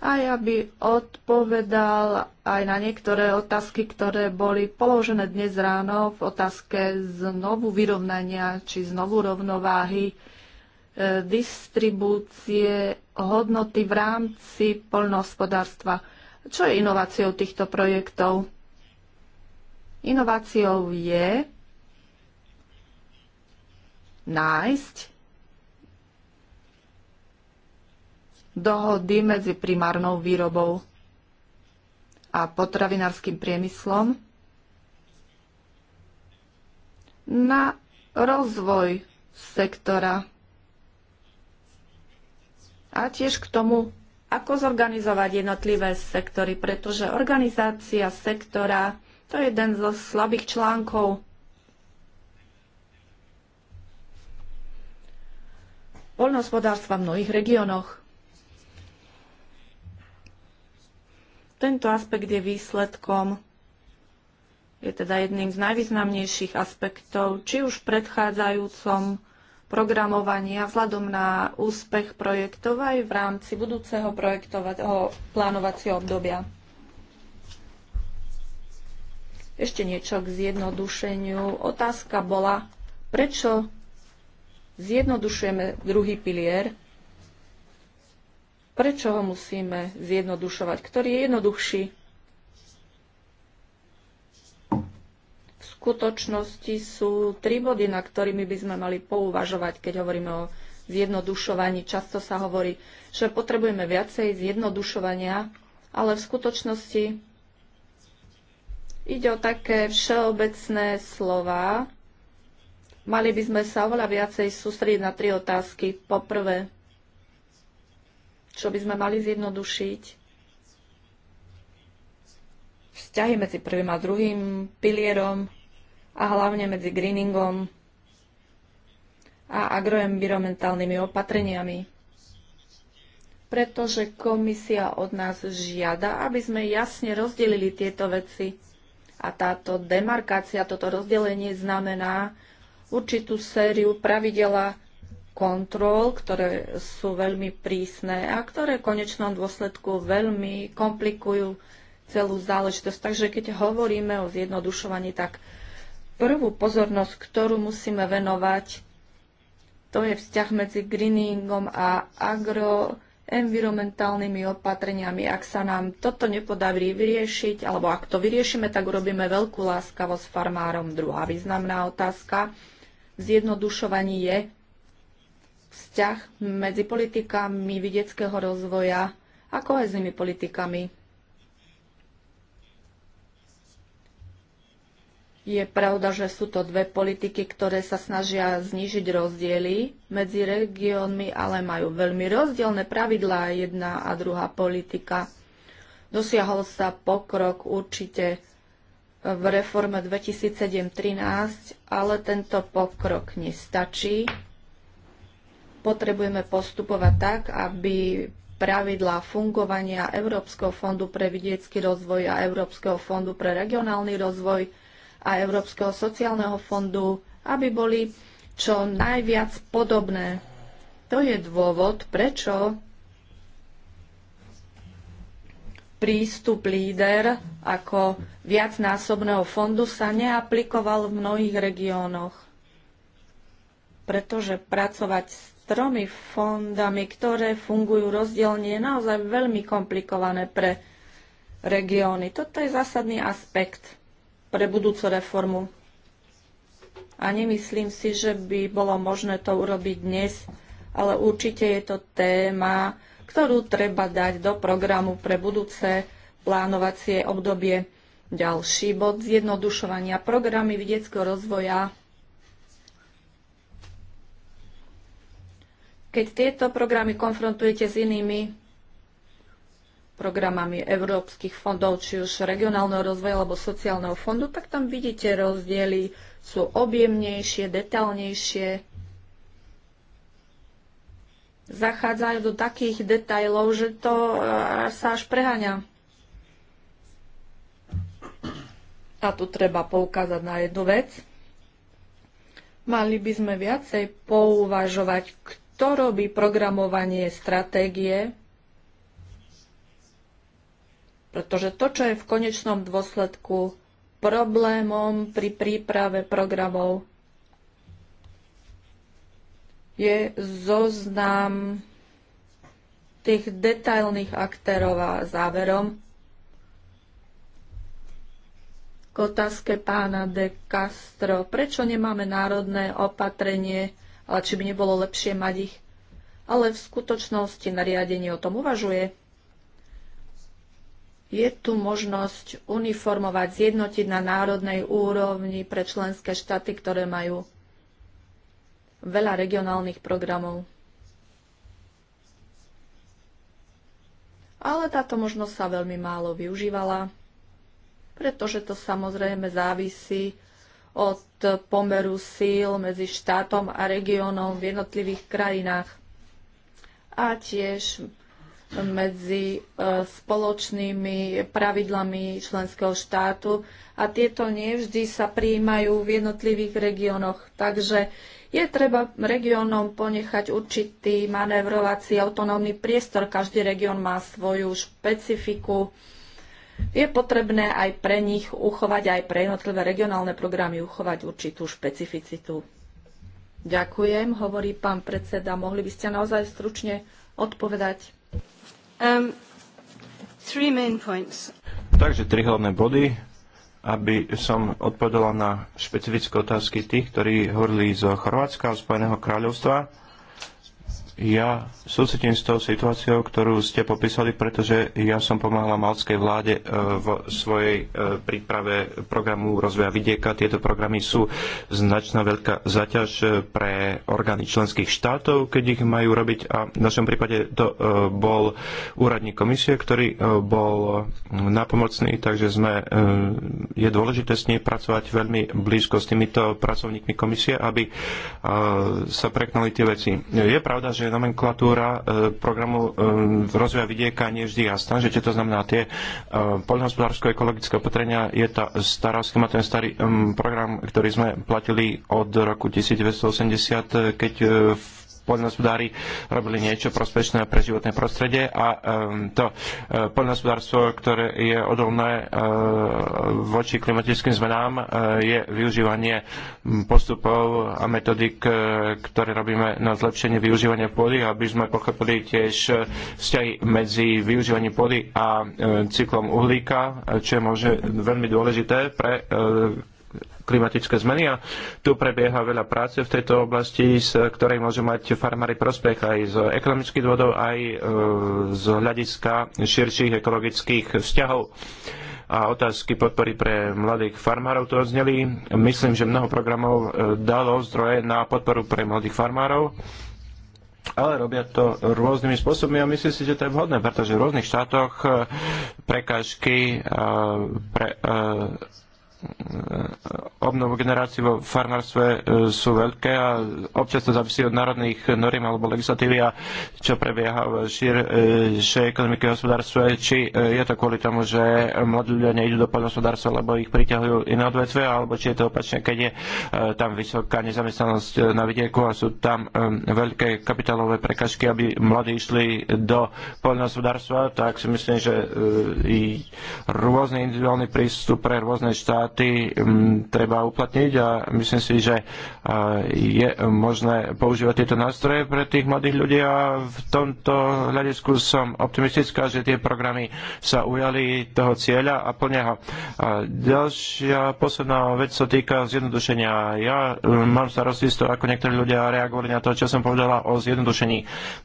aj aby odpovedal aj na niektoré otázky, ktoré boli položené dnes ráno v otázke znovu vyrovnania či znovu rovnováhy e, distribúcie hodnoty v rámci poľnohospodárstva. Čo je inováciou týchto projektov? Inováciou je nájsť dohody medzi primárnou výrobou a potravinárskym priemyslom na rozvoj sektora a tiež k tomu, ako zorganizovať jednotlivé sektory, pretože organizácia sektora to je jeden zo slabých článkov poľnohospodárstva v mnohých regiónoch. Tento aspekt je výsledkom, je teda jedným z najvýznamnejších aspektov, či už v predchádzajúcom programovania vzhľadom na úspech projektov aj v rámci budúceho projektového plánovacieho obdobia. Ešte niečo k zjednodušeniu. Otázka bola, prečo zjednodušujeme druhý pilier Prečo ho musíme zjednodušovať? Ktorý je jednoduchší? V skutočnosti sú tri body, na ktorými by sme mali pouvažovať, keď hovoríme o zjednodušovaní. Často sa hovorí, že potrebujeme viacej zjednodušovania, ale v skutočnosti ide o také všeobecné slova. Mali by sme sa oveľa viacej sústrediť na tri otázky. Poprvé, čo by sme mali zjednodušiť. Vzťahy medzi prvým a druhým pilierom a hlavne medzi greeningom a agroenvironmentálnymi opatreniami. Pretože komisia od nás žiada, aby sme jasne rozdelili tieto veci. A táto demarkácia, toto rozdelenie znamená určitú sériu pravidela kontrol, ktoré sú veľmi prísne a ktoré v konečnom dôsledku veľmi komplikujú celú záležitosť. Takže keď hovoríme o zjednodušovaní, tak prvú pozornosť, ktorú musíme venovať, to je vzťah medzi greeningom a agroenvironmentálnymi opatreniami. Ak sa nám toto nepodarí vyriešiť, alebo ak to vyriešime, tak urobíme veľkú láskavosť farmárom. Druhá významná otázka v zjednodušovaní je, vzťah medzi politikami vidieckého rozvoja a koheznými politikami. Je pravda, že sú to dve politiky, ktoré sa snažia znížiť rozdiely medzi regiónmi, ale majú veľmi rozdielne pravidlá jedna a druhá politika. Dosiahol sa pokrok určite v reforme 2007-13, ale tento pokrok nestačí Potrebujeme postupovať tak, aby pravidlá fungovania Európskeho fondu pre vidiecký rozvoj a Európskeho fondu pre regionálny rozvoj a Európskeho sociálneho fondu, aby boli čo najviac podobné. To je dôvod, prečo prístup líder ako viacnásobného fondu sa neaplikoval v mnohých regiónoch. Pretože pracovať s tromi fondami, ktoré fungujú rozdielne, je naozaj veľmi komplikované pre regióny. Toto je zásadný aspekt pre budúcu reformu. A nemyslím si, že by bolo možné to urobiť dnes, ale určite je to téma, ktorú treba dať do programu pre budúce plánovacie obdobie. Ďalší bod zjednodušovania programy vedeckého rozvoja Keď tieto programy konfrontujete s inými programami európskych fondov, či už regionálneho rozvoja alebo sociálneho fondu, tak tam vidíte rozdiely, sú objemnejšie, detailnejšie. Zachádzajú do takých detajlov, že to eh, sa až preháňa. A tu treba poukázať na jednu vec. Mali by sme viacej pouvažovať, kto robí programovanie stratégie? Pretože to, čo je v konečnom dôsledku problémom pri príprave programov, je zoznam tých detailných aktérov a záverom k otázke pána de Castro. Prečo nemáme národné opatrenie ale či by nebolo lepšie mať ich. Ale v skutočnosti nariadenie o tom uvažuje. Je tu možnosť uniformovať, zjednotiť na národnej úrovni pre členské štáty, ktoré majú veľa regionálnych programov. Ale táto možnosť sa veľmi málo využívala, pretože to samozrejme závisí od pomeru síl medzi štátom a regiónom v jednotlivých krajinách a tiež medzi e, spoločnými pravidlami členského štátu a tieto nevždy sa prijímajú v jednotlivých regiónoch. Takže je treba regiónom ponechať určitý manevrovací autonómny priestor. Každý región má svoju špecifiku, je potrebné aj pre nich uchovať, aj pre jednotlivé regionálne programy uchovať určitú špecificitu. Ďakujem, hovorí pán predseda. Mohli by ste naozaj stručne odpovedať? Um, three main points. Takže tri hlavné body, aby som odpovedala na špecifické otázky tých, ktorí hovorili z Chorvátska a Spojeného kráľovstva ja súcitím s tou situáciou, ktorú ste popísali, pretože ja som pomáhala malskej vláde e, v svojej e, príprave programu rozvoja vidieka. Tieto programy sú značná veľká zaťaž e, pre orgány členských štátov, keď ich majú robiť. A v našom prípade to bol úradník komisie, ktorý bol napomocný, takže sme, je dôležité s ním pracovať veľmi blízko s týmito pracovníkmi komisie, aby sa preknali tie veci. Je pravda, že nomenklatúra e, programu e, rozvoja vidieka nie vždy jasná, že to znamená tie e, poľnohospodársko-ekologické opatrenia, je tá stará schéma, ten starý program, ktorý sme platili od roku 1980, keď v poľnohospodári robili niečo prospešné pre životné prostredie a ehm, to e, poľnohospodárstvo, ktoré je odolné e, voči klimatickým zmenám, e, je využívanie postupov a metodik, ktoré robíme na zlepšenie využívania pôdy, aby sme pochopili tiež vzťahy medzi využívaním pôdy a cyklom uhlíka, čo je môže veľmi dôležité pre klimatické zmeny a tu prebieha veľa práce v tejto oblasti, z ktorej môžu mať farmári prospech aj z ekonomických dôvodov, aj e, z hľadiska širších ekologických vzťahov a otázky podpory pre mladých farmárov tu odzneli. Myslím, že mnoho programov e, dalo zdroje na podporu pre mladých farmárov, ale robia to rôznymi spôsobmi a myslím si, že to je vhodné, pretože v rôznych štátoch e, prekážky pre obnovu generácií vo farmárstve e, sú veľké a občas to závisí od národných noriem alebo legislatívy a čo prebieha v širšej ekonomike a hospodárstve, či e, je to kvôli tomu, že mladí ľudia nejdú do poľnohospodárstva, lebo ich priťahujú iné odvetve, alebo či je to opačne, keď je e, tam vysoká nezamestnanosť na vidieku a sú tam veľké kapitálové prekažky, aby mladí išli do poľnohospodárstva, tak si myslím, že rôzny individuálny prístup pre rôzne štáty štáty mm, treba uplatniť a myslím si, že je možné používať tieto nástroje pre tých mladých ľudí a v tomto hľadisku som optimistická, že tie programy sa ujali toho cieľa a plne ho. A ďalšia posledná vec sa týka zjednodušenia. Ja mm, mám starosti z toho, ako niektorí ľudia reagovali na to, čo som povedala o zjednodušení.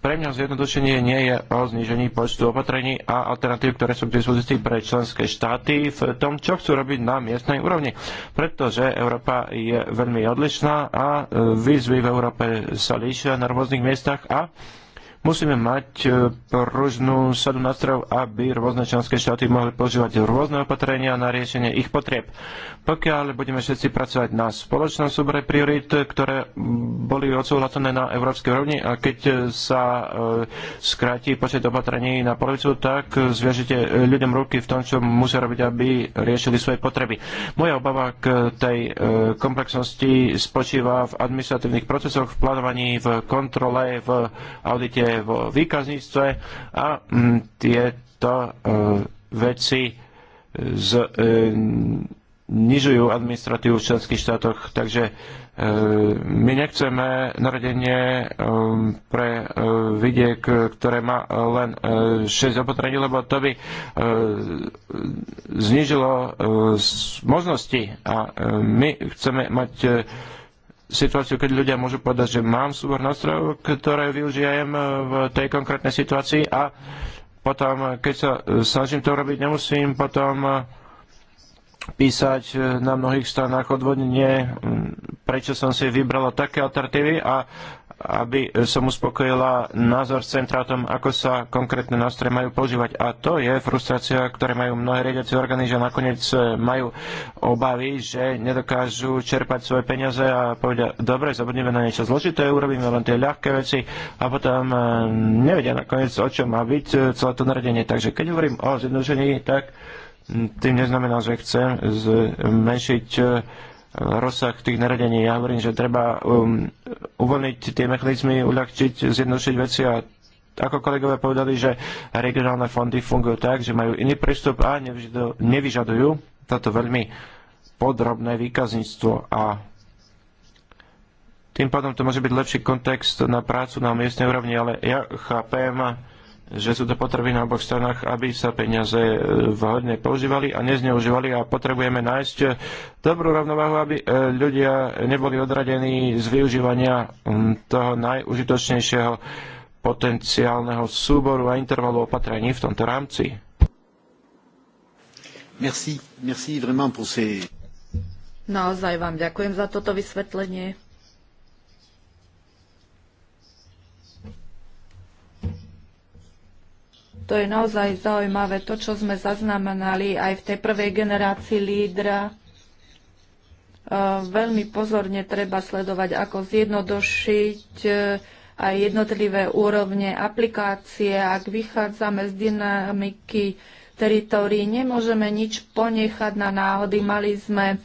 Pre mňa zjednodušenie nie je o znižení počtu opatrení a alternatív, ktoré sú k dispozícii pre členské štáty v tom, čo chcú robiť na miestnej vnútornej úrovni, pretože Európa je veľmi odlišná a e, výzvy v Európe sa líšia na rôznych miestach a Musíme mať e, pružnú sadu nástrojov, aby rôzne členské štáty mohli používať rôzne opatrenia na riešenie ich potrieb. Pokiaľ budeme všetci pracovať na spoločnom súbore priorit, ktoré boli odsúhlasené na európskej úrovni a keď sa e, skráti počet opatrení na polovicu, tak zviažete ľuďom ruky v tom, čo musia robiť, aby riešili svoje potreby. Moja obava k tej e, komplexnosti spočíva v administratívnych procesoch, v plánovaní, v kontrole, v audite vo výkazníctve a mm, tieto e, veci znižujú e, administratívu v členských štátoch. Takže e, my nechceme narodenie pre vidiek, ktoré má len 6 opatrení, lebo to by znižilo možnosti. A my chceme mať situáciu, keď ľudia môžu povedať, že mám súbor nástrojov, ktoré využijem e, v tej konkrétnej situácii a potom, e, keď sa e, snažím to robiť, nemusím potom písať na mnohých stranách odvodnenie, prečo som si vybral také alternatívy a aby som uspokojila názor centra o tom, ako sa konkrétne nástroje majú používať. A to je frustrácia, ktoré majú mnohé riadiace orgány, že nakoniec e, majú obavy, že nedokážu čerpať svoje peniaze a povedia, dobre, zabudneme na niečo zložité, urobíme len tie ľahké veci a potom e, nevedia nakoniec, o čom má byť e, celé to naredenie. Takže keď hovorím o zjednodušení, tak tým neznamená, že chcem zmenšiť rozsah tých naradení. Ja hovorím, že treba um, uvoľniť tie mechanizmy, uľahčiť, zjednodušiť veci a ako kolegovia povedali, že regionálne fondy fungujú tak, že majú iný prístup a nevyžadujú toto veľmi podrobné výkazníctvo a tým pádom to môže byť lepší kontext na prácu na miestnej úrovni, ale ja chápem, že sú to potreby na oboch stranách, aby sa peniaze e, vhodne používali a nezneužívali a potrebujeme nájsť e, dobrú rovnováhu, aby e, ľudia neboli odradení z využívania toho najužitočnejšieho potenciálneho súboru a intervalu opatrení v tomto rámci. Merci, merci vraiment pour ces... Naozaj vám ďakujem za toto vysvetlenie. To je naozaj zaujímavé, to, čo sme zaznamenali aj v tej prvej generácii lídra. E, veľmi pozorne treba sledovať, ako zjednodušiť e, aj jednotlivé úrovne aplikácie. Ak vychádzame z dynamiky teritórií, nemôžeme nič ponechať na náhody. Mali sme e,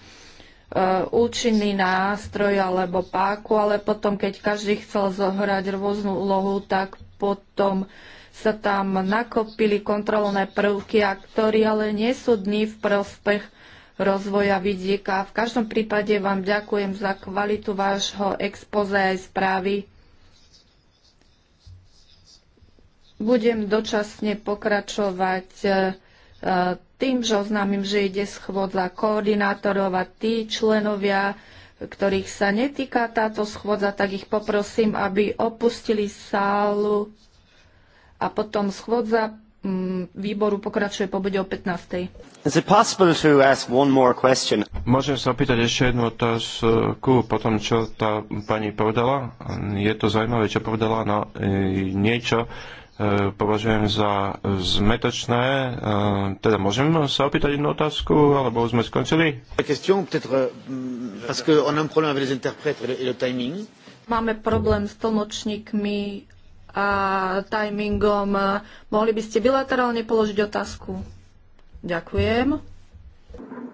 účinný nástroj alebo páku, ale potom, keď každý chcel zohrať rôznu úlohu, tak potom sa tam nakopili kontrolné prvky a ktorí ale nie sú dní v prospech rozvoja vidieka. V každom prípade vám ďakujem za kvalitu vášho expoze aj správy. Budem dočasne pokračovať e, tým, že oznámim, že ide schôdza koordinátorov a tí členovia, ktorých sa netýka táto schôdza, tak ich poprosím, aby opustili sálu a potom schôdza mm, výboru pokračuje po bude o 15. Môžem sa opýtať ešte jednu otázku po tom, čo tá pani povedala. Je to zaujímavé, čo povedala, no e, niečo e, považujem za zmetočné. E, teda môžem sa opýtať jednu otázku, alebo už sme skončili? Mm, Máme problém s tlmočníkmi a timingom. Mohli by ste bilaterálne položiť otázku? Ďakujem.